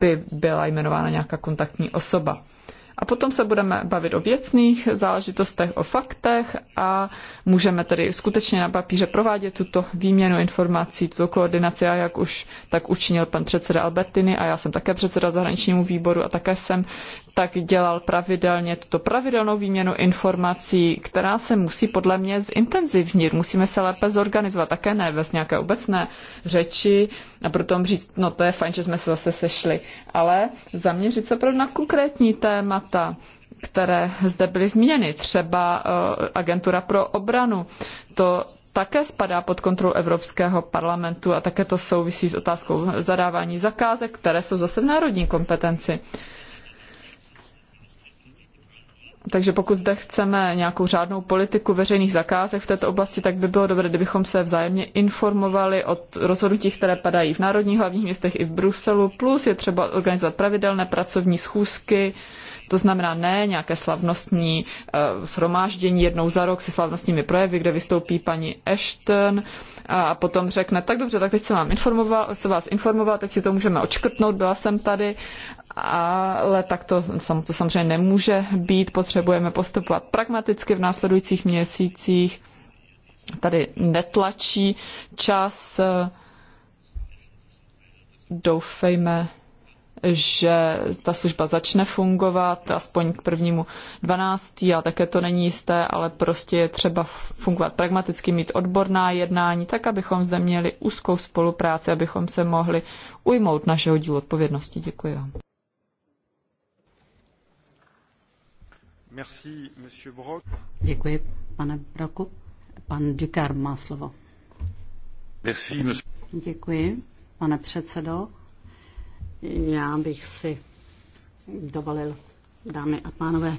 by byla jmenována nějaká kontaktní osoba. A potom se budeme bavit o věcných záležitostech, o faktech a můžeme tedy skutečně na papíře provádět tuto výměnu informací, tuto koordinaci a jak už tak učinil pan předseda Albertini a já jsem také předseda zahraničnímu výboru a také jsem tak dělal pravidelně tuto pravidelnou výměnu informací, která se musí podle mě zintenzivnit. Musíme se lépe zorganizovat, také ne bez nějaké obecné řeči a proto říct, no to je fajn, že jsme se zase sešli, ale zaměřit se opravdu na konkrétní témata, které zde byly zmíněny, třeba eh, agentura pro obranu. To také spadá pod kontrolu Evropského parlamentu a také to souvisí s otázkou zadávání zakázek, které jsou zase v národní kompetenci. Takže pokud zde chceme nějakou řádnou politiku veřejných zakázek v této oblasti, tak by bylo dobré, kdybychom se vzájemně informovali o rozhodnutích, které padají v národních hlavních městech i v Bruselu, plus je třeba organizovat pravidelné pracovní schůzky, to znamená ne nějaké slavnostní uh, shromáždění jednou za rok se slavnostními projevy, kde vystoupí paní Ashton, a potom řekne, tak dobře, tak teď se, vám informoval, se vás informoval, teď si to můžeme očkrtnout, byla jsem tady, ale tak to, to samozřejmě nemůže být, potřebujeme postupovat pragmaticky v následujících měsících, tady netlačí čas, doufejme, že ta služba začne fungovat, aspoň k prvnímu 12. a také to není jisté, ale prostě je třeba fungovat pragmaticky, mít odborná jednání, tak abychom zde měli úzkou spolupráci, abychom se mohli ujmout našeho dílu odpovědnosti. Děkuji vám. Merci, Brock. Děkuji, pane Broku. Pan Dukar má slovo. Merci, Děkuji, pane předsedo. Já bych si dovolil, dámy a pánové,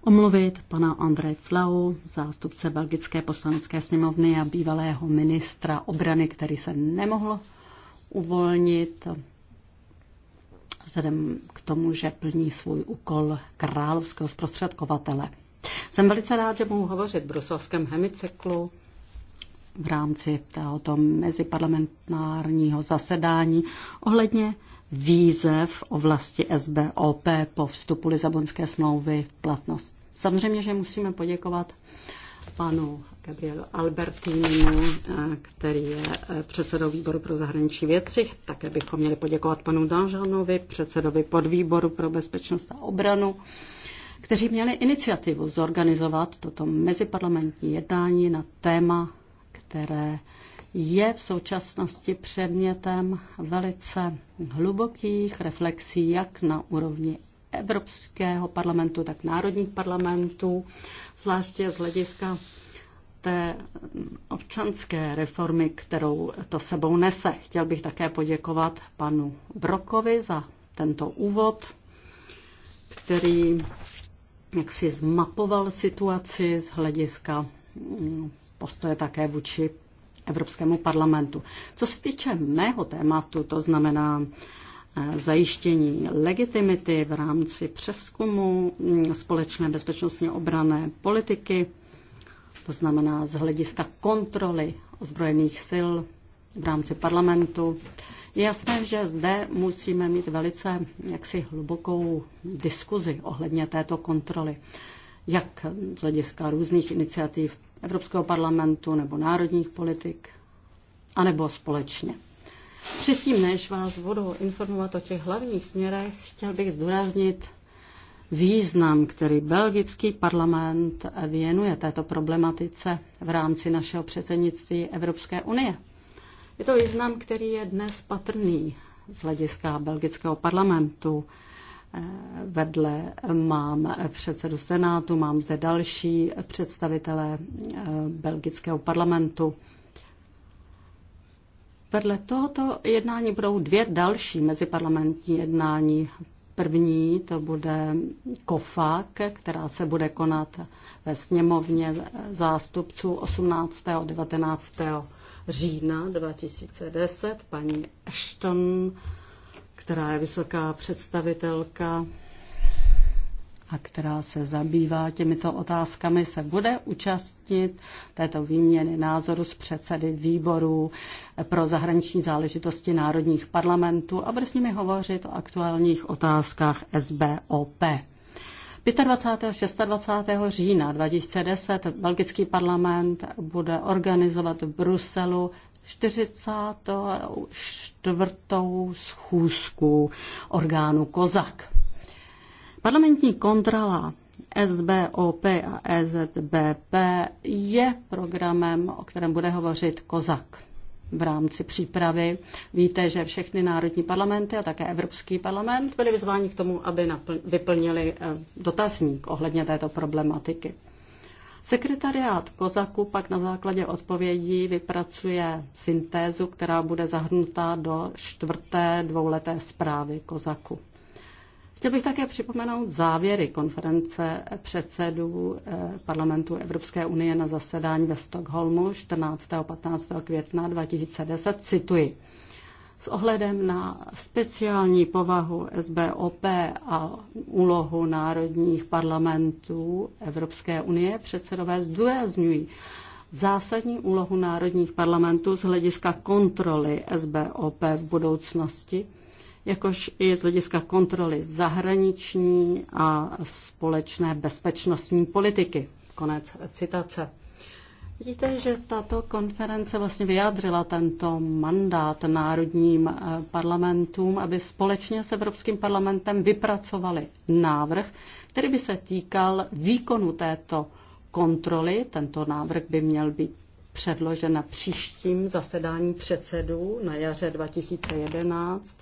omluvit pana André Flau, zástupce Belgické poslanecké sněmovny a bývalého ministra obrany, který se nemohl uvolnit vzhledem k tomu, že plní svůj úkol královského zprostředkovatele. Jsem velice rád, že mohu hovořit v bruselském hemicyklu v rámci tohoto meziparlamentárního zasedání ohledně výzev o vlasti SBOP po vstupu Lizabonské smlouvy v platnost. Samozřejmě, že musíme poděkovat panu Gabrielu Albertinimu, který je eh, předsedou výboru pro zahraniční věci. Také bychom měli poděkovat panu Danžanovi, předsedovi podvýboru pro bezpečnost a obranu, kteří měli iniciativu zorganizovat toto meziparlamentní jednání na téma, které je v současnosti předmětem velice hlubokých reflexí jak na úrovni Evropského parlamentu, tak národních parlamentů, zvláště z hlediska té občanské reformy, kterou to sebou nese. Chtěl bych také poděkovat panu Brokovi za tento úvod, který jak si zmapoval situaci z hlediska mm, postoje také vůči Evropskému parlamentu. Co se týče mého tématu, to znamená eh, zajištění legitimity v rámci přeskumu mm, společné bezpečnostně obrané politiky, to znamená z hlediska kontroly ozbrojených sil v rámci parlamentu. Je jasné, že zde musíme mít velice jaksi hlubokou diskuzi ohledně této kontroly, jak z hlediska různých iniciativ Evropského parlamentu nebo národních politik, anebo společně. Předtím, než vás budu informovat o těch hlavních směrech, chtěl bych zdůraznit význam, který belgický parlament věnuje této problematice v rámci našeho předsednictví Evropské unie. Je to význam, který je dnes patrný z hlediska belgického parlamentu. Vedle mám předsedu Senátu, mám zde další představitele eh, belgického parlamentu. Vedle tohoto jednání budou dvě další meziparlamentní jednání. První to bude KOFAK, která se bude konat ve sněmovně zástupců 18. a 19. října 2010. Paní Ashton která je vysoká představitelka a která se zabývá těmito otázkami, se bude účastnit této výměny názoru s předsedy výborů pro zahraniční záležitosti národních parlamentů a bude s nimi hovořit o aktuálních otázkách SBOP. 25. a 26. října 2010 Belgický parlament bude organizovat v Bruselu 44. schůzku orgánu COZAK. Parlamentní kontrola SBOP a EZBP je programem, o kterém bude hovořit COZAK v rámci přípravy. Víte, že všechny národní parlamenty a také Evropský parlament byly vyzváni k tomu, aby vyplnili eh, dotazník ohledně této problematiky. Sekretariát Kozaku pak na základě odpovědí vypracuje syntézu, která bude zahrnuta do čtvrté dvouleté zprávy Kozaku. Chtěl bych také připomenout závěry konference předsedů eh, parlamentu Evropské unie na zasedání ve Stockholmu 14. a 15. května 2010. Cituji s ohledem na speciální povahu SBOP a úlohu národních parlamentů Evropské unie předsedové zdůrazňují zásadní úlohu národních parlamentů z hlediska kontroly SBOP v budoucnosti, jakož i z hlediska kontroly zahraniční a společné bezpečnostní politiky. Konec citace. Vidíte, že tato konference vlastně vyjádřila tento mandát národním eh, parlamentům, aby společně s Evropským parlamentem vypracovali návrh, který by se týkal výkonu této kontroly. Tento návrh by měl být předložen na příštím zasedání předsedů na jaře 2011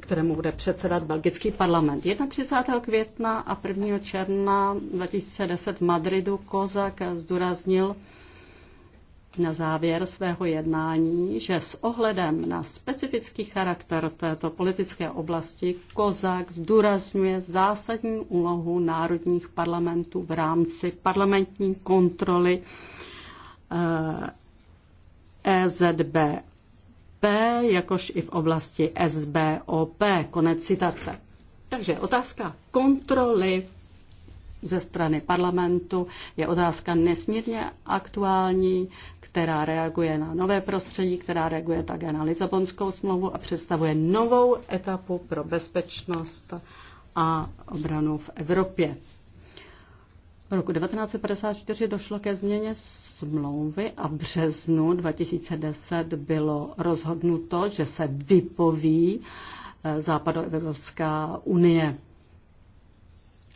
kterému bude předsedat belgický parlament. 31. května a 1. června 2010 v Madridu Kozak zdůraznil na závěr svého jednání, že s ohledem na specifický charakter této politické oblasti Kozak zdůrazňuje zásadní úlohu národních parlamentů v rámci parlamentní kontroly EZB. Eh, e jakož i v oblasti SBOP. Konec citace. Takže otázka kontroly ze strany parlamentu je otázka nesmírně aktuální, která reaguje na nové prostředí, která reaguje také na Lisabonskou smlouvu a představuje novou etapu pro bezpečnost a obranu v Evropě. V roku 1954 došlo ke změně smlouvy a v březnu 2010 bylo rozhodnuto, že se vypoví eh, Západoevropská unie.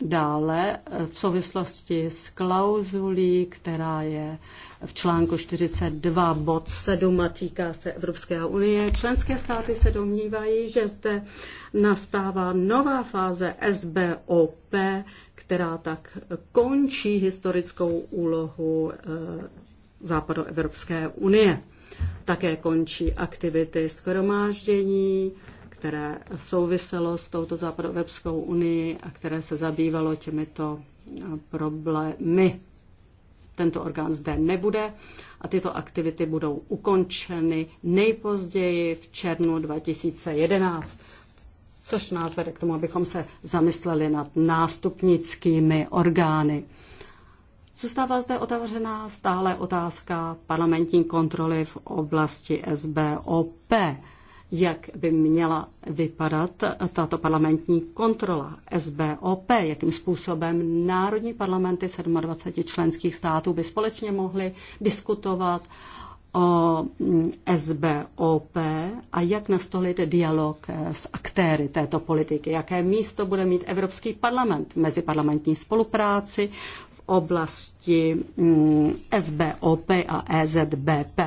Dále eh, v souvislosti s klauzulí, která je v článku 42 bod 7 a týká se Evropské unie, členské státy se domnívají, že zde nastává nová fáze SBOP, která tak končí historickou úlohu eh, Západoevropské unie. Také končí aktivity skromáždění, které souviselo s touto Západoevropskou unii a které se zabývalo těmito eh, problémy. Tento orgán zde nebude a tyto aktivity budou ukončeny nejpozději v červnu 2011 což nás vede k tomu, abychom se zamysleli nad nástupnickými orgány. Zůstává zde otevřená stále otázka parlamentní kontroly v oblasti SBOP. Jak by měla vypadat tato parlamentní kontrola SBOP? Jakým způsobem národní parlamenty 27 členských států by společně mohly diskutovat o mm, SBOP a jak nastolit dialog eh, s aktéry této politiky. Jaké místo bude mít Evropský parlament v meziparlamentní spolupráci v oblasti mm, SBOP a EZBP.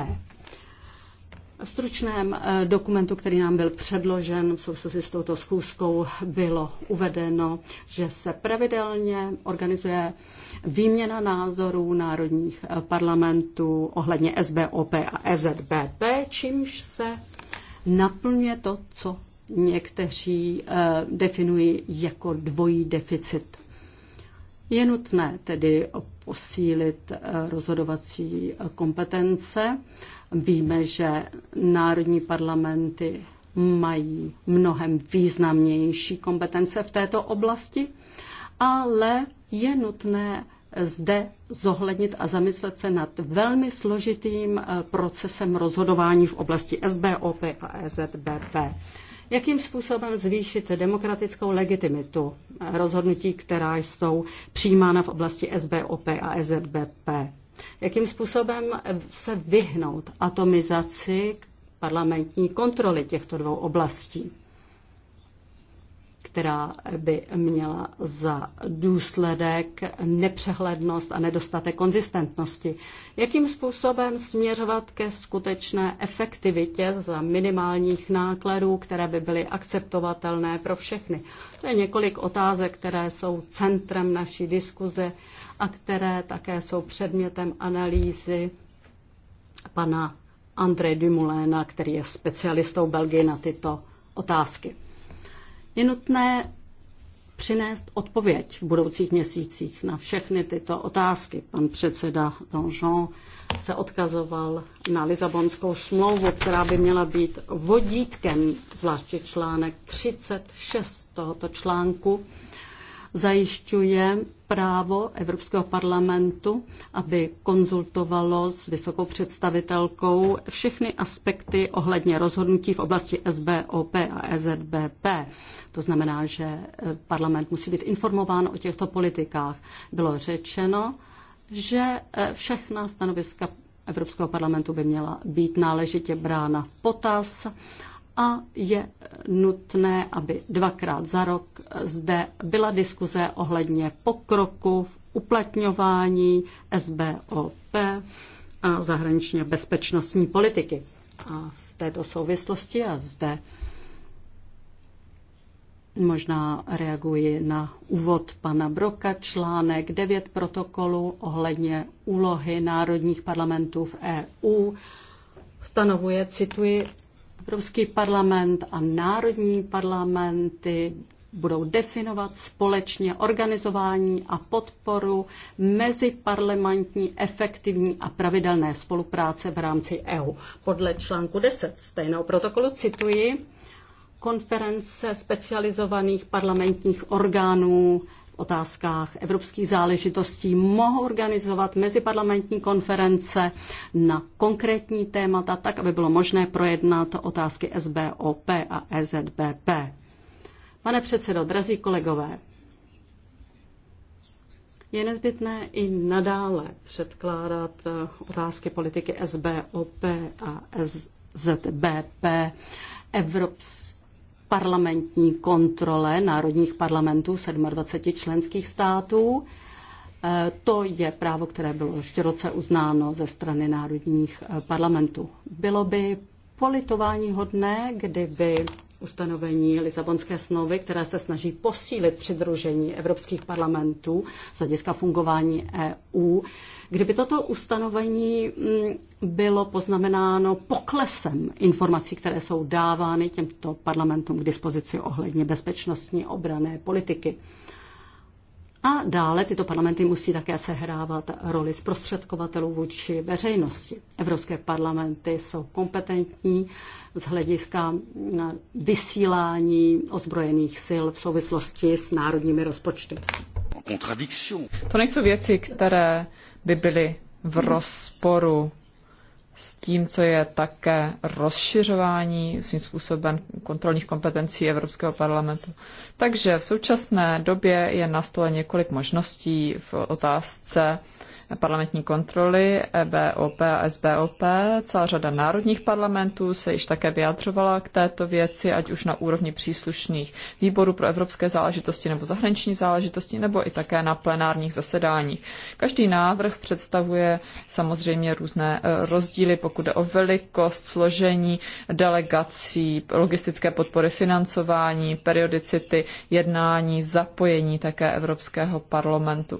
V stručném eh, dokumentu, který nám byl předložen v souvislosti s touto schůzkou, bylo uvedeno, že se pravidelně organizuje výměna názorů národních eh, parlamentů ohledně SBOP a EZBP, čímž se naplňuje to, co někteří eh, definují jako dvojí deficit. Je nutné tedy posílit eh, rozhodovací kompetence. Víme, že národní parlamenty mají mnohem významnější kompetence v této oblasti, ale je nutné zde zohlednit a zamyslet se nad velmi složitým eh, procesem rozhodování v oblasti SBOP a EZBP. Jakým způsobem zvýšit demokratickou legitimitu eh, rozhodnutí, která jsou přijímána v oblasti SBOP a EZBP? Jakým způsobem eh, se vyhnout atomizaci parlamentní kontroly těchto dvou oblastí? která by měla za důsledek nepřehlednost a nedostatek konzistentnosti. Jakým způsobem směřovat ke skutečné efektivitě za minimálních nákladů, které by byly akceptovatelné pro všechny? To je několik otázek, které jsou centrem naší diskuze a které také jsou předmětem analýzy pana André Dumoulina, který je specialistou Belgie na tyto otázky. Je nutné přinést odpověď v budoucích měsících na všechny tyto otázky. Pan předseda Donjon se odkazoval na Lizabonskou smlouvu, která by měla být vodítkem, zvláště článek 36 tohoto článku zajišťuje právo Evropského parlamentu, aby konzultovalo s vysokou představitelkou všechny aspekty ohledně rozhodnutí v oblasti SBOP a EZBP. To znamená, že eh, parlament musí být informován o těchto politikách. Bylo řečeno, že eh, všechna stanoviska Evropského parlamentu by měla být náležitě brána v potaz a je nutné, aby dvakrát za rok zde byla diskuze ohledně pokroku v uplatňování SBOP a zahraničně bezpečnostní politiky. A v této souvislosti a zde možná reaguji na úvod pana Broka, článek 9 protokolu ohledně úlohy národních parlamentů v EU stanovuje, cituji, Evropský parlament a národní parlamenty budou definovat společně organizování a podporu meziparlamentní efektivní a pravidelné spolupráce v rámci EU. Podle článku 10 stejného protokolu cituji, konference specializovaných parlamentních orgánů otázkách evropských záležitostí mohou organizovat meziparlamentní konference na konkrétní témata, tak aby bylo možné projednat otázky SBOP a EZBP. Pane předsedo, drazí kolegové, je nezbytné i nadále předkládat otázky politiky SBOP a SZBP Evropské parlamentní kontrole národních parlamentů 27 členských států. E, to je právo, které bylo široce uznáno ze strany národních e, parlamentů. Bylo by politování hodné, kdyby ustanovení Lisabonské smlouvy, které se snaží posílit přidružení evropských parlamentů z hlediska fungování EU. Kdyby toto ustanovení mm, bylo poznamenáno poklesem informací, které jsou dávány těmto parlamentům k dispozici ohledně bezpečnostní obrané politiky. A dále tyto parlamenty musí také sehrávat roli zprostředkovatelů vůči veřejnosti. Evropské parlamenty jsou kompetentní z hlediska vysílání ozbrojených sil v souvislosti s národními rozpočty. To nejsou věci, které by byly v rozporu s tím, co je také rozšiřování svým způsobem kontrolních kompetencí Evropského parlamentu. Takže v současné době je na stole několik možností v otázce parlamentní kontroly EBOP a SBOP. Celá řada národních parlamentů se již také vyjadřovala k této věci, ať už na úrovni příslušných výborů pro evropské záležitosti nebo zahraniční záležitosti, nebo i také na plenárních zasedáních. Každý návrh představuje samozřejmě různé e, rozdíly, pokud jde o velikost, složení delegací, logistické podpory financování, periodicity jednání, zapojení také Evropského parlamentu.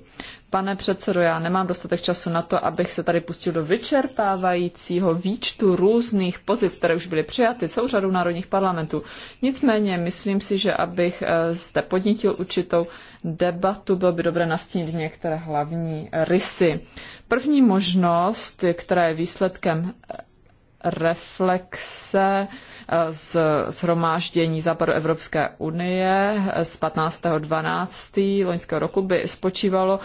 Pane předsedo, já nemám dostatek času na to, abych se tady pustil do vyčerpávajícího výčtu různých pozic, které už byly přijaty celou řadou národních parlamentů. Nicméně, myslím si, že abych eh, zde podnítil určitou debatu, bylo by dobré nastínit některé hlavní rysy. První možnost, která je výsledkem eh, reflexe eh, z shromáždění Západu Evropské unie z 15.12. loňského roku by spočívalo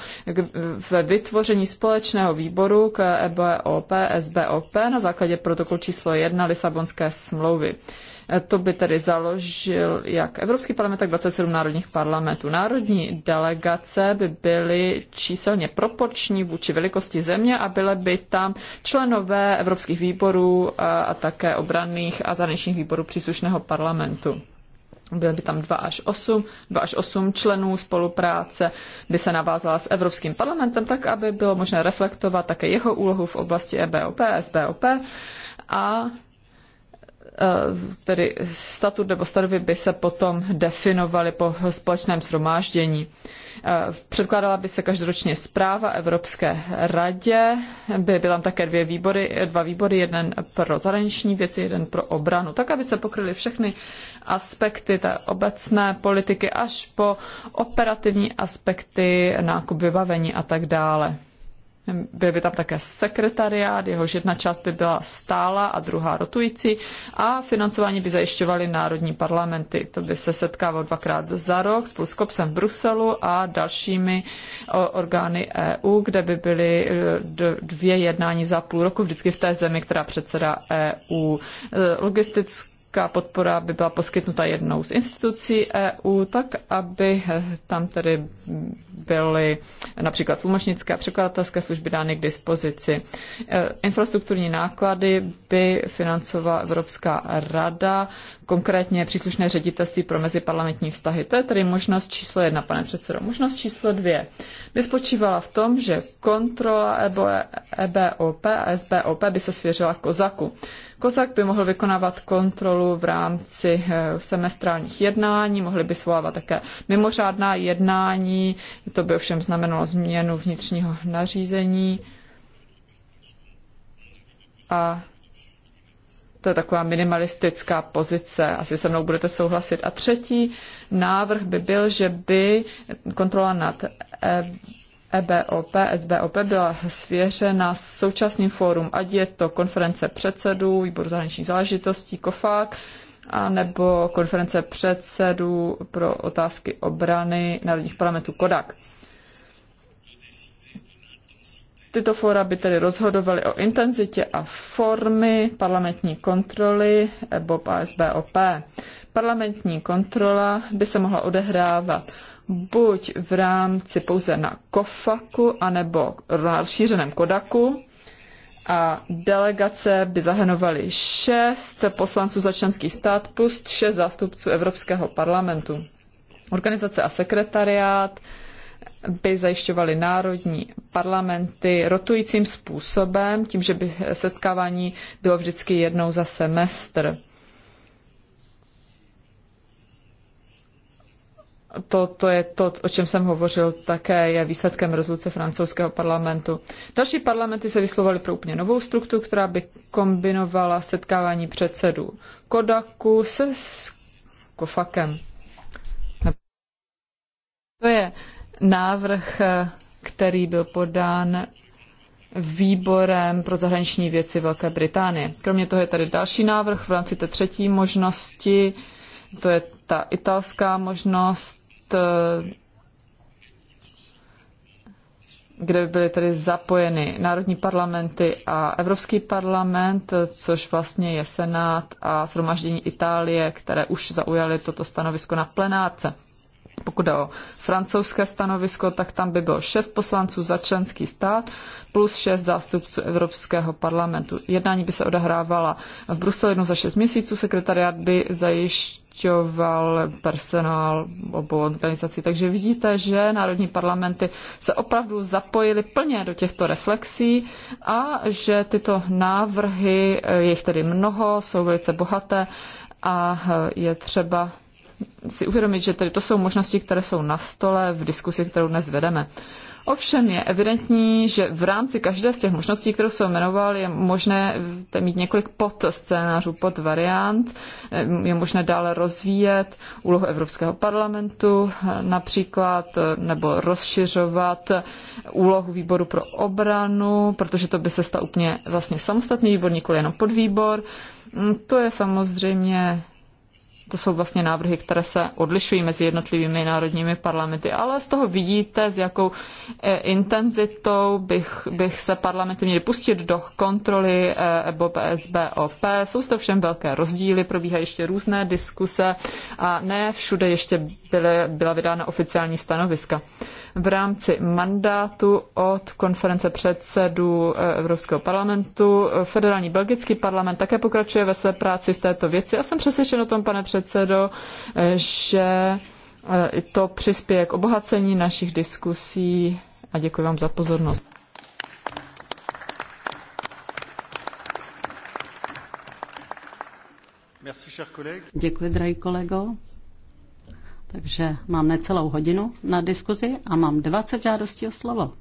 ve vytvoření společného výboru k EBOP, SBOP na základě protokolu číslo 1 Lisabonské smlouvy. To by tedy založil jak Evropský parlament, tak 27 národních parlamentů. Národní delegace by byly číselně proporční vůči velikosti země a byly by tam členové evropských výborů a také obranných a zahraničních výborů příslušného parlamentu. Byly by tam 2 až 8, 2 až 8 členů spolupráce, by se navázala s Evropským parlamentem, tak aby bylo možné reflektovat také jeho úlohu v oblasti EBOP, SBOP a Eh, tedy statut nebo stanovy by se potom definovaly po společném shromáždění. Eh, předkládala by se každoročně zpráva Evropské radě, by tam také dvě výbory, dva výbory, jeden pro zahraniční věci, jeden pro obranu, tak aby se pokryly všechny aspekty té obecné politiky až po operativní aspekty nákup vybavení a tak dále. Byl by tam také sekretariát, jehož jedna část by byla stála a druhá rotující a financování by zajišťovaly národní parlamenty. To by se setkávalo dvakrát za rok spolu s Kopsem v Bruselu a dalšími orgány EU, kde by byly e, dvě jednání za půl roku vždycky v té zemi, která předsedá EU. E, Logistické evropská podpora by byla poskytnuta jednou z institucí EU, tak aby tam tedy byly například tlumočnické a překladatelské služby dány k dispozici. E, infrastrukturní náklady by financovala Evropská rada, konkrétně příslušné ředitelství pro meziparlamentní vztahy. To je tedy možnost číslo jedna, pane předsedo. Možnost číslo dvě by spočívala v tom, že kontrola EBOP a SBOP by se svěřila Kozaku. Kozak by mohl vykonávat kontrolu v rámci eh, semestrálních jednání, mohli by svolávat také mimořádná jednání, to by ovšem znamenalo změnu vnitřního nařízení. A to je taková minimalistická pozice, asi se mnou budete souhlasit. A třetí návrh by byl, že by kontrola nad eh, EBOP, SBOP byla svěřena současným fórum, ať je to konference předsedů, výboru zahraničních záležitostí, KOFAK, a nebo konference předsedů pro otázky obrany národních parlamentů Kodak. Tyto fóra by tedy rozhodovaly o intenzitě a formy parlamentní kontroly EBOP a SBOP. Parlamentní kontrola by se mohla odehrávat buď v rámci pouze na Kofaku, anebo na šířeném Kodaku. A delegace by zahrnovaly šest poslanců za členský stát plus šest zástupců Evropského parlamentu. Organizace a sekretariát by zajišťovaly národní parlamenty rotujícím způsobem, tím, že by setkávání bylo vždycky jednou za semestr. to, to je to, o čem jsem hovořil, také je výsledkem rezoluce francouzského parlamentu. Další parlamenty se vyslovaly pro úplně novou strukturu, která by kombinovala setkávání předsedů Kodaku se s Kofakem. To je návrh, který byl podán výborem pro zahraniční věci Velké Británie. Kromě toho je tady další návrh v rámci té třetí možnosti, to je ta italská možnost, Eh, kde byly tedy zapojeny národní parlamenty a Evropský parlament, což vlastně je Senát a shromaždění Itálie, které už zaujaly toto stanovisko na plenárce. Pokud jde o francouzské stanovisko, tak tam by bylo šest poslanců za členský stát plus šest zástupců Evropského parlamentu. Jednání by se odehrávala v Bruselu jednou za šest měsíců, sekretariát by zajišťoval personál obou organizací. Takže vidíte, že národní parlamenty se opravdu zapojily plně do těchto reflexí a že tyto návrhy, je jich tedy mnoho, jsou velice bohaté a je třeba si uvědomit, že tady to jsou možnosti, které jsou na stole v diskusi, kterou dnes vedeme. Ovšem je evidentní, že v rámci každé z těch možností, kterou jsem jmenoval, je možné eh, mít několik pod scénářů, pod variant. Eh, je možné dále rozvíjet úlohu Evropského parlamentu eh, například, nebo rozšiřovat úlohu výboru pro obranu, protože to by se stal úplně vlastně samostatný výbor, nikoli jenom podvýbor. Mm, to je samozřejmě to jsou vlastně návrhy, které se odlišují mezi jednotlivými národními parlamenty, ale z toho vidíte, s jakou eh, intenzitou bych, bych se parlamenty měly pustit do kontroly eh, EBOP, PSBOP. Jsou to všem velké rozdíly, probíhají ještě různé diskuse a ne všude ještě byly, byla vydána oficiální stanoviska v rámci mandátu od konference předsedů eh, Evropského parlamentu. Federální belgický parlament také pokračuje ve své práci v této věci. Já jsem přesvědčen o tom, pane předsedo, eh, že eh, to přispěje k obohacení našich diskusí a děkuji vám za pozornost. Děkuji, drahý kolego. Takže mám necelou hodinu na diskuzi a mám 20 žádostí o slovo.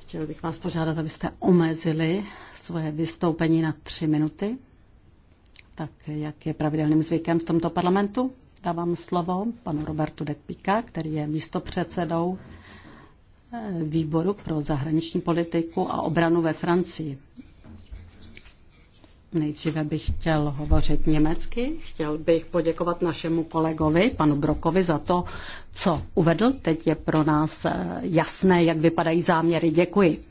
Chtěl bych vás požádat, abyste omezili svoje vystoupení na tři minuty, tak jak je pravidelným zvykem v tomto parlamentu. Dávám slovo panu Robertu Dekpíka, který je místopředsedou eh, výboru pro zahraniční politiku a obranu ve Francii. Nejdříve bych chtěl hovořit německy. Chtěl bych poděkovat našemu kolegovi, panu Brokovi, za to, co uvedl. Teď je pro nás eh, jasné, jak vypadají záměry. Děkuji.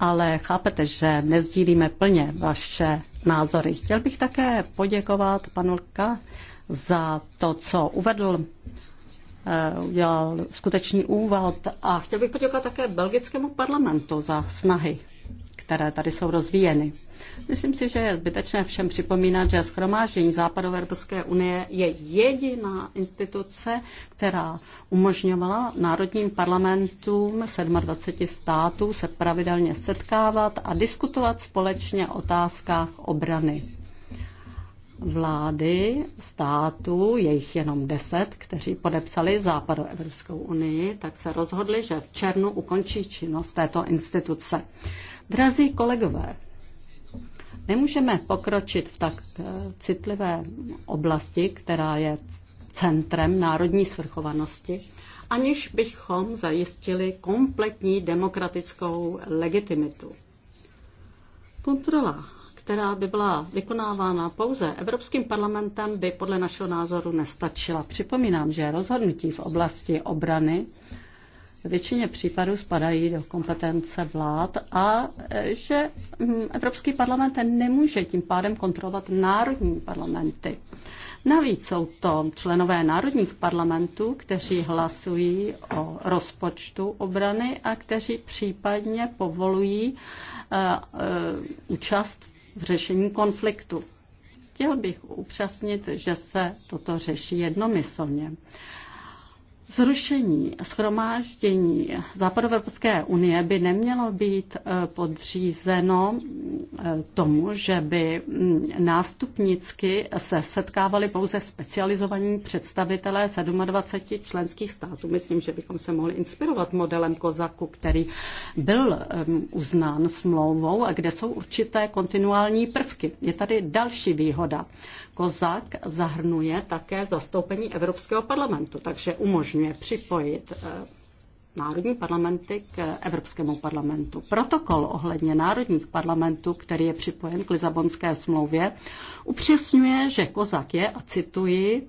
Ale chápete, že nezdílíme plně vaše názory. Chtěl bych také poděkovat panu Lka za to, co uvedl eh, udělal skutečný úvod a chtěl bych poděkovat také belgickému parlamentu za snahy, které tady jsou rozvíjeny. Myslím si, že je zbytečné všem připomínat, že schromáždění Západoevropské unie je jediná instituce, která umožňovala národním parlamentům 27 států se pravidelně setkávat a diskutovat společně o otázkách obrany vlády států, jejich jenom deset, kteří podepsali Západu Evropskou unii, tak se rozhodli, že v černu ukončí činnost této instituce. Drazí kolegové, Nemůžeme pokročit v tak eh, citlivé oblasti, která je centrem národní svrchovanosti, aniž bychom zajistili kompletní demokratickou legitimitu. Kontrola, která by byla vykonávána pouze Evropským parlamentem, by podle našeho názoru nestačila. Připomínám, že rozhodnutí v oblasti obrany většině případů spadají do kompetence vlád a e, že hm, Evropský parlament nemůže tím pádem kontrolovat národní parlamenty. Navíc jsou to členové národních parlamentů, kteří hlasují o rozpočtu obrany a kteří případně povolují e, e, účast v řešení konfliktu. Chtěl bych upřesnit, že se toto řeší jednomyslně. Zrušení schromáždění Západoevropské unie by nemělo být eh, podřízeno eh, tomu, že by mm, nástupnicky se setkávali pouze specializovaní představitelé 27 členských států. Myslím, že bychom se mohli inspirovat modelem Kozaku, který byl uznán smlouvou a kde jsou určité kontinuální prvky. Je tady další výhoda. COSAC zahrnuje také zastoupení Evropského parlamentu, takže umožňuje připojit eh, národní parlamenty k Evropskému parlamentu. Protokol ohledně národních parlamentů, který je připojen k Lisabonské smlouvě, upřesňuje, že COSAC je, a cituji,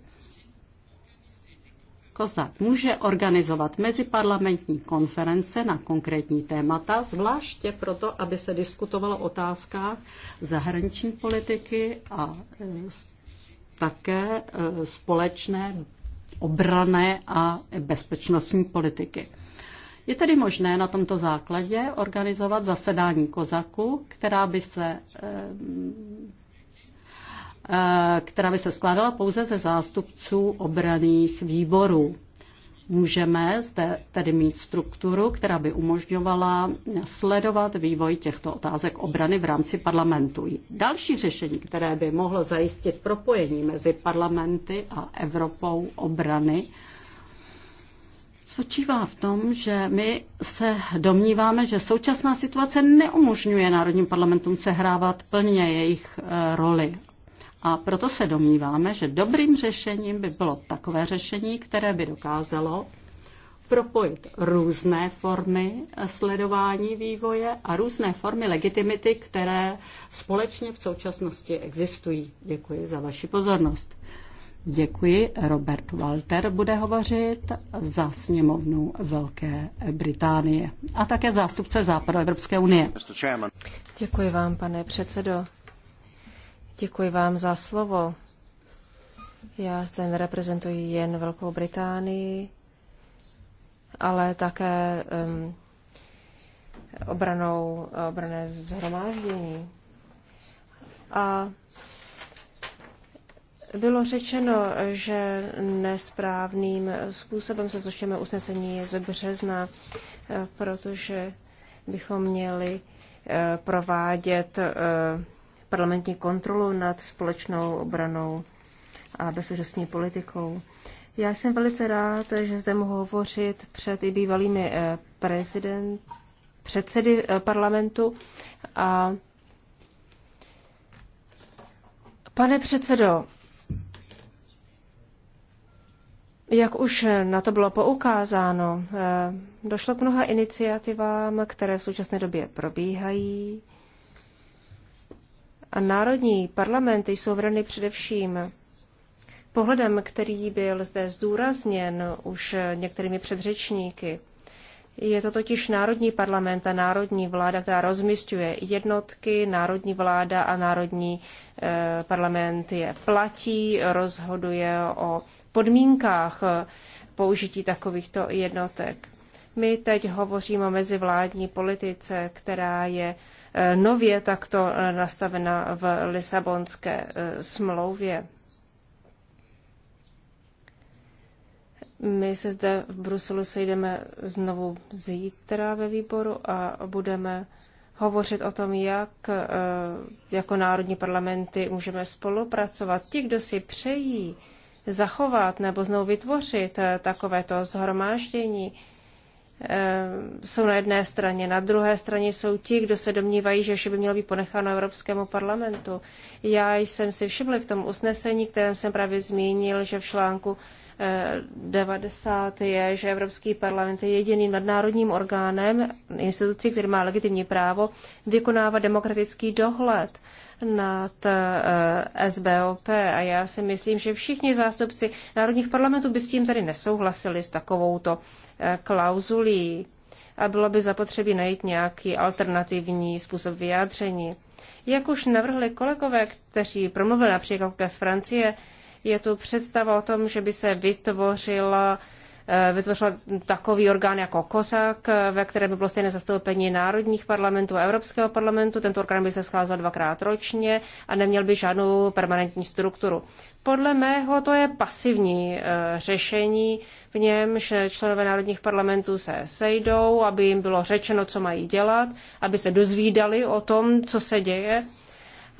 COSAC může organizovat meziparlamentní konference na konkrétní témata, zvláště proto, aby se diskutovalo otázka zahraniční politiky a eh, také e, společné obrané a bezpečnostní politiky. Je tedy možné na tomto základě organizovat zasedání kozaku, která by se e, e, která by se skládala pouze ze zástupců obraných výborů. Můžeme zde tedy mít strukturu, která by umožňovala sledovat vývoj těchto otázek obrany v rámci parlamentu. Další řešení, které by mohlo zajistit propojení mezi parlamenty a Evropou obrany, spočívá v tom, že my se domníváme, že současná situace neumožňuje národním parlamentům sehrávat plně jejich eh, roli a proto se domníváme, že dobrým řešením by bylo takové řešení, které by dokázalo propojit různé formy sledování vývoje a různé formy legitimity, které společně v současnosti existují. Děkuji za vaši pozornost. Děkuji. Robert Walter bude hovořit za sněmovnu Velké Británie a také zástupce Západu Evropské unie. Děkuji vám, pane předsedo. Děkuji vám za slovo. Já zde nereprezentuji jen Velkou Británii, ale také um, obranou, obrané zhromáždění. A bylo řečeno, že nesprávným způsobem se zrušíme usnesení z března, eh, protože bychom měli eh, provádět eh, parlamentní kontrolu nad společnou obranou a bezpečnostní politikou. Já jsem velice rád, že zde mohu hovořit před i bývalými eh, prezident, předsedy eh, parlamentu. A pane předsedo, jak už na to bylo poukázáno, eh, došlo k mnoha iniciativám, které v současné době probíhají a národní parlamenty jsou vrany především pohledem, který byl zde zdůrazněn už některými předřečníky. Je to totiž národní parlament a národní vláda, která rozmistuje jednotky, národní vláda a národní eh, parlament je platí, rozhoduje o podmínkách eh, použití takovýchto jednotek. My teď hovoříme o mezivládní politice, která je Eh, nově takto eh, nastavena v Lisabonské eh, smlouvě. My se zde v Bruselu sejdeme znovu zítra ve výboru a budeme hovořit o tom, jak jako národní parlamenty můžeme spolupracovat. Ti, kdo si přejí zachovat nebo znovu vytvořit takovéto zhromáždění, Eh, jsou na jedné straně, na druhé straně jsou ti, kdo se domnívají, že vše by mělo být ponecháno Evropskému parlamentu. Já jsem si všiml v tom usnesení, kterém jsem právě zmínil, že v článku 90 je, že Evropský parlament je jediným nadnárodním orgánem, institucí, který má legitimní právo vykonávat demokratický dohled nad eh, SBOP. A já si myslím, že všichni zástupci národních parlamentů by s tím tady nesouhlasili s takovouto eh, klauzulí a bylo by zapotřebí najít nějaký alternativní způsob vyjádření. Jak už navrhli kolegové, kteří promluvili například z Francie, je tu představa o tom, že by se vytvořila eh, vytvořil takový orgán jako COSAC, eh, ve kterém by bylo stejné zastoupení národních parlamentů a Evropského parlamentu. Tento orgán by se scházel dvakrát ročně a neměl by žádnou permanentní strukturu. Podle mého to je pasivní eh, řešení, v němž členové národních parlamentů se sejdou, aby jim bylo řečeno, co mají dělat, aby se dozvídali o tom, co se děje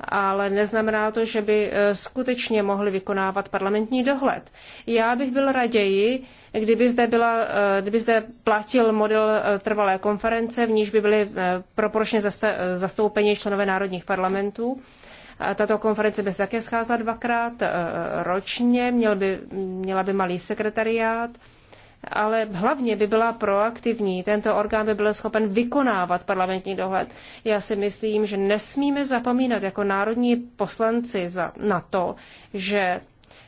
ale neznamená to, že by eh, skutečně mohli vykonávat parlamentní dohled. Já bych byl raději, kdyby zde, byla, eh, kdyby zde platil model eh, trvalé konference, v níž by byly proporčně zastoupeni členové národních parlamentů. Tato konference by se také scházela dvakrát ročně, měl by, měla by malý sekretariát ale hlavně by byla proaktivní. Tento orgán by byl schopen vykonávat parlamentní dohled. Já si myslím, že nesmíme zapomínat jako národní poslanci za, na to, že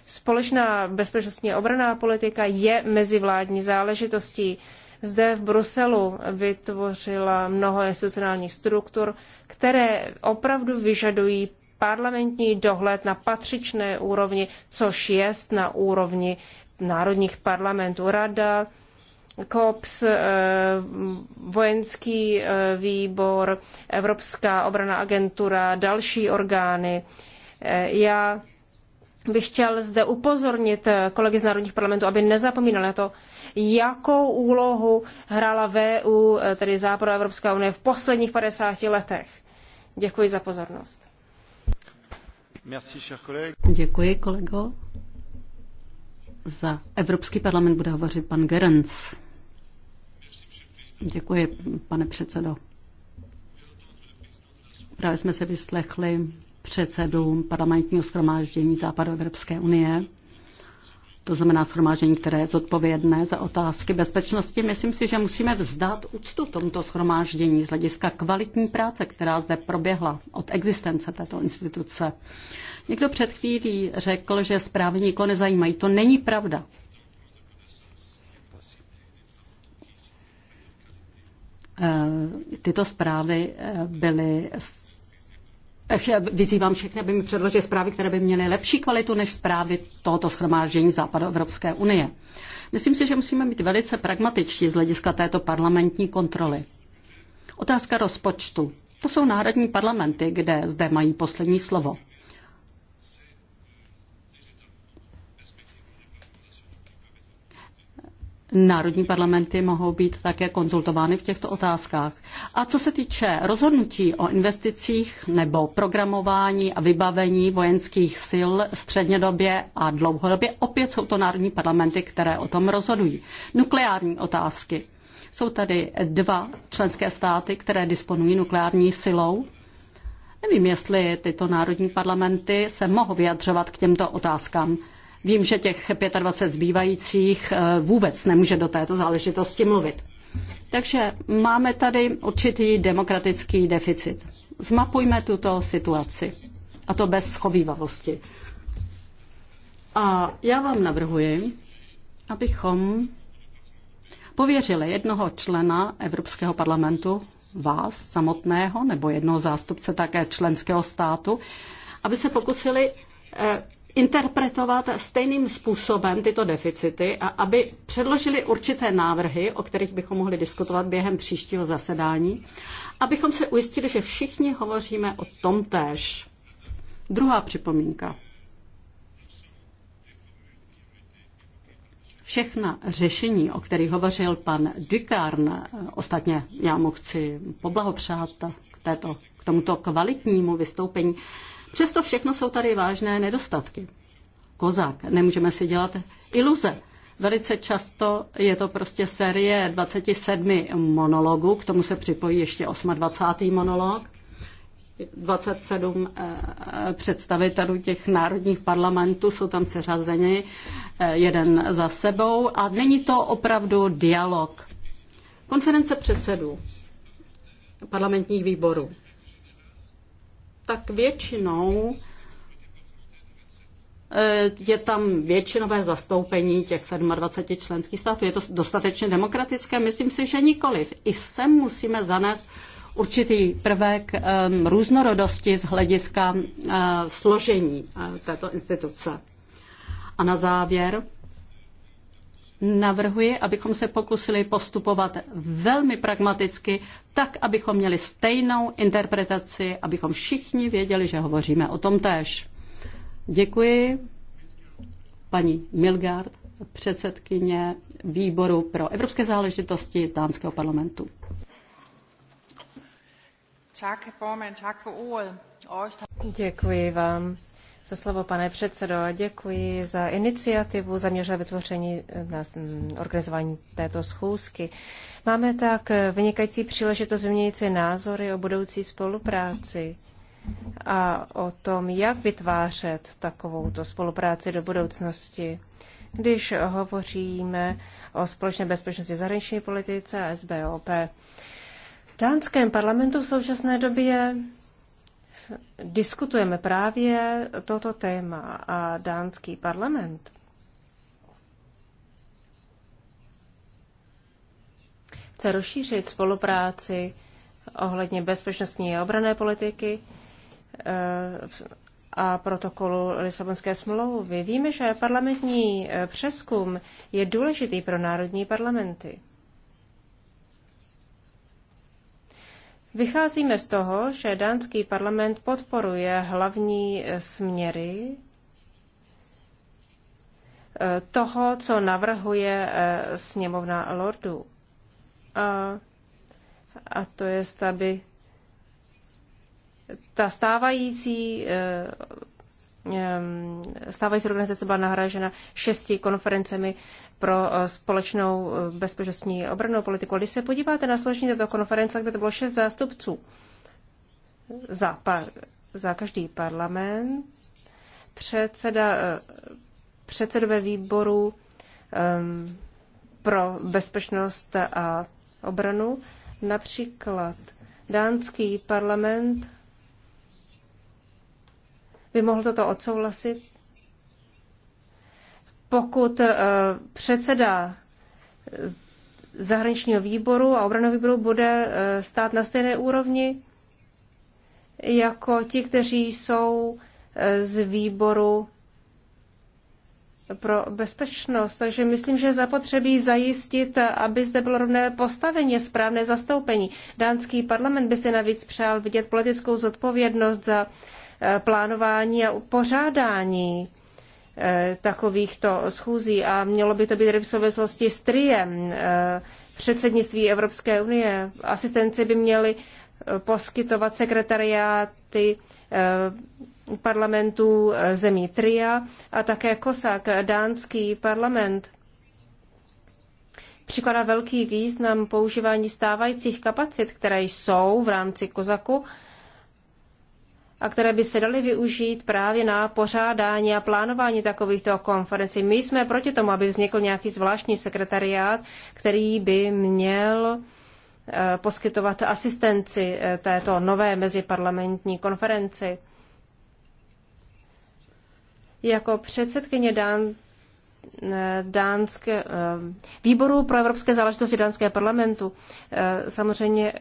společná bezpečnostní obraná politika je mezivládní záležitostí. Zde v Bruselu vytvořila mnoho institucionálních struktur, které opravdu vyžadují parlamentní dohled na patřičné úrovni, což jest na úrovni národních parlamentů. Rada, COPS, eh, vojenský eh, výbor, Evropská obrana agentura, další orgány. Eh, já bych chtěl zde upozornit kolegy z Národních parlamentů, aby nezapomínali na to, jakou úlohu hrála VU, tedy Západu Evropská unie, v posledních 50 letech. Děkuji za pozornost. Děkuji, kolego. Za Evropský parlament bude hovořit pan Gerenc. Děkuji, pane předsedo. Právě jsme se vyslechli předsedu parlamentního schromáždění Západu Evropské unie, to znamená schromáždění, které je zodpovědné za otázky bezpečnosti. Myslím si, že musíme vzdát úctu tomuto schromáždění z hlediska kvalitní práce, která zde proběhla od existence této instituce. Někdo před chvílí řekl, že zprávy nikoho nezajímají. To není pravda. Eh, tyto zprávy eh, byly eh, Vyzývám všechny, aby mi předložili zprávy, které by měly lepší kvalitu než zprávy tohoto schromáždění Západu Evropské unie. Myslím si, že musíme být velice pragmatičtí z hlediska této parlamentní kontroly. Otázka rozpočtu. To jsou náhradní parlamenty, kde zde mají poslední slovo. Národní parlamenty mohou být také konzultovány v těchto otázkách. A co se týče rozhodnutí o investicích nebo programování a vybavení vojenských sil střednědobě a dlouhodobě, opět jsou to národní parlamenty, které o tom rozhodují. Nukleární otázky. Jsou tady dva členské státy, které disponují nukleární silou. Nevím, jestli tyto národní parlamenty se mohou vyjadřovat k těmto otázkám. Vím, že těch 25 zbývajících eh, vůbec nemůže do této záležitosti mluvit. Takže máme tady určitý demokratický deficit. Zmapujme tuto situaci. A to bez schovývavosti. A já vám navrhuji, abychom pověřili jednoho člena Evropského parlamentu, vás samotného, nebo jednoho zástupce také členského státu, aby se pokusili eh, interpretovat stejným způsobem tyto deficity a aby předložili určité návrhy, o kterých bychom mohli diskutovat během příštího zasedání, abychom se ujistili, že všichni hovoříme o tom též. Druhá připomínka. Všechna řešení, o kterých hovořil pan Dukarn, ostatně já mu chci poblahopřát k, této, k tomuto kvalitnímu vystoupení, Přesto všechno jsou tady vážné nedostatky. Kozák, nemůžeme si dělat iluze. Velice často je to prostě série 27 monologů, k tomu se připojí ještě 28. monolog, 27 eh, eh, představitelů těch národních parlamentů jsou tam seřazeni eh, jeden za sebou a není to opravdu dialog. Konference předsedů parlamentních výborů tak většinou eh, je tam většinové zastoupení těch 27 členských států. Je to dostatečně demokratické? Myslím si, že nikoliv. I sem musíme zanést určitý prvek um, různorodosti z hlediska uh, složení uh, této instituce. A na závěr navrhuji, abychom se pokusili postupovat velmi pragmaticky, tak, abychom měli stejnou interpretaci, abychom všichni věděli, že hovoříme o tom též. Děkuji paní Milgard, předsedkyně výboru pro evropské záležitosti z dánského parlamentu. Děkuji vám za slovo, pane předsedo. Děkuji za iniciativu zaměřené vytvoření eh, na mm, organizování této schůzky. Máme tak eh, vynikající příležitost vyměnit si názory o budoucí spolupráci a o tom, jak vytvářet takovouto spolupráci do budoucnosti. Když hovoříme o společné bezpečnosti zahraniční politice a SBOP, v dánském parlamentu v současné době diskutujeme právě toto téma a dánský parlament chce rozšířit spolupráci ohledně bezpečnostní a obrané politiky eh, a protokolu Lisabonské smlouvy. Víme, že parlamentní eh, přeskum je důležitý pro národní parlamenty. Vycházíme z toho, že dánský parlament podporuje hlavní eh, směry eh, toho, co navrhuje eh, sněmovna lordů. A, a to je, aby ta stávající stávající organizace byla nahražena šesti konferencemi pro eh, společnou eh, bezpečnostní obranou politiku. Když se podíváte na složení této konference, kde to bylo šest zástupců za, par, za každý parlament, předseda, eh, předsedové výboru um, pro bezpečnost a obranu, například dánský parlament by mohl toto odsouhlasit pokud eh, předseda zahraničního výboru a obraného výboru bude eh, stát na stejné úrovni jako ti, kteří jsou eh, z výboru pro bezpečnost. Takže myslím, že zapotřebí zajistit, aby zde bylo rovné postavení, správné zastoupení. Dánský parlament by si navíc přál vidět politickou zodpovědnost za plánování a pořádání Eh, takovýchto schůzí a mělo by to být v souvislosti s triem eh, předsednictví Evropské unie. Asistenci by měli eh, poskytovat sekretariáty parlamentů zemí TRIA a také Kosak, dánský parlament. Přikládá velký význam používání stávajících kapacit, které jsou v rámci Kozaku a které by se daly využít právě na pořádání a plánování takovýchto konferencí. My jsme proti tomu, aby vznikl nějaký zvláštní sekretariát, který by měl eh, poskytovat asistenci eh, této nové meziparlamentní konferenci. Jako předsedkyně Dan Eh, dánské, eh, výboru pro evropské záležitosti dánské parlamentu. Eh, samozřejmě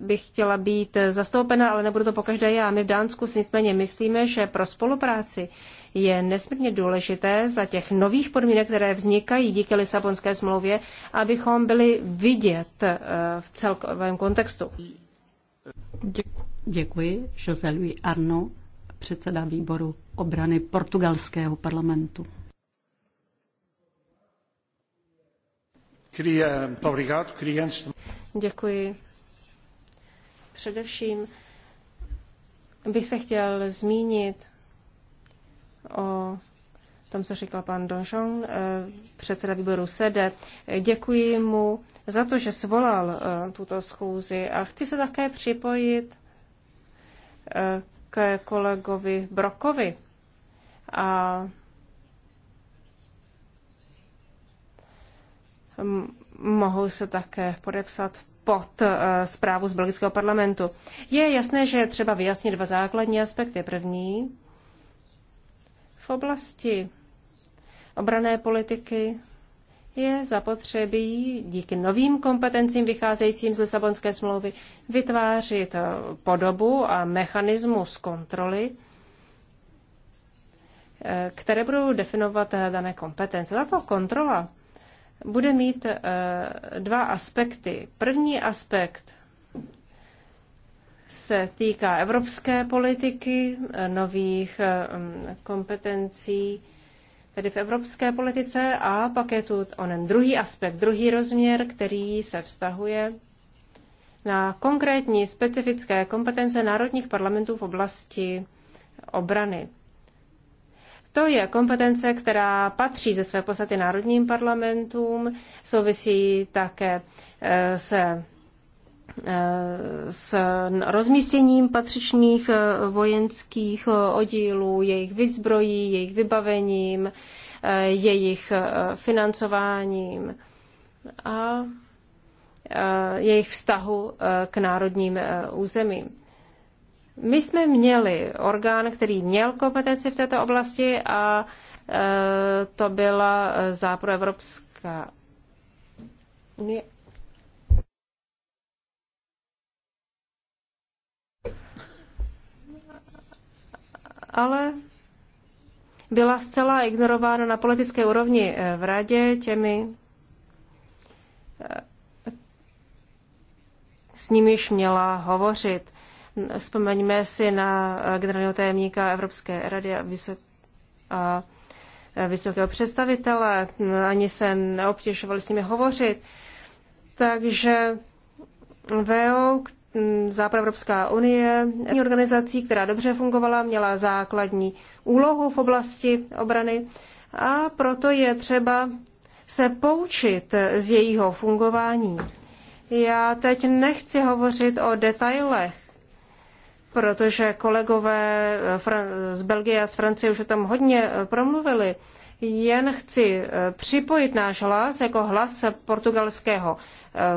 bych chtěla být zastoupena, ale nebudu to pokaždé já. My v Dánsku si nicméně myslíme, že pro spolupráci je nesmírně důležité za těch nových podmínek, které vznikají díky Lisabonské smlouvě, abychom byli vidět v celkovém kontextu. Děkuji, José Luis Arno, předseda výboru obrany portugalského parlamentu. Děkuji. Především bych se chtěl zmínit o tom, co říkal pan Donžon, eh, předseda výboru SEDE. Děkuji mu za to, že svolal eh, tuto schůzi a chci se také připojit eh, ke kolegovi Brokovi a Mohu se také podepsat pod eh, zprávu z belgického parlamentu. Je jasné, že je třeba vyjasnit dva základní aspekty. První, v oblasti obrané politiky je zapotřebí díky novým kompetencím vycházejícím z Lisabonské smlouvy vytvářit eh, podobu a mechanismus kontroly, eh, které budou definovat dané kompetence. Tato kontrola bude mít eh, dva aspekty. První aspekt se týká evropské politiky, eh, nových eh, mm, kompetencí tedy v evropské politice a pak je tu onen druhý aspekt, druhý rozměr, který se vztahuje na konkrétní specifické kompetence národních parlamentů v oblasti obrany. To je kompetence, která patří ze své podstaty národním parlamentům, souvisí také eh, se eh, s rozmístěním patřičných eh, vojenských oddílů, jejich vyzbrojí, jejich vybavením, jejich financováním a jejich vztahu k národním územím. My jsme měli orgán, který měl kompetenci v této oblasti a e, to byla e, záproevropská unie. Ale byla zcela ignorována na politické úrovni e, v radě těmi, s nimiž měla hovořit. Vzpomeňme si na generálního tajemníka Evropské rady a, vysok, a vysokého představitele. Ani se neobtěžovali s nimi hovořit. Takže VO, Západoevropská unie, organizací, která dobře fungovala, měla základní úlohu v oblasti obrany a proto je třeba se poučit z jejího fungování. Já teď nechci hovořit o detailech protože kolegové eh, z Belgie a z Francie už o tom hodně eh, promluvili. Jen chci eh, připojit náš hlas jako hlas portugalského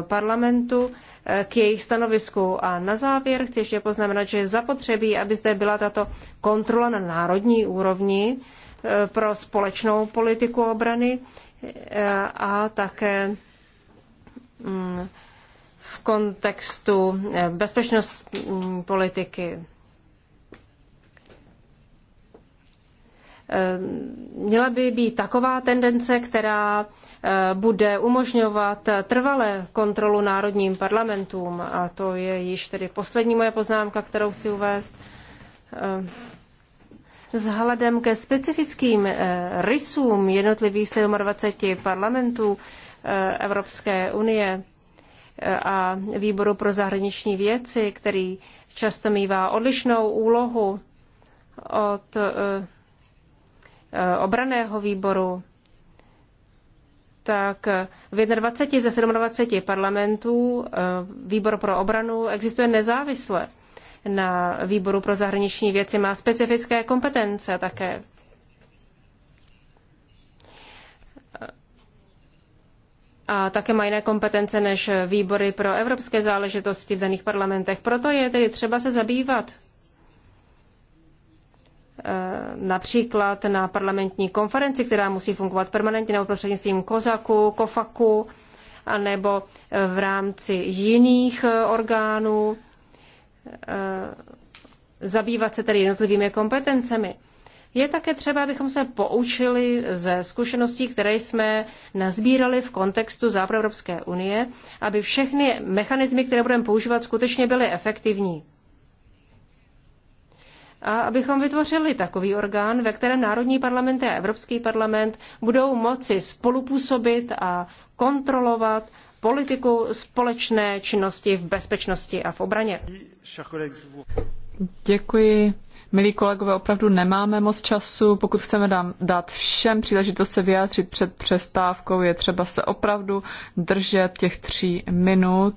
parlamentu k jejich stanovisku. A na závěr chci ještě poznamenat, že je zapotřebí, aby zde byla tato kontrola na národní úrovni pro společnou politiku obrany a také mm, v kontextu eh, bezpečnostní politiky. Eh, měla by být taková tendence, která eh, bude umožňovat trvalé kontrolu národním parlamentům. A to je již tedy poslední moje poznámka, kterou chci uvést. Vzhledem ke specifickým rysům jednotlivých 27 parlamentů Evropské unie a výboru pro zahraniční věci, který často mývá odlišnou úlohu od eh, eh, obraného výboru, tak v 21 ze 27 parlamentů eh, výbor pro obranu existuje nezávisle na výboru pro zahraniční věci, má specifické kompetence také. a také má jiné kompetence než výbory pro evropské záležitosti v daných parlamentech. Proto je tedy třeba se zabývat eh, například na parlamentní konferenci, která musí fungovat permanentně nebo prostřednictvím Kozaku, Kofaku, nebo eh, v rámci jiných eh, orgánů, zabývat se tedy jednotlivými kompetencemi. Je také třeba, abychom se poučili ze zkušeností, které jsme nazbírali v kontextu Západoevropské unie, aby všechny mechanismy, které budeme používat, skutečně byly efektivní. A abychom vytvořili takový orgán, ve kterém Národní parlament a Evropský parlament budou moci spolupůsobit a kontrolovat politiku společné činnosti v bezpečnosti a v obraně. Děkuji. Milí kolegové, opravdu nemáme moc času. Pokud chceme dám, dát všem příležitost se vyjádřit před přestávkou, je třeba se opravdu držet těch tří minut.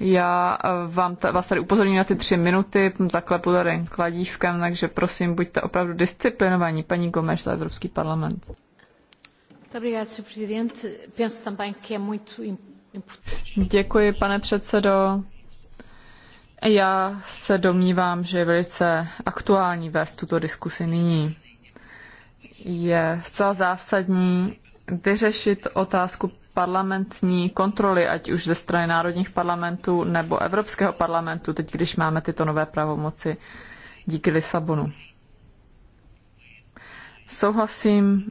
Já eh, vám vás tady upozorním na ty tři minuty, zaklepu tady kladívkem, takže prosím, buďte opravdu disciplinovaní. Paní Gomeš za Evropský parlament. Děkuji, pane předsedo. Já se domnívám, že je velice aktuální vést tuto diskusi nyní. Je zcela zásadní vyřešit otázku parlamentní kontroly, ať už ze strany národních parlamentů nebo Evropského parlamentu, teď když máme tyto nové pravomoci díky Lisabonu. Souhlasím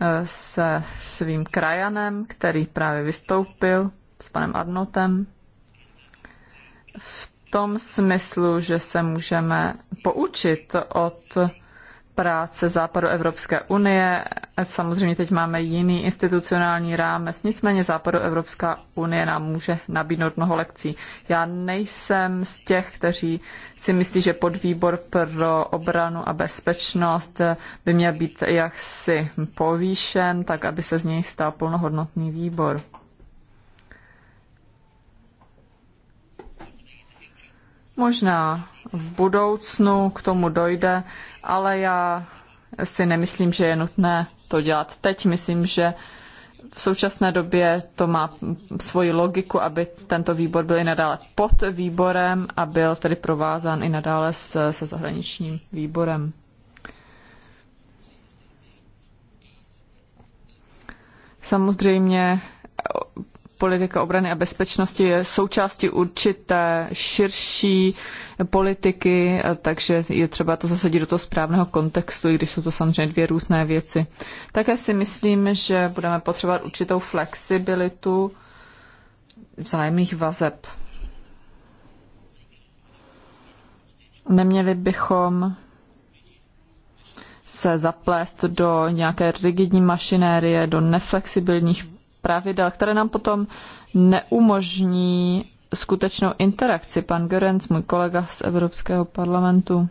eh, se svým krajanem, který právě vystoupil s panem Arnotem v tom smyslu, že se můžeme poučit od práce Západu Evropské unie. Samozřejmě teď máme jiný institucionální rámec, nicméně Západu Evropská unie nám může nabídnout mnoho lekcí. Já nejsem z těch, kteří si myslí, že podvýbor pro obranu a bezpečnost by měl být jaksi povýšen, tak aby se z něj stal plnohodnotný výbor. Možná v budoucnu k tomu dojde, ale já si nemyslím, že je nutné to dělat teď. Myslím, že v současné době to má svoji logiku, aby tento výbor byl i nadále pod výborem a byl tedy provázán i nadále se, se zahraničním výborem. Samozřejmě politika obrany a bezpečnosti je součástí určité širší politiky, takže je třeba to zasadit do toho správného kontextu, i když jsou to samozřejmě dvě různé věci. Také si myslím, že budeme potřebovat určitou flexibilitu vzájemných vazeb. Neměli bychom se zaplést do nějaké rigidní mašinérie, do neflexibilních pravidel, které nám potom neumožní skutečnou interakci. Pan Görenc, můj kolega z Evropského parlamentu,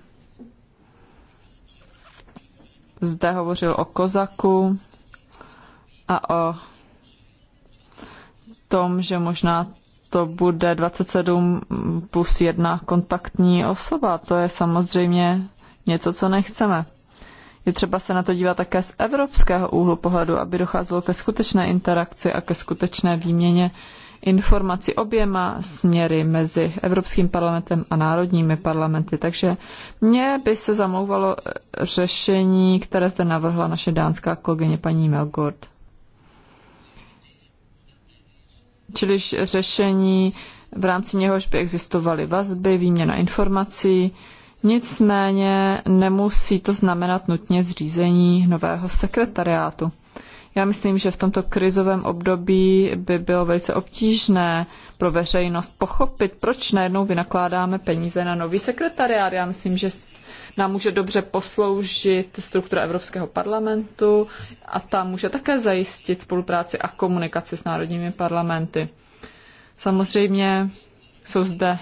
zde hovořil o kozaku a o tom, že možná to bude 27 plus 1 kontaktní osoba. To je samozřejmě něco, co nechceme. Je třeba se na to dívat také z evropského úhlu pohledu, aby docházelo ke skutečné interakci a ke skutečné výměně informací oběma směry mezi Evropským parlamentem a národními parlamenty. Takže mně by se zamlouvalo eh, řešení, které zde navrhla naše dánská kolegyně paní Melgord. Čiliž řešení, v rámci něhož by existovaly vazby, výměna informací, Nicméně nemusí to znamenat nutně zřízení nového sekretariátu. Já myslím, že v tomto krizovém období by bylo velice obtížné pro veřejnost pochopit, proč najednou vynakládáme peníze na nový sekretariát. Já myslím, že nám může dobře posloužit struktura Evropského parlamentu a ta může také zajistit spolupráci a komunikaci s národními parlamenty. Samozřejmě jsou zde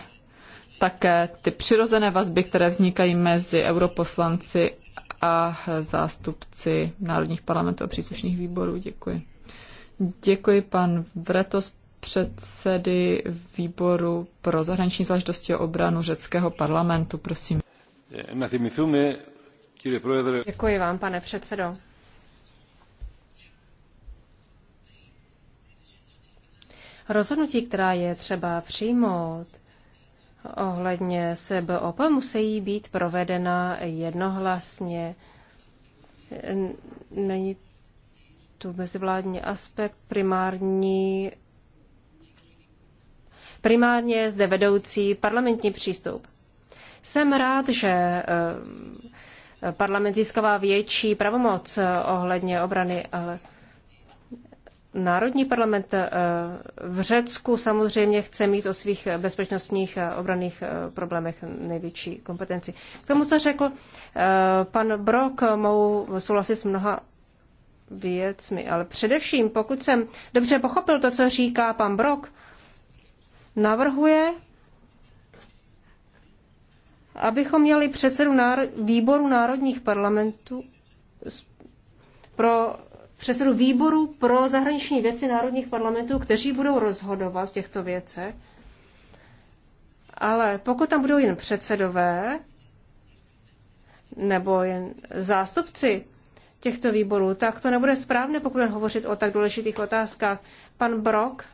také ty přirozené vazby, které vznikají mezi europoslanci a zástupci národních parlamentů a příslušných výborů. Děkuji. Děkuji pan Vretos, předsedy výboru pro zahraniční záležitosti a obranu řeckého parlamentu. Prosím. Děkuji vám, pane předsedo. Rozhodnutí, která je třeba přijmout, ohledně SBOP musí být provedena jednohlasně. Není tu mezivládní aspekt primární. Primárně je zde vedoucí parlamentní přístup. Jsem rád, že eh, parlament získává větší pravomoc eh, ohledně obrany, ale Národní parlament eh, v Řecku samozřejmě chce mít o svých bezpečnostních a obraných eh, problémech největší kompetenci. K tomu, co řekl eh, pan Brok, mohu souhlasit s mnoha věcmi, ale především, pokud jsem dobře pochopil to, co říká pan Brok, navrhuje, abychom měli předsedu náro- výboru národních parlamentů pro předsedu výboru pro zahraniční věci národních parlamentů, kteří budou rozhodovat v těchto věcech. Ale pokud tam budou jen předsedové nebo jen zástupci těchto výborů, tak to nebude správné, pokud budeme hovořit o tak důležitých otázkách. Pan Brok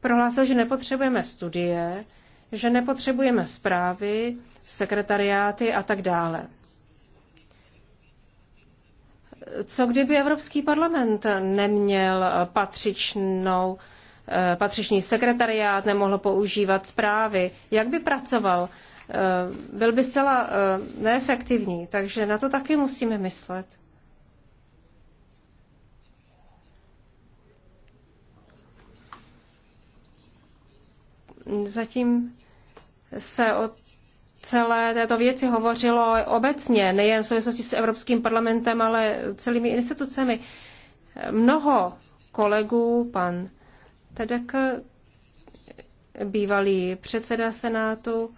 prohlásil, že nepotřebujeme studie, že nepotřebujeme zprávy, sekretariáty a tak dále co kdyby Evropský parlament neměl patřičnou, eh, patřičný sekretariát, nemohl používat zprávy? Jak by pracoval? Eh, byl by zcela eh, neefektivní, takže na to taky musíme myslet. Zatím se od celé této věci hovořilo obecně, nejen v souvislosti s Evropským parlamentem, ale celými institucemi. Mnoho kolegů, pan Tedek, bývalý předseda Senátu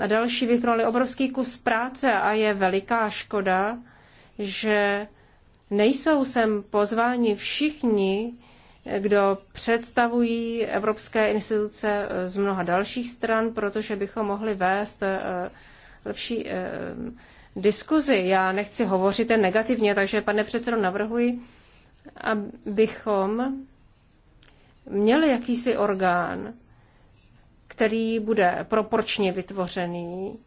a další vykroli obrovský kus práce a je veliká škoda, že nejsou sem pozváni všichni, kdo představují evropské instituce eh, z mnoha dalších stran, protože bychom mohli vést eh, lepší eh, diskuzi. Já nechci hovořit jen negativně, takže pane předsedo, navrhuji, abychom měli jakýsi orgán, který bude proporčně vytvořený,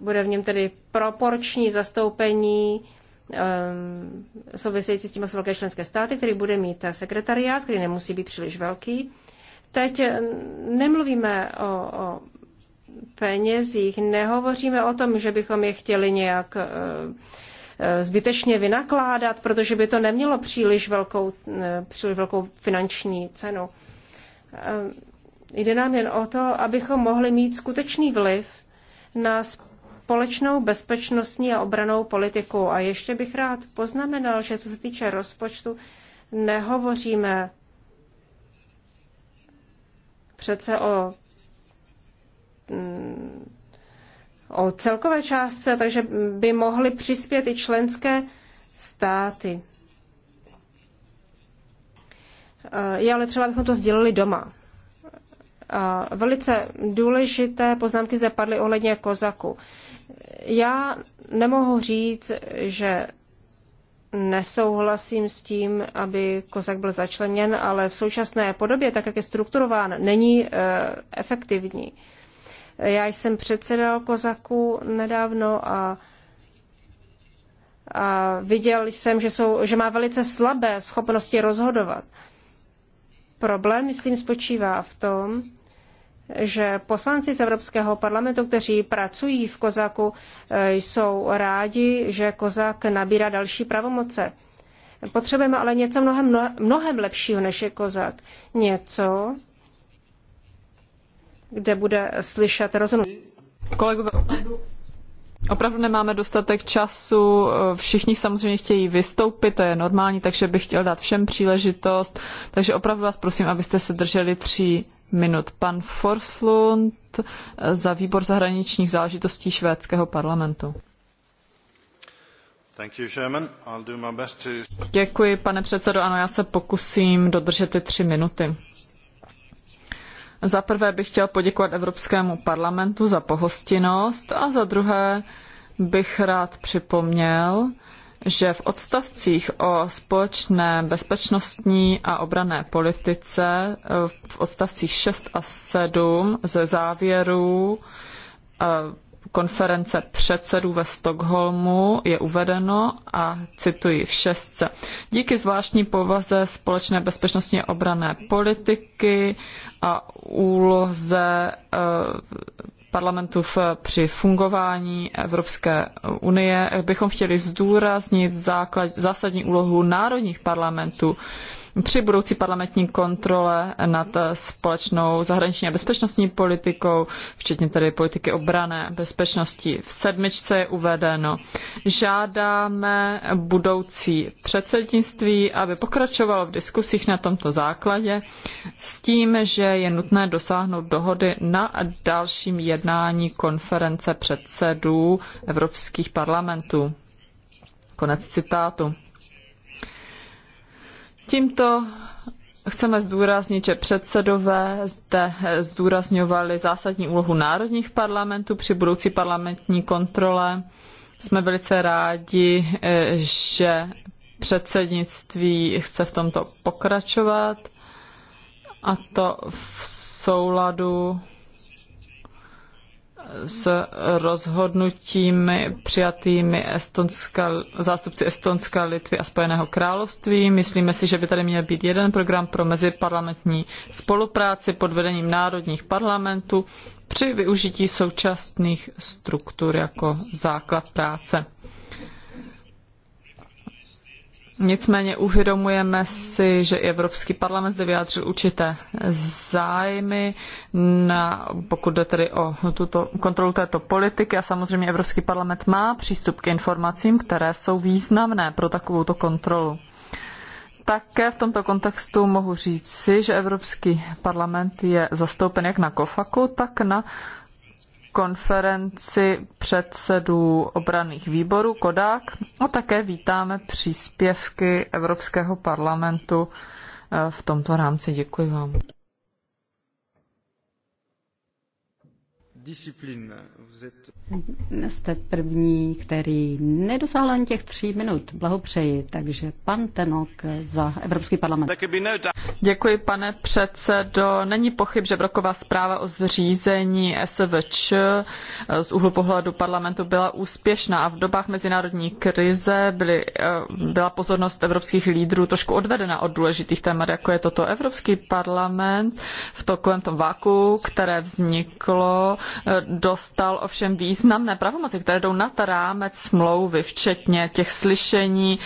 bude v něm tedy proporční zastoupení Ehm, související s tím jsou velké členské státy, který bude mít sekretariát, který nemusí být příliš velký. Teď ehm, nemluvíme o, o penězích, nehovoříme o tom, že bychom je chtěli nějak ehm, zbytečně vynakládat, protože by to nemělo příliš velkou, příliš velkou finanční cenu. Jde nám jen o to, abychom mohli mít skutečný vliv na společnou bezpečnostní a obranou politiku. A ještě bych rád poznamenal, že co se týče rozpočtu, nehovoříme přece o, mm, o celkové částce, takže by mohly přispět i členské státy. E, je ale třeba, abychom to sdělili doma. E, velice důležité poznámky zde padly ohledně Kozaku já nemohu říct, že nesouhlasím s tím, aby kozak byl začleněn, ale v současné podobě, tak jak je strukturován, není eh, efektivní. Já jsem předsedal kozaku nedávno a a viděl jsem, že, jsou, že má velice slabé schopnosti rozhodovat. Problém, myslím, spočívá v tom, že poslanci z Evropského parlamentu, kteří pracují v Kozaku, eh, jsou rádi, že Kozak nabírá další pravomoce. Potřebujeme ale něco mnohem, mnohem lepšího než je Kozak. Něco, kde bude slyšet rozum. Kolegové, Opravdu nemáme dostatek času, všichni samozřejmě chtějí vystoupit, to je normální, takže bych chtěl dát všem příležitost. Takže opravdu vás prosím, abyste se drželi tří minut. Pan Forslund za výbor zahraničních záležitostí švédského parlamentu. Děkuji, pane předsedo. Ano, já se pokusím dodržet ty tři minuty. Za prvé bych chtěl poděkovat Evropskému parlamentu za pohostinnost a za druhé bych rád připomněl, že v odstavcích o společné bezpečnostní a obranné politice eh, v odstavcích 6 a 7 ze závěrů eh, konference předsedů ve Stockholmu je uvedeno a cituji v šestce. Díky zvláštní povaze společné bezpečnostně obrané politiky a úloze eh, parlamentu v, při fungování Evropské unie bychom chtěli zdůraznit základ, zásadní úlohu národních parlamentů při budoucí parlamentní kontrole nad společnou zahraniční a bezpečnostní politikou, včetně tedy politiky obrané bezpečnosti. V sedmičce je uvedeno, žádáme budoucí předsednictví, aby pokračovalo v diskusích na tomto základě s tím, že je nutné dosáhnout dohody na dalším jednání konference předsedů evropských parlamentů. Konec citátu. Tímto chceme zdůraznit, že předsedové zde zdůrazňovali zásadní úlohu národních parlamentů při budoucí parlamentní kontrole. Jsme velice rádi, eh, že předsednictví chce v tomto pokračovat a to v souladu s rozhodnutími přijatými Estonska, zástupci Estonska, Litvy a Spojeného království. Myslíme si, že by tady měl být jeden program pro meziparlamentní spolupráci pod vedením národních parlamentů při využití současných struktur jako základ práce. Nicméně uvědomujeme si, že i Evropský parlament zde vyjádřil určité zájmy, na, pokud jde tedy o tuto, kontrolu této politiky a samozřejmě Evropský parlament má přístup k informacím, které jsou významné pro takovouto kontrolu. Také v tomto kontextu mohu říci, že Evropský parlament je zastoupen jak na COFAKu, tak na konferenci předsedů obraných výborů Kodák a také vítáme příspěvky Evropského parlamentu eh, v tomto rámci. Děkuji vám jste první, který nedosáhl ani těch tří minut. Blahopřeji. Takže pan Tenok za Evropský parlament. Děkuji, pane předsedo. Není pochyb, že Broková zpráva o zřízení SVČ z úhlu pohledu parlamentu byla úspěšná a v dobách mezinárodní krize byly, eh, byla pozornost evropských lídrů trošku odvedena od důležitých témat, jako je toto Evropský parlament v takovém tom váku, které vzniklo, eh, dostal ovšem víc významné pravomoci, které jdou nad rámec smlouvy, včetně těch slyšení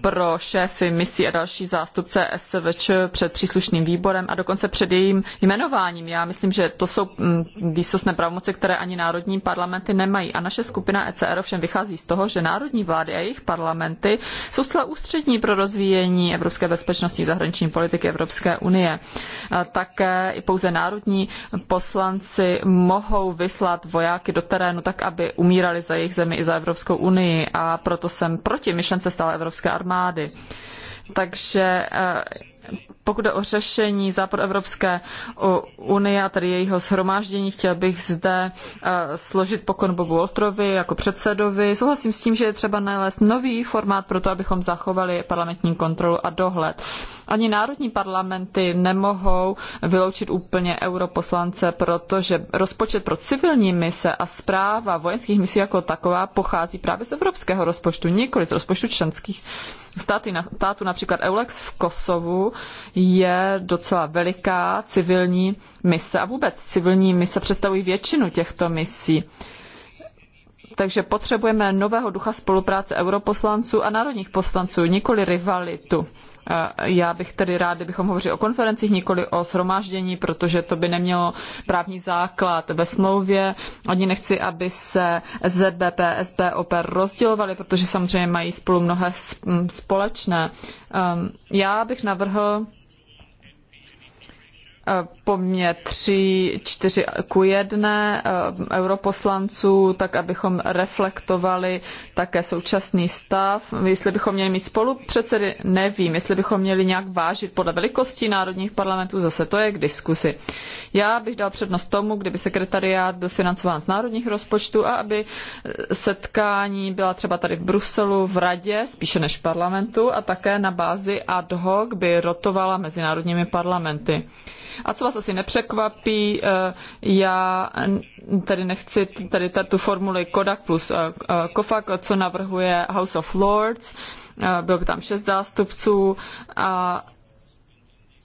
pro šéfy misí a další zástupce SVČ před příslušným výborem a dokonce před jejím jmenováním. Já myslím, že to jsou mm, výsostné pravomoci, které ani národní parlamenty nemají. A naše skupina ECR ovšem vychází z toho, že národní vlády a jejich parlamenty jsou zcela ústřední pro rozvíjení evropské bezpečnostní zahraniční politiky Evropské unie. Také i pouze národní poslanci mohou vyslat vojáky do terénu tak, tak, aby umírali za jejich zemi i za Evropskou unii a proto jsem proti myšlence stále Evropské armády. Takže eh, pokud jde o řešení Západoevropské unie a tedy jejího shromáždění, chtěl bych zde eh, složit pokon Bobu Woltrovi jako předsedovi. Souhlasím s tím, že je třeba nalézt nový formát pro to, abychom zachovali parlamentní kontrolu a dohled. Ani národní parlamenty nemohou vyloučit úplně europoslance, protože rozpočet pro civilní mise a zpráva vojenských misí jako taková pochází právě z evropského rozpočtu, nikoli z rozpočtu členských státy, státu, například Eulex v Kosovu, je docela veliká civilní mise a vůbec civilní mise představují většinu těchto misí. Takže potřebujeme nového ducha spolupráce europoslanců a národních poslanců, nikoli rivalitu. Eh, já bych tedy rád, kdybychom hovořili o konferencích, nikoli o shromáždění, protože to by nemělo právní základ ve smlouvě. Ani nechci, aby se ZBP, SBOP rozdělovaly, protože samozřejmě mají spolu mnohé společné. Já bych navrhl poměr 3, 4 ku 1 eh, europoslanců, tak abychom reflektovali také současný stav. Jestli bychom měli mít spolupředsedy, nevím. Jestli bychom měli nějak vážit podle velikosti národních parlamentů, zase to je k diskusi. Já bych dal přednost tomu, kdyby sekretariát byl financován z národních rozpočtů a aby eh, setkání byla třeba tady v Bruselu, v radě, spíše než v parlamentu a také na bázi ad hoc by rotovala mezi národními parlamenty. A co vás asi nepřekvapí, eh, já tady nechci tady tu formuli Kodak plus eh, eh, Kofak, co navrhuje House of Lords, bylo by tam šest zástupců a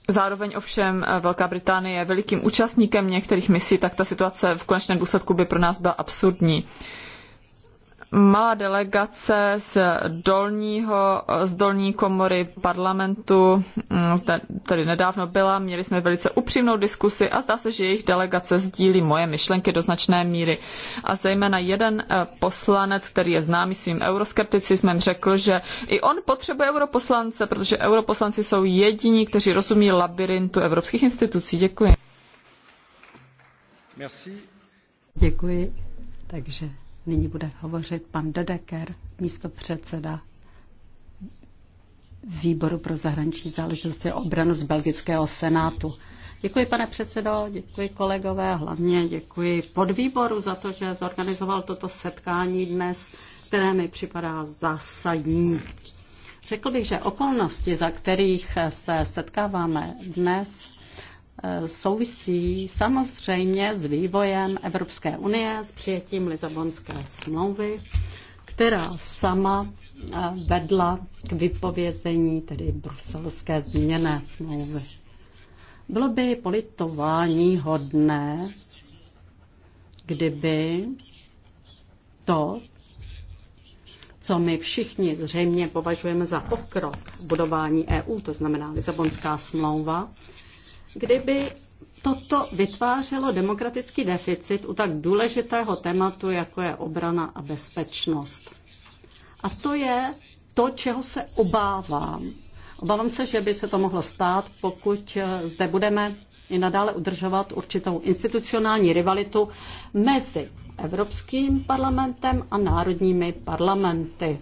Zároveň ovšem Velká Británie je velikým účastníkem některých misí, tak ta situace v konečném důsledku by pro nás byla absurdní. Uh, malá delegace z, dolního, z dolní komory parlamentu mm, zde tady nedávno byla, měli jsme velice upřímnou diskusi a zdá se, že jejich delegace sdílí moje myšlenky do značné míry. A zejména jeden eh, poslanec, který je známý svým euroskepticismem, řekl, že i on potřebuje europoslance, protože europoslanci jsou jediní, kteří rozumí labirintu evropských institucí. Děkuji. Merci. Děkuji. Takže Nyní bude hovořit pan Dedeker, místo předseda výboru pro zahraniční záležitosti a obranu z belgického senátu. Děkuji, pane předsedo, děkuji kolegové, hlavně děkuji podvýboru za to, že zorganizoval toto setkání dnes, které mi připadá zásadní. Řekl bych, že okolnosti, za kterých se setkáváme dnes, Eh, souvisí samozřejmě s vývojem Evropské unie, s přijetím Lisabonské smlouvy, která sama eh, vedla k vypovězení tedy bruselské změné smlouvy. Bylo by politování hodné, kdyby to, co my všichni zřejmě považujeme za pokrok budování EU, to znamená Lisabonská smlouva, kdyby toto vytvářelo demokratický deficit u tak důležitého tématu, jako je obrana a bezpečnost. A to je to, čeho se obávám. Obávám se, že by se to mohlo stát, pokud eh, zde budeme i nadále udržovat určitou institucionální rivalitu mezi Evropským parlamentem a národními parlamenty.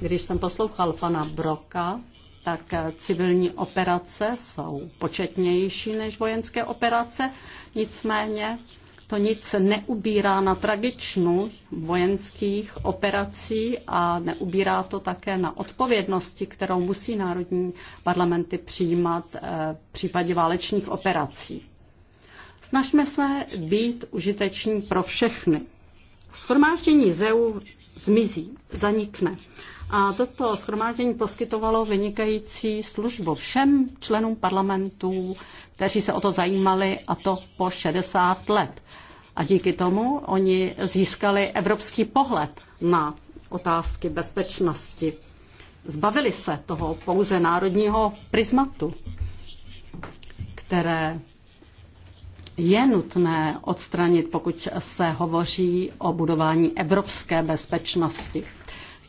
Když jsem poslouchal pana Broka, tak eh, civilní operace jsou početnější než vojenské operace, nicméně to nic neubírá na tragičnu vojenských operací a neubírá to také na odpovědnosti, kterou musí národní parlamenty přijímat eh, v případě válečných operací. Snažme se být užiteční pro všechny. Schromáždění ZEU zmizí, zanikne. A toto schromáždění poskytovalo vynikající službu všem členům parlamentů, kteří se o to zajímali, a to po 60 let. A díky tomu oni získali evropský pohled na otázky bezpečnosti. Zbavili se toho pouze národního prismatu, které je nutné odstranit, pokud se hovoří o budování evropské bezpečnosti.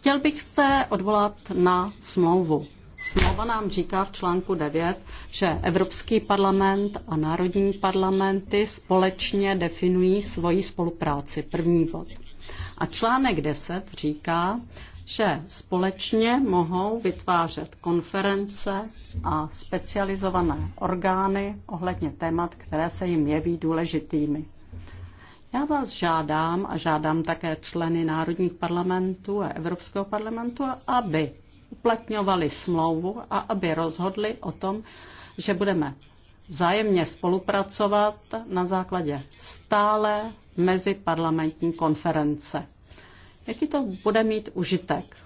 Chtěl bych se odvolat na smlouvu. Smlouva nám říká v článku 9, že Evropský parlament a národní parlamenty společně definují svoji spolupráci. První bod. A článek 10 říká, že společně mohou vytvářet konference a specializované orgány ohledně témat, které se jim jeví důležitými. Já vás žádám a žádám také členy národních parlamentů a Evropského parlamentu, aby uplatňovali smlouvu a aby rozhodli o tom, že budeme vzájemně spolupracovat na základě stále meziparlamentní konference. Jaký to bude mít užitek?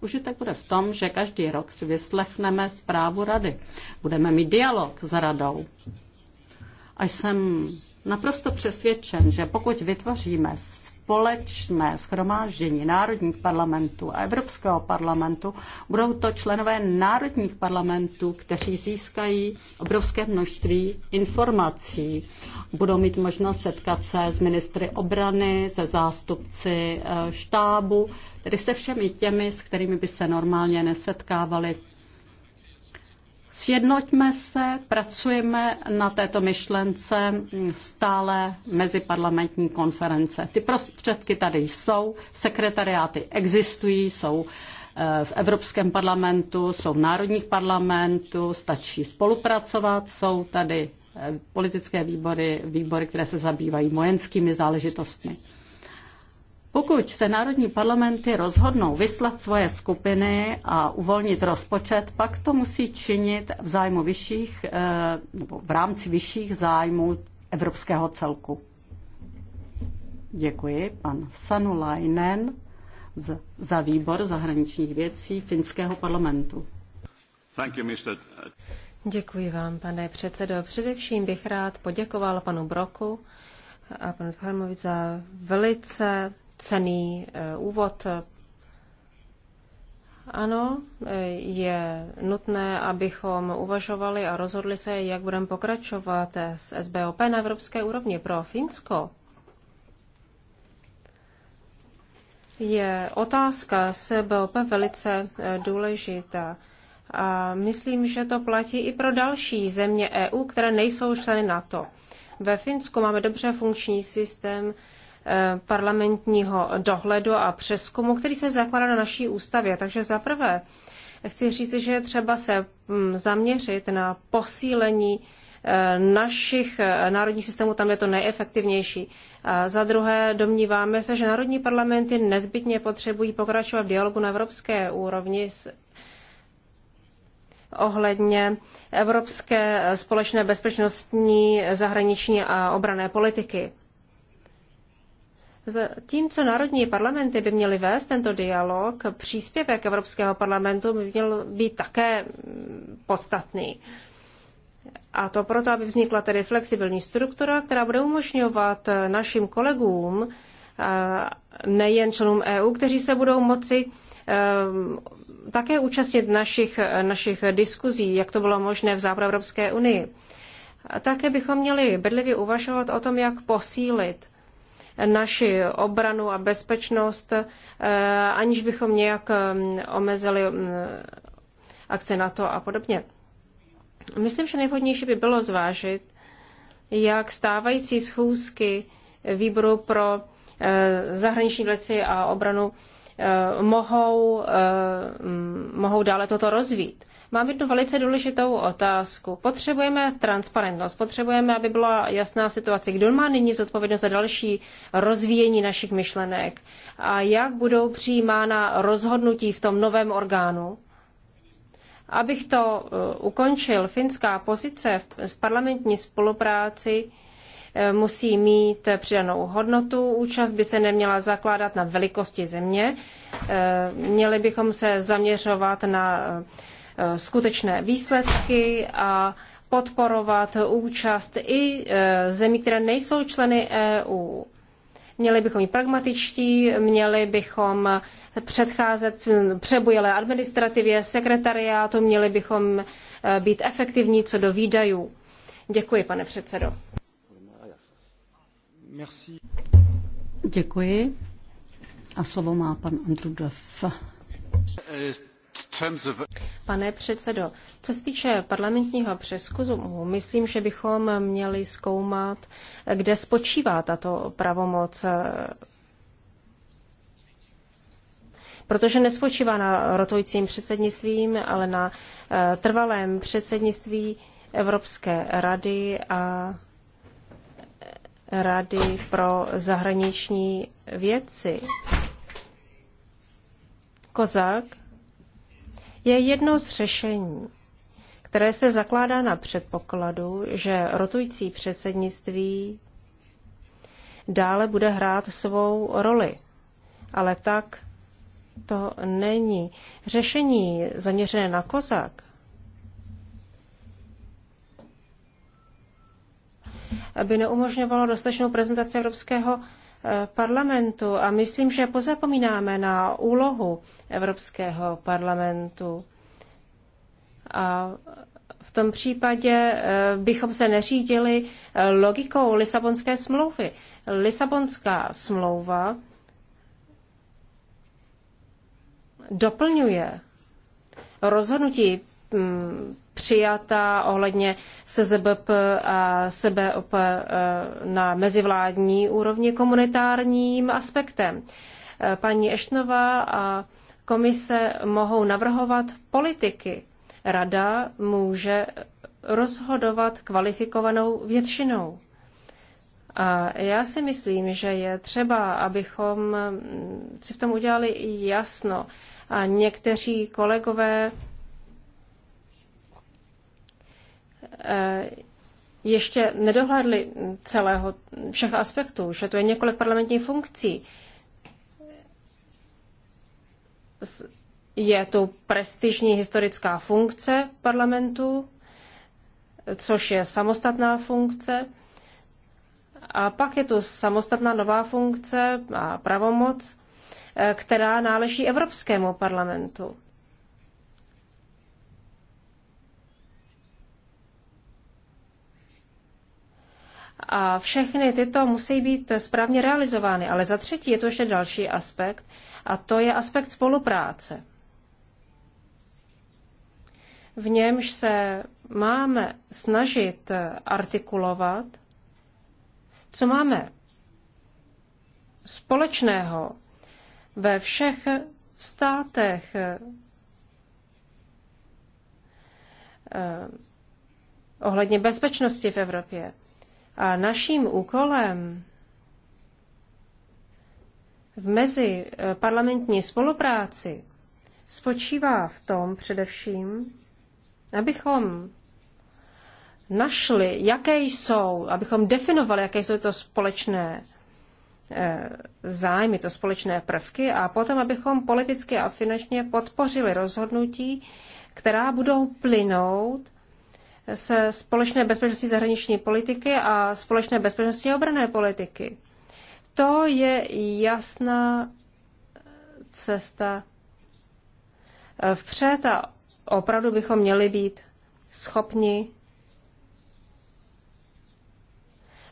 Užitek bude v tom, že každý rok si vyslechneme zprávu rady. Budeme mít dialog s radou. A jsem naprosto přesvědčen, že pokud vytvoříme společné schromáždění národních parlamentů a Evropského parlamentu, budou to členové národních parlamentů, kteří získají obrovské množství informací. Budou mít možnost setkat se s ministry obrany, se zástupci eh, štábu, tedy se všemi těmi, s kterými by se normálně nesetkávali Sjednoťme se, pracujeme na této myšlence stále mezi parlamentní konference. Ty prostředky tady jsou, sekretariáty existují, jsou eh, v Evropském parlamentu, jsou v národních parlamentu, stačí spolupracovat, jsou tady eh, politické výbory, výbory, které se zabývají vojenskými záležitostmi. Pokud se národní parlamenty rozhodnou vyslat svoje skupiny a uvolnit rozpočet, pak to musí činit v zájmu vyšších, eh, nebo v rámci vyšších zájmů evropského celku. Děkuji. Pan Sanulainen za výbor zahraničních věcí finského parlamentu. You, Děkuji vám, pane předsedo. Především bych rád poděkoval panu Broku a panu Tvarmovi za velice cený eh, úvod. Ano, eh, je nutné, abychom uvažovali a rozhodli se, jak budeme pokračovat s SBOP na evropské úrovni pro Finsko. Je otázka SBOP velice eh, důležitá. A myslím, že to platí i pro další země EU, které nejsou členy NATO. Ve Finsku máme dobře funkční systém Eh, parlamentního dohledu a přeskumu, který se zakládá na naší ústavě. Takže za prvé chci říct, že je třeba se mm, zaměřit na posílení eh, našich eh, národních systémů, tam je to nejefektivnější. A za druhé, domníváme se, že národní parlamenty nezbytně potřebují pokračovat v dialogu na evropské úrovni s ohledně evropské společné bezpečnostní, zahraniční a obrané politiky. Zatímco národní parlamenty by měly vést tento dialog, příspěvek Evropského parlamentu by měl být také podstatný. A to proto, aby vznikla tedy flexibilní struktura, která bude umožňovat našim kolegům, eh, nejen členům EU, kteří se budou moci eh, také účastnit našich, našich diskuzí, jak to bylo možné v Evropské unii. Také bychom měli bedlivě uvažovat o tom, jak posílit naši obranu a bezpečnost, eh, aniž bychom nějak eh, omezili mm, akce NATO a podobně. Myslím, že nejvhodnější by bylo zvážit, jak stávající schůzky výboru pro eh, zahraniční věci a obranu mohou, mohou dále toto rozvít. Mám jednu velice důležitou otázku. Potřebujeme transparentnost, potřebujeme, aby byla jasná situace, kdo má nyní zodpovědnost za další rozvíjení našich myšlenek a jak budou přijímána rozhodnutí v tom novém orgánu. Abych to eh, ukončil, finská pozice v parlamentní spolupráci eh, musí mít přidanou hodnotu. Účast by se neměla zakládat na velikosti země. Eh, měli bychom se zaměřovat na Eh, skutečné výsledky a podporovat účast i eh, zemí, které nejsou členy EU. Měli bychom být pragmatičtí, měli bychom předcházet přebujelé administrativě, sekretariátu, měli bychom eh, být efektivní co do výdajů. Děkuji, pane předsedo. Děkuji. A slovo má pan Andrew Duff. Pane předsedo, co se týče parlamentního přeskumu, myslím, že bychom měli zkoumat, kde spočívá tato pravomoc. Protože nespočívá na rotujícím předsednictvím, ale na eh, trvalém předsednictví Evropské rady a eh, Rady pro zahraniční věci. Kozák je jedno z řešení, které se zakládá na předpokladu, že rotující předsednictví dále bude hrát svou roli. Ale tak to není. Řešení zaměřené na kozak aby neumožňovalo dostatečnou prezentaci evropského Eh, parlamentu a myslím, že pozapomínáme na úlohu Evropského parlamentu. A v tom případě eh, bychom se neřídili eh, logikou Lisabonské smlouvy. Lisabonská smlouva doplňuje rozhodnutí přijata ohledně SZBP a SBOP eh, na mezivládní úrovni komunitárním aspektem. Eh, paní Ešnova a komise mohou navrhovat politiky. Rada může rozhodovat kvalifikovanou většinou. A já si myslím, že je třeba, abychom si v tom udělali jasno. A někteří kolegové Eh, ještě nedohledli celého, všech aspektů, že to je několik parlamentních funkcí. Je to prestižní historická funkce parlamentu, což je samostatná funkce. A pak je tu samostatná nová funkce a pravomoc, eh, která náleží Evropskému parlamentu. a všechny tyto musí být správně realizovány. Ale za třetí je to ještě další aspekt a to je aspekt spolupráce. V němž se máme snažit artikulovat, co máme společného ve všech státech eh, ohledně bezpečnosti v Evropě. A naším úkolem v mezi eh, parlamentní spolupráci spočívá v tom především, abychom našli, jaké jsou, abychom definovali, jaké jsou to společné eh, zájmy, to společné prvky a potom, abychom politicky a finančně podpořili rozhodnutí, která budou plynout se společné bezpečnostní zahraniční politiky a společné bezpečnostní obrané politiky. To je jasná cesta eh, vpřed a opravdu bychom měli být schopni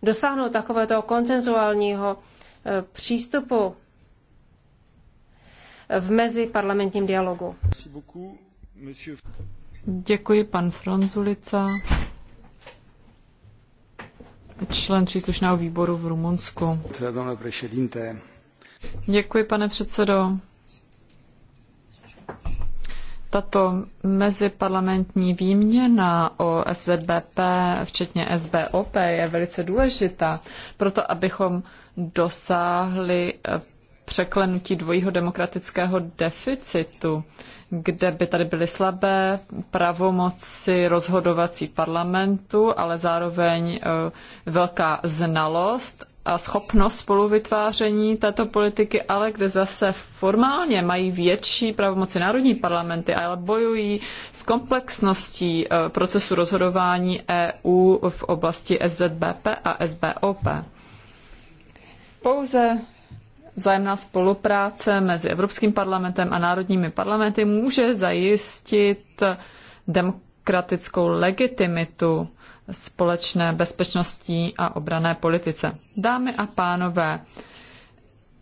dosáhnout takového koncenzuálního eh, přístupu eh, v meziparlamentním dialogu. Děkuji, pan Fronzulica, člen příslušného výboru v Rumunsku. Děkuji, pane předsedo. Tato meziparlamentní výměna o SZBP, včetně SBOP, je velice důležitá proto, abychom dosáhli překlenutí dvojího demokratického deficitu kde by tady byly slabé pravomoci rozhodovací parlamentu, ale zároveň e, velká znalost a schopnost spoluvytváření této politiky, ale kde zase formálně mají větší pravomoci národní parlamenty, ale bojují s komplexností e, procesu rozhodování EU v oblasti SZBP a SBOP. Pouze vzájemná spolupráce mezi Evropským parlamentem a národními parlamenty může zajistit demokratickou legitimitu společné bezpečnostní a obrané politice. Dámy a pánové,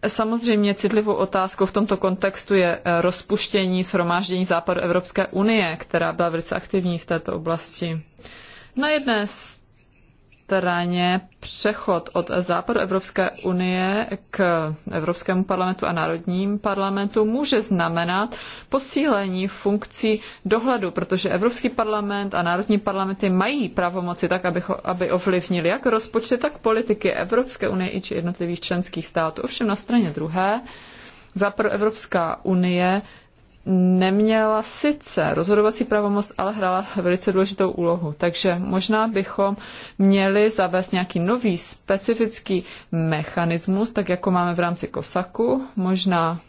Samozřejmě citlivou otázkou v tomto kontextu je eh, rozpuštění shromáždění Západu Evropské unie, která byla velice aktivní v této oblasti. Na jedné straně přechod od západu Evropské unie k Evropskému parlamentu a národním parlamentu může znamenat posílení funkcí dohledu, protože Evropský parlament a národní parlamenty mají pravomoci tak, aby, aby ovlivnili jak rozpočty, tak politiky Evropské unie i či jednotlivých členských států. Ovšem na straně druhé, západu Evropská unie neměla sice rozhodovací pravomoc, ale hrála velice důležitou úlohu. Takže možná bychom měli zavést nějaký nový specifický mechanismus, tak jako máme v rámci Kosaku, možná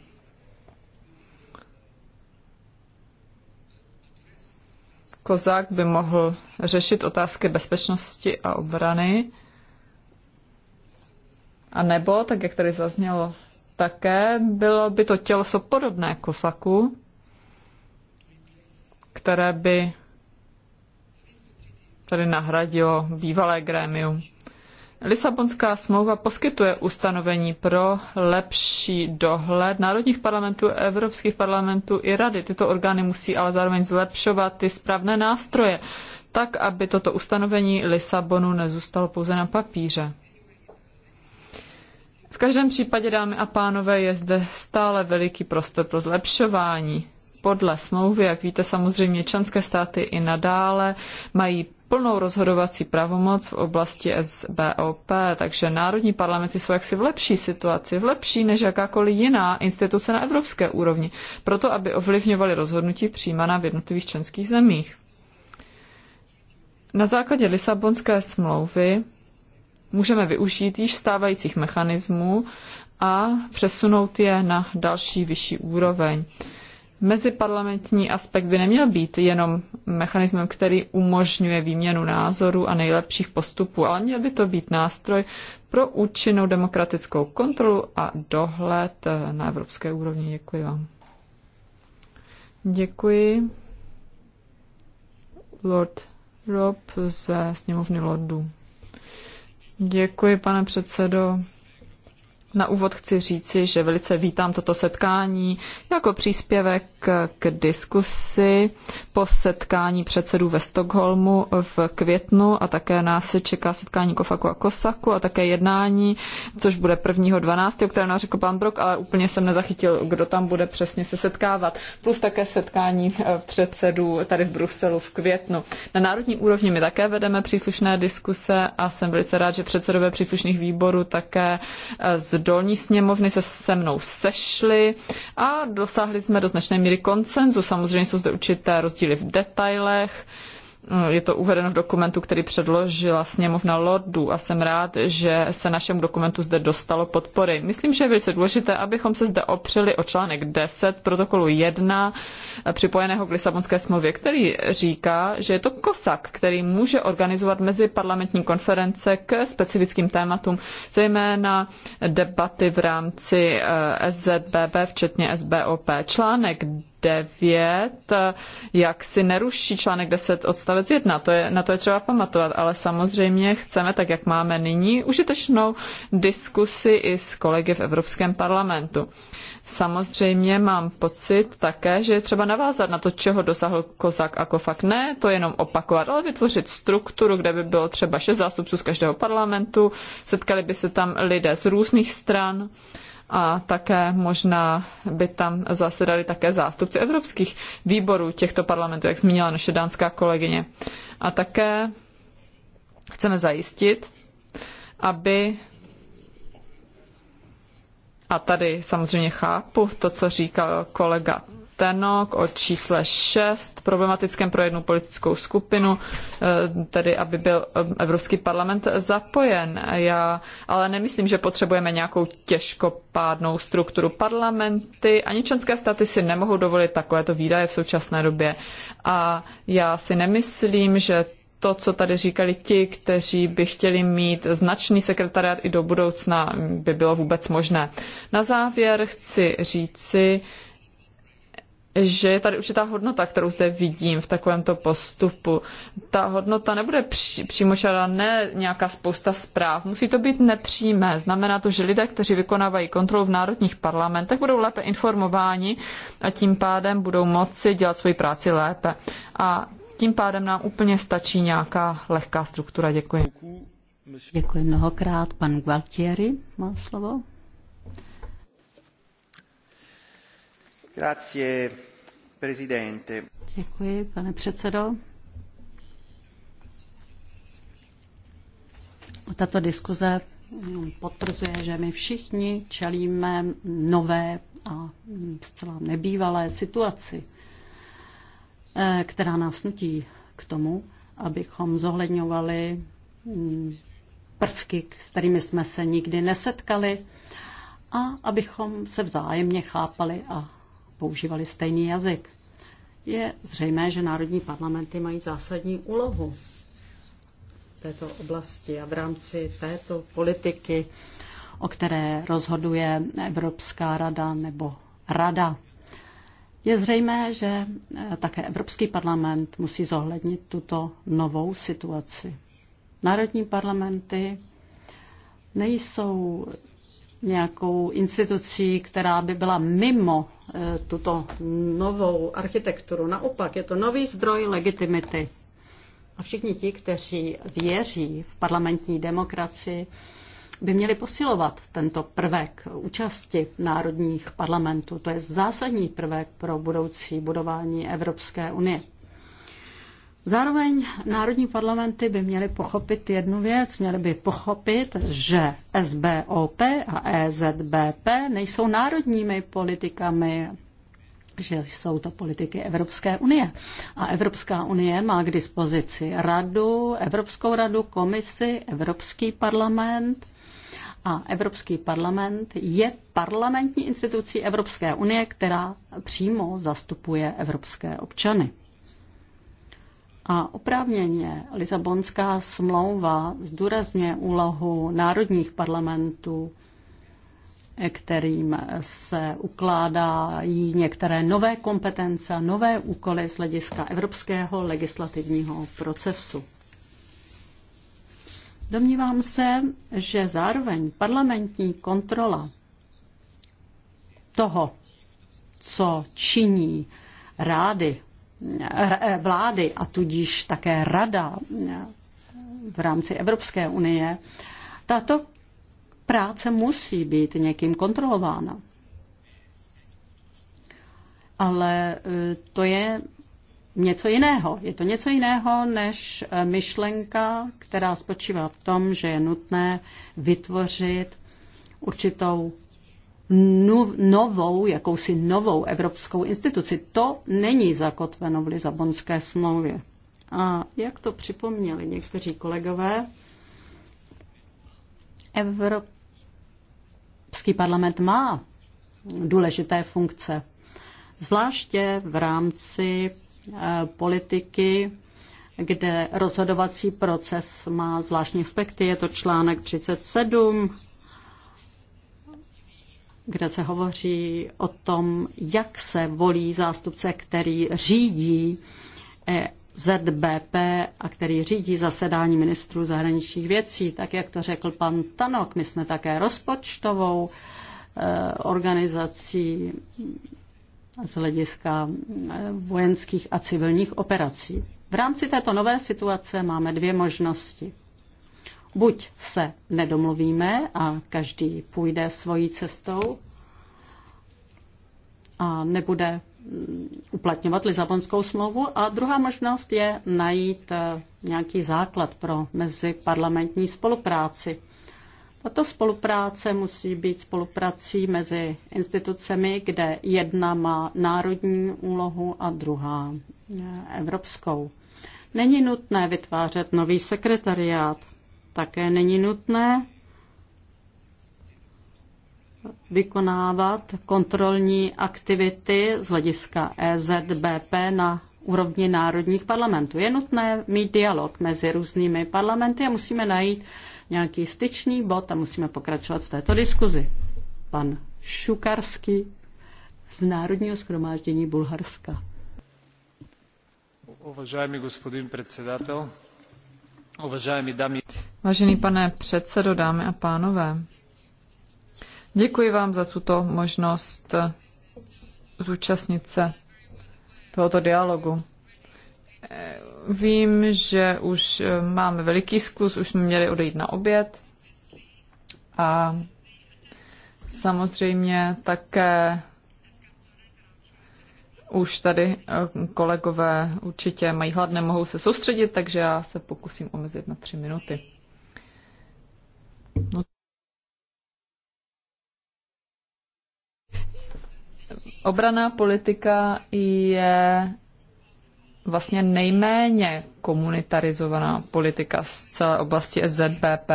Kozák by mohl řešit otázky bezpečnosti a obrany. A nebo, tak jak tady zaznělo také, bylo by to těleso podobné kosaku, které by tady nahradilo bývalé grémium. Lisabonská smlouva poskytuje ustanovení pro lepší dohled národních parlamentů, evropských parlamentů i rady. Tyto orgány musí ale zároveň zlepšovat ty správné nástroje, tak aby toto ustanovení Lisabonu nezůstalo pouze na papíře. V každém případě, dámy a pánové, je zde stále veliký prostor pro zlepšování. Podle smlouvy, jak víte, samozřejmě členské státy i nadále mají plnou rozhodovací pravomoc v oblasti SBOP, takže národní parlamenty jsou jaksi v lepší situaci, v lepší než jakákoliv jiná instituce na evropské úrovni, proto aby ovlivňovaly rozhodnutí přijímaná v jednotlivých členských zemích. Na základě Lisabonské smlouvy můžeme využít již stávajících mechanismů a přesunout je na další vyšší úroveň meziparlamentní aspekt by neměl být jenom mechanismem, který umožňuje výměnu názorů a nejlepších postupů, ale měl by to být nástroj pro účinnou demokratickou kontrolu a dohled na evropské úrovni. Děkuji vám. Děkuji. Lord Rob ze sněmovny Lordů. Děkuji, pane předsedo. Na úvod chci říci, že velice vítám toto setkání jako příspěvek k diskusi po setkání předsedů ve Stockholmu v květnu a také nás čeká setkání Kofaku a Kosaku a také jednání, což bude 1.12., o kterém nám řekl pan Brok, ale úplně jsem nezachytil, kdo tam bude přesně se setkávat. Plus také setkání eh, předsedů tady v Bruselu v květnu. Na národní úrovni my také vedeme příslušné diskuse a jsem velice rád, že předsedové příslušných výborů také eh, z dolní sněmovny se se mnou sešli a dosáhli jsme do značné míry konsenzu, Samozřejmě jsou zde určité rozdíly v detailech, Eh, je to uvedeno v dokumentu, který předložila sněmovna Lordu a jsem rád, že se našemu dokumentu zde dostalo podpory. Myslím, že je velice důležité, abychom se zde opřeli o článek 10 protokolu 1 eh, připojeného k Lisabonské smlouvě, který říká, že je to kosak, který může organizovat meziparlamentní konference k specifickým tématům, zejména debaty v rámci eh, SZBB, včetně SBOP. Článek 9 jak si neruší článek 10 odstavec 1. To je, na to je třeba pamatovat, ale samozřejmě chceme, tak jak máme nyní, užitečnou diskusi i s kolegy v Evropském parlamentu. Samozřejmě mám pocit také, že je třeba navázat na to, čeho dosáhl Kozak a Kofak. Ne, to jenom opakovat, ale vytvořit strukturu, kde by bylo třeba šest zástupců z každého parlamentu, setkali by se tam lidé z různých stran a také možná by tam zasedali také zástupci evropských výborů těchto parlamentů, jak zmínila naše dánská kolegyně. A také chceme zajistit, aby a tady samozřejmě chápu to, co říkal kolega Tenok o čísle 6, problematickém pro jednu politickou skupinu, eh, tedy aby byl eh, Evropský parlament zapojen. Já ale nemyslím, že potřebujeme nějakou těžkopádnou strukturu parlamenty. Ani členské státy si nemohou dovolit takovéto výdaje v současné době. A já si nemyslím, že to, co tady říkali ti, kteří by chtěli mít značný sekretariát i do budoucna, by bylo vůbec možné. Na závěr chci říci, že je tady určitá hodnota, kterou zde vidím v takovémto postupu. Ta hodnota nebude přímočará, ne nějaká spousta zpráv. Musí to být nepřímé. Znamená to, že lidé, kteří vykonávají kontrolu v národních parlamentech, budou lépe informováni a tím pádem budou moci dělat svoji práci lépe. A tím pádem nám úplně stačí nějaká lehká struktura. Děkuji. Děkuji mnohokrát. Pan Gualtieri má slovo. Děkuji, pane předsedo. Tato diskuze potvrzuje, že my všichni čelíme nové a zcela nebývalé situaci, eh, která nás nutí k tomu, abychom zohledňovali mm, prvky, s kterými jsme se nikdy nesetkali a abychom se vzájemně chápali a používali stejný jazyk. Je zřejmé, že národní parlamenty mají zásadní úlohu v této oblasti a v rámci této politiky, o které rozhoduje Evropská rada nebo Rada. Je zřejmé, že eh, také Evropský parlament musí zohlednit tuto novou situaci. Národní parlamenty nejsou nějakou institucí, která by byla mimo Eh, tuto novou architekturu. Naopak, je to nový zdroj legitimity. A všichni ti, kteří věří v parlamentní demokracii, by měli posilovat tento prvek účasti národních parlamentů. To je zásadní prvek pro budoucí budování Evropské unie. Zároveň národní parlamenty by měly pochopit jednu věc, měly by pochopit, že SBOP a EZBP nejsou národními politikami, že jsou to politiky Evropské unie. A Evropská unie má k dispozici radu, Evropskou radu, komisi, Evropský parlament a Evropský parlament je parlamentní institucí Evropské unie, která přímo zastupuje evropské občany. A oprávněně Lisabonská smlouva zdůrazňuje úlohu národních parlamentů, kterým se ukládají některé nové kompetence, nové úkoly z hlediska evropského legislativního procesu. Domnívám se, že zároveň parlamentní kontrola toho, co činí rády Eh, eh, vlády a tudíž také rada eh, v rámci Evropské unie, tato práce musí být někým kontrolována. Ale to je něco jiného. Je to něco jiného než myšlenka, která spočívá v tom, že je nutné vytvořit určitou novou, jakousi novou evropskou instituci. To není zakotveno v Lizabonské smlouvě. A jak to připomněli někteří kolegové, Evropský parlament má důležité funkce, zvláště v rámci eh, politiky, kde rozhodovací proces má zvláštní aspekty. Je to článek 37 kde se hovoří o tom, jak se volí zástupce, který řídí e ZBP a který řídí zasedání ministrů zahraničních věcí. Tak, jak to řekl pan Tanok, my jsme také rozpočtovou eh, organizací z hlediska eh, vojenských a civilních operací. V rámci této nové situace máme dvě možnosti. Buď se nedomluvíme a každý půjde svojí cestou a nebude mm, uplatňovat Lizabonskou smlouvu a druhá možnost je najít eh, nějaký základ pro meziparlamentní spolupráci. Tato spolupráce musí být spoluprací mezi institucemi, kde jedna má národní úlohu a druhá eh, evropskou. Není nutné vytvářet nový sekretariát také není nutné vykonávat kontrolní aktivity z hlediska EZBP na úrovni národních parlamentů. Je nutné mít dialog mezi různými parlamenty a musíme najít nějaký styčný bod a musíme pokračovat v této diskuzi. Pan Šukarský z Národního schromáždění Bulharska. Uvažujeme, gospodin předsedatel, Vážený pane předsedo, dámy a pánové, děkuji vám za tuto možnost zúčastnit se tohoto dialogu. Vím, že už eh, máme veliký sklus, už jsme měli odejít na oběd a samozřejmě také už tady eh, kolegové určitě mají hlad, nemohou se soustředit, takže já se pokusím omezit na tři minuty. No. Obraná politika je vlastně nejméně komunitarizovaná politika z celé oblasti SZBP.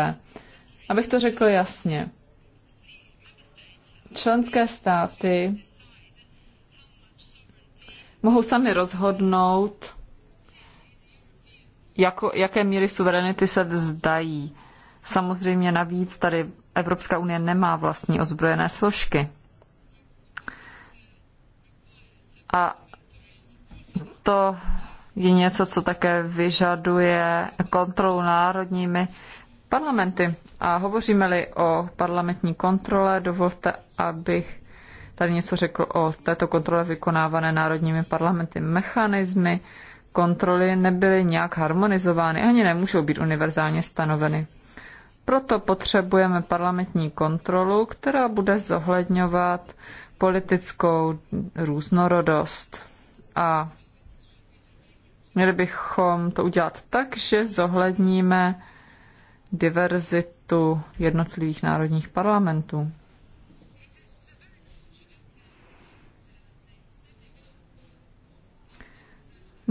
Abych to řekl jasně, členské státy mohou sami rozhodnout, jako, jaké míry suverenity se vzdají. Samozřejmě navíc tady Evropská unie nemá vlastní ozbrojené složky. A to je něco, co také vyžaduje kontrolu národními parlamenty. A hovoříme-li o parlamentní kontrole, dovolte, abych tady něco řekl o této kontrole vykonávané národními parlamenty. Mechanismy kontroly nebyly nějak harmonizovány, ani nemůžou být univerzálně stanoveny. Proto potřebujeme parlamentní kontrolu, která bude zohledňovat politickou různorodost. A měli bychom to udělat tak, že zohledníme diverzitu jednotlivých národních parlamentů.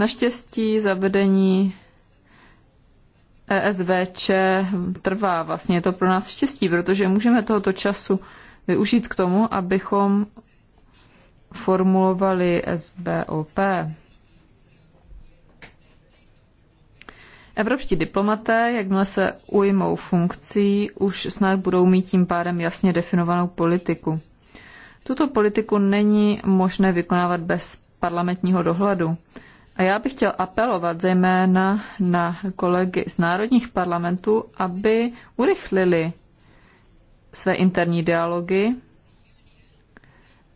Naštěstí zavedení ESVČ trvá. Vlastně je to pro nás štěstí, protože můžeme tohoto času využít k tomu, abychom formulovali SBOP. Evropští diplomaté, jakmile se ujmou funkcí, už snad budou mít tím pádem jasně definovanou politiku. Tuto politiku není možné vykonávat bez parlamentního dohledu. A já bych chtěl apelovat zejména na kolegy z národních parlamentů, aby urychlili své interní dialogy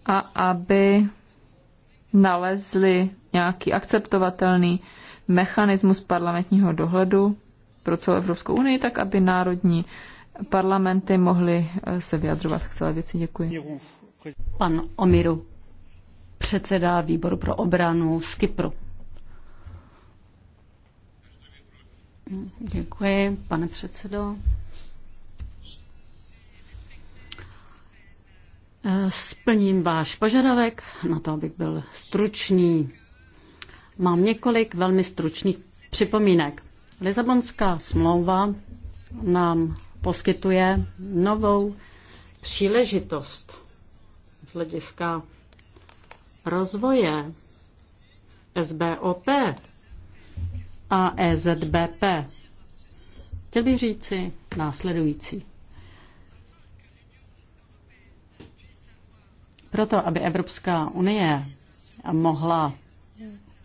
a aby nalezli nějaký akceptovatelný mechanismus parlamentního dohledu pro celou Evropskou unii, tak aby národní parlamenty mohly eh, se vyjadřovat k celé věci. Děkuji. Pan Omiru, předseda výboru pro obranu z Kypru. Děkuji, pane předsedo. Splním váš požadavek na to, abych byl stručný. Mám několik velmi stručných připomínek. Lisabonská smlouva nám poskytuje novou příležitost z hlediska rozvoje SBOP a EZBP. Chtěl bych říci následující. Proto, aby Evropská unie mohla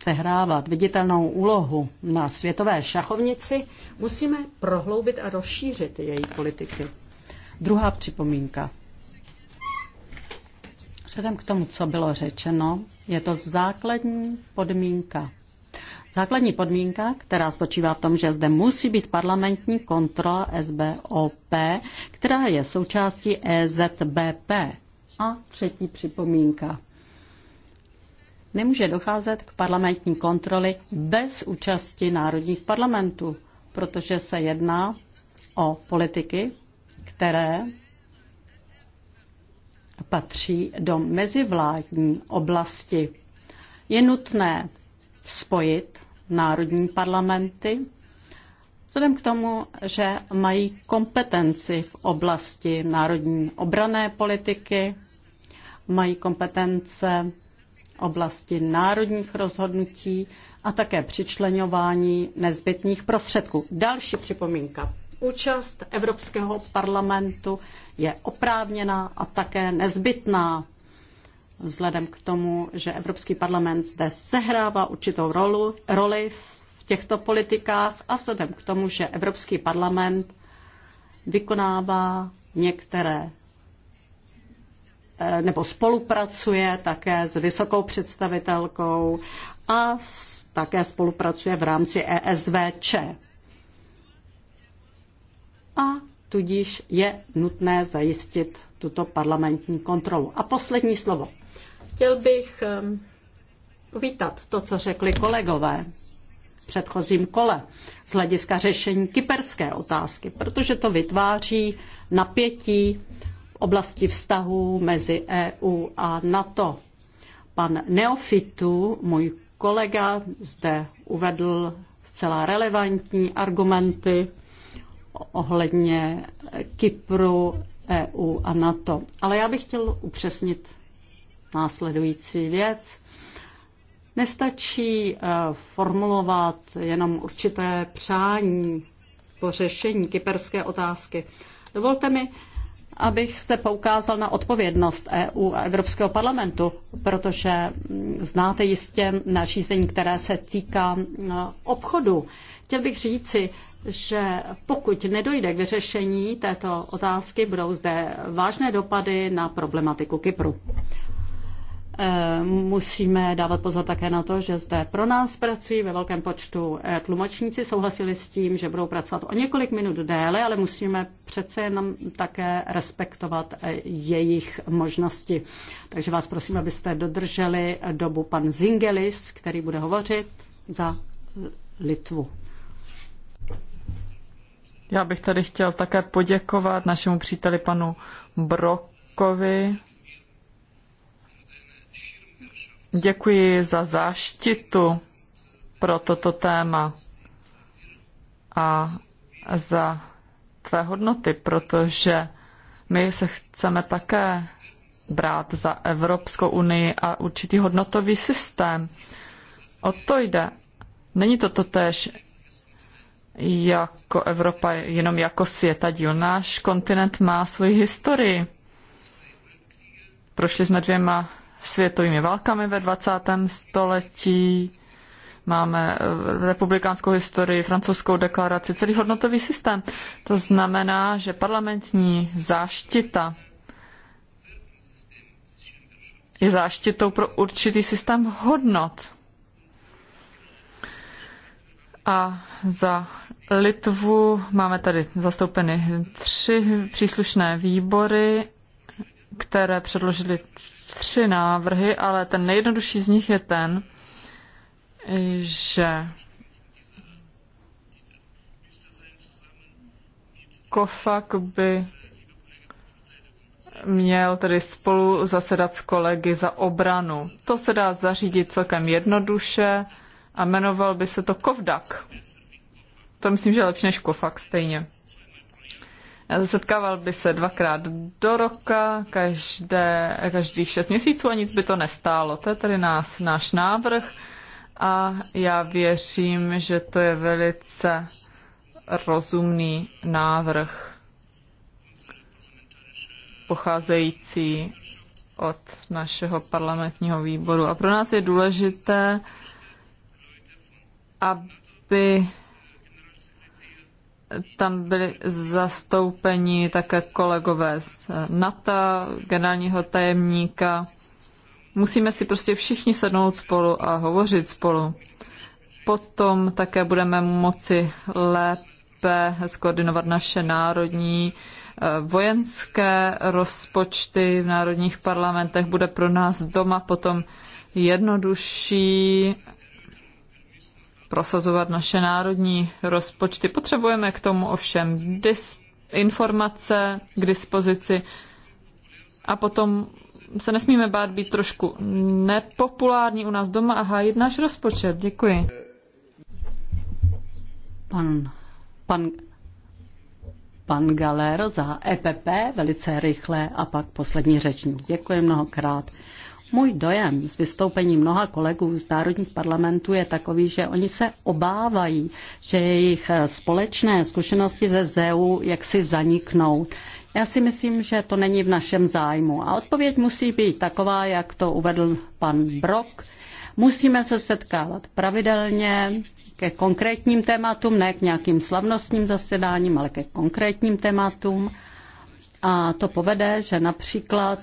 sehrávat viditelnou úlohu na světové šachovnici, musíme prohloubit a rozšířit její politiky. Druhá připomínka. Vzhledem k tomu, co bylo řečeno, je to základní podmínka Základní podmínka, která spočívá v tom, že zde musí být parlamentní kontrola SBOP, která je součástí EZBP. A třetí připomínka. Nemůže docházet k parlamentní kontroly bez účasti národních parlamentů, protože se jedná o politiky, které patří do mezivládní oblasti. Je nutné spojit národní parlamenty, vzhledem k tomu, že mají kompetenci v oblasti národní obrané politiky, mají kompetence oblasti národních rozhodnutí a také přičlenování nezbytných prostředků. Další připomínka. Účast Evropského parlamentu je oprávněná a také nezbytná vzhledem k tomu, že Evropský parlament zde sehrává určitou rolu, roli v těchto politikách a vzhledem k tomu, že Evropský parlament vykonává některé eh, nebo spolupracuje také s vysokou představitelkou a také spolupracuje v rámci ESVČ. A tudíž je nutné zajistit tuto parlamentní kontrolu. A poslední slovo. Chtěl bych uvítat to, co řekli kolegové v předchozím kole z hlediska řešení kyperské otázky, protože to vytváří napětí v oblasti vztahů mezi EU a NATO. Pan Neofitu, můj kolega, zde uvedl zcela relevantní argumenty ohledně Kypru, EU a NATO. Ale já bych chtěl upřesnit následující věc. Nestačí eh, formulovat jenom určité přání po řešení kyperské otázky. Dovolte mi, abych se poukázal na odpovědnost EU a Evropského parlamentu, protože mm, znáte jistě nařízení, které se týká eh, obchodu. Chtěl bych říci, že pokud nedojde k vyřešení této otázky, budou zde vážné dopady na problematiku Kypru. Eh, musíme dávat pozor také na to, že zde pro nás pracují ve velkém počtu eh, tlumočníci. Souhlasili s tím, že budou pracovat o několik minut déle, ale musíme přece jenom také respektovat eh, jejich možnosti. Takže vás prosím, abyste dodrželi dobu pan Zingelis, který bude hovořit za Litvu. Já bych tady chtěl také poděkovat našemu příteli panu Brokovi Děkuji za záštitu pro toto téma a za tvé hodnoty, protože my se chceme také brát za Evropskou unii a určitý hodnotový systém. O to jde. Není to totéž jako Evropa, jenom jako díl Náš kontinent má svoji historii. Prošli jsme dvěma světovými válkami ve 20. století, máme eh, republikánskou historii, francouzskou deklaraci, celý hodnotový systém. To znamená, že parlamentní záštita je záštitou pro určitý systém hodnot. A za Litvu máme tady zastoupeny tři příslušné výbory, které předložily tři návrhy, ale ten nejjednodušší z nich je ten, že Kofak by měl tedy spolu zasedat s kolegy za obranu. To se dá zařídit celkem jednoduše a jmenoval by se to Kovdak. To myslím, že je lepší než Kofak stejně. Setkával by se dvakrát do roka, každé, každých šest měsíců a nic by to nestálo. To je tedy nás, náš návrh a já věřím, že to je velice rozumný návrh pocházející od našeho parlamentního výboru. A pro nás je důležité, aby tam byli zastoupeni také kolegové z NATO, generálního tajemníka. Musíme si prostě všichni sednout spolu a hovořit spolu. Potom také budeme moci lépe skoordinovat naše národní eh, vojenské rozpočty v národních parlamentech. Bude pro nás doma potom jednodušší prosazovat naše národní rozpočty. Potřebujeme k tomu ovšem informace k dispozici a potom se nesmíme bát být trošku nepopulární u nás doma a hájit náš rozpočet. Děkuji. Pan, pan, pan Galero za EPP velice rychle a pak poslední řečník. Děkuji mnohokrát. Můj dojem z vystoupení mnoha kolegů z národních parlamentů je takový, že oni se obávají, že jejich eh, společné zkušenosti ze ZEU jaksi zaniknou. Já si myslím, že to není v našem zájmu. A odpověď musí být taková, jak to uvedl pan Brok. Musíme se setkávat pravidelně ke konkrétním tématům, ne k nějakým slavnostním zasedáním, ale ke konkrétním tématům. A to povede, že například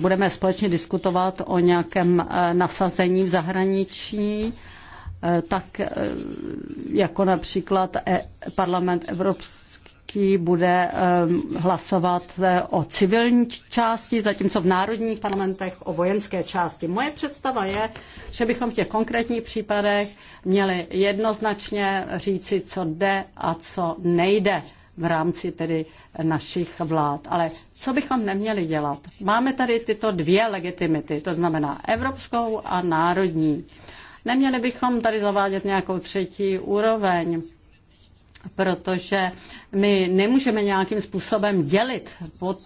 budeme společně diskutovat o nějakém eh, nasazení v zahraničí, eh, tak eh, jako například parlament Evropský bude hlasovat o civilní části, zatímco v národních parlamentech o vojenské části. Moje představa je, že bychom v těch konkrétních případech měli jednoznačně říci, co jde a co nejde v rámci tedy našich vlád. Ale co bychom neměli dělat? Máme tady tyto dvě legitimity, to znamená evropskou a národní. Neměli bychom tady zavádět nějakou třetí úroveň, protože my nemůžeme nějakým způsobem dělit, pod,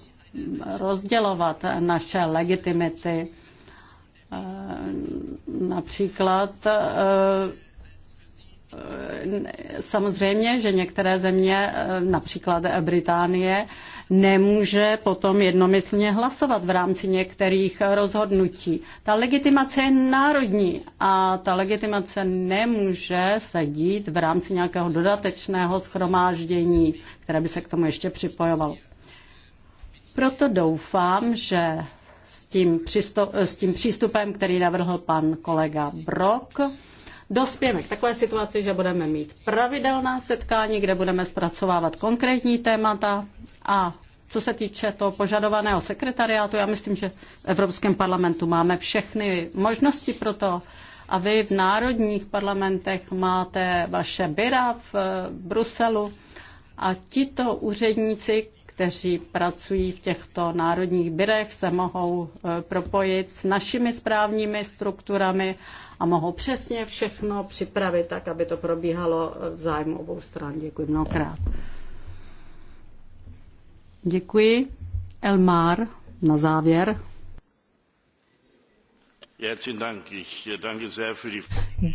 rozdělovat naše legitimity. E, například e, Eh, samozřejmě, že některé země, eh, například Británie, nemůže potom jednomyslně hlasovat v rámci některých rozhodnutí. Ta legitimace je národní a ta legitimace nemůže se dít v rámci nějakého dodatečného schromáždění, které by se k tomu ještě připojovalo. Proto doufám, že s tím, s tím přístupem, který navrhl pan kolega Brok, dospějeme k takové situaci, že budeme mít pravidelná setkání, kde budeme zpracovávat konkrétní témata a co se týče toho požadovaného sekretariátu, já myslím, že v Evropském parlamentu máme všechny možnosti pro to, a vy v národních parlamentech máte vaše byra v eh, Bruselu a tito úředníci, kteří pracují v těchto národních byrech, se mohou eh, propojit s našimi správními strukturami a mohou přesně všechno připravit tak, aby to probíhalo v zájmu obou stran. Děkuji mnohokrát. Děkuji. Elmar, na závěr. Äh,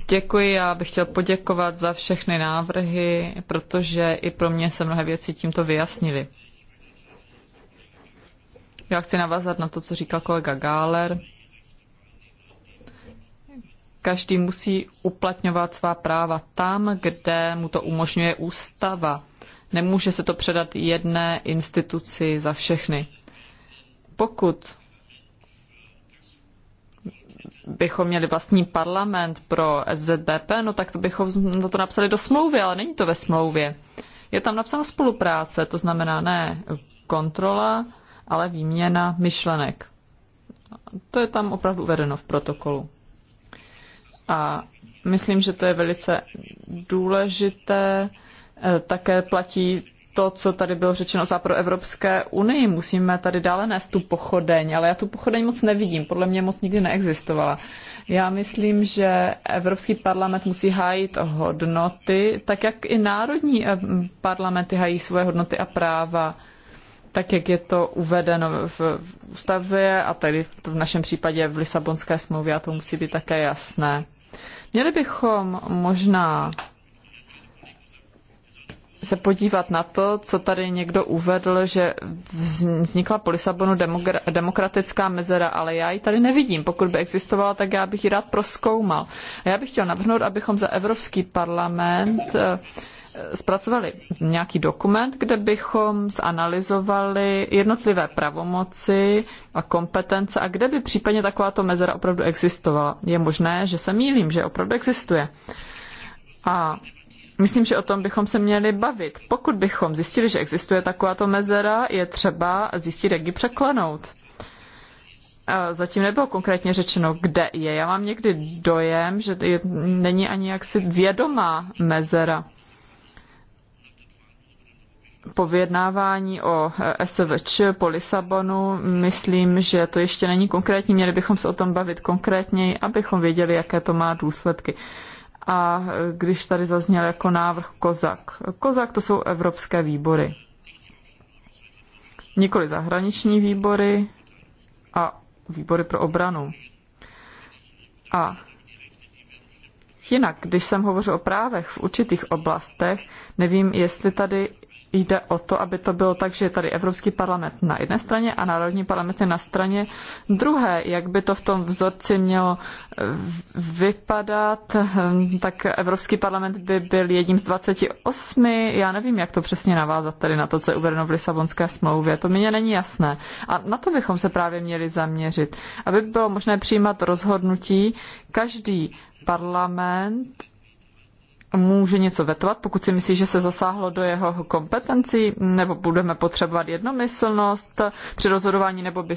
Děkuji, já bych chtěl poděkovat za všechny návrhy, protože i pro mě se mnohé věci tímto vyjasnily. Já chci navázat na to, co říkal kolega Gáler každý musí uplatňovat svá práva tam, kde mu to umožňuje ústava. Nemůže se to předat jedné instituci za všechny. Pokud bychom měli vlastní parlament pro SZBP, no tak to bychom na to napsali do smlouvy, ale není to ve smlouvě. Je tam napsáno spolupráce, to znamená ne kontrola, ale výměna myšlenek. To je tam opravdu uvedeno v protokolu. A myslím, že to je velice důležité. E, také platí to, co tady bylo řečeno za pro Evropské unii. Musíme tady dále nést tu pochodeň, ale já tu pochodeň moc nevidím. Podle mě moc nikdy neexistovala. Já myslím, že Evropský parlament musí hájit hodnoty, tak jak i národní e, parlamenty hájí svoje hodnoty a práva tak, jak je to uvedeno v ústavě a tedy v našem případě v Lisabonské smlouvě a to musí být také jasné. Měli bychom možná se podívat na to, co tady někdo uvedl, že vznikla po Lisabonu demokratická mezera, ale já ji tady nevidím. Pokud by existovala, tak já bych ji rád proskoumal. A já bych chtěl navrhnout, abychom za Evropský parlament uh, zpracovali nějaký dokument, kde bychom zanalizovali jednotlivé pravomoci a kompetence a kde by případně takováto mezera opravdu existovala. Je možné, že se mýlím, že opravdu existuje. A myslím, že o tom bychom se měli bavit. Pokud bychom zjistili, že existuje takováto mezera, je třeba zjistit, jak ji překlenout. Zatím nebylo konkrétně řečeno, kde je. Já mám někdy dojem, že je, není ani jaksi vědomá mezera po vyjednávání o eh, SVČ po Lisabonu, myslím, že to ještě není konkrétní, měli bychom se o tom bavit konkrétněji, abychom věděli, jaké to má důsledky. A eh, když tady zazněl jako návrh Kozak. Kozak to jsou evropské výbory. Nikoli zahraniční výbory a výbory pro obranu. A Jinak, když jsem hovořil o právech v určitých oblastech, nevím, jestli tady jde o to, aby to bylo tak, že je tady Evropský parlament na jedné straně a Národní parlamenty na straně druhé. Jak by to v tom vzorci mělo eh, vypadat, hm, tak Evropský parlament by byl jedním z 28. Já nevím, jak to přesně navázat tady na to, co je uvedeno v Lisabonské smlouvě. To mě není jasné. A na to bychom se právě měli zaměřit, aby bylo možné přijímat rozhodnutí každý parlament může něco vetovat, pokud si myslí, že se zasáhlo do jeho kompetencí, nebo budeme potřebovat jednomyslnost při rozhodování, nebo by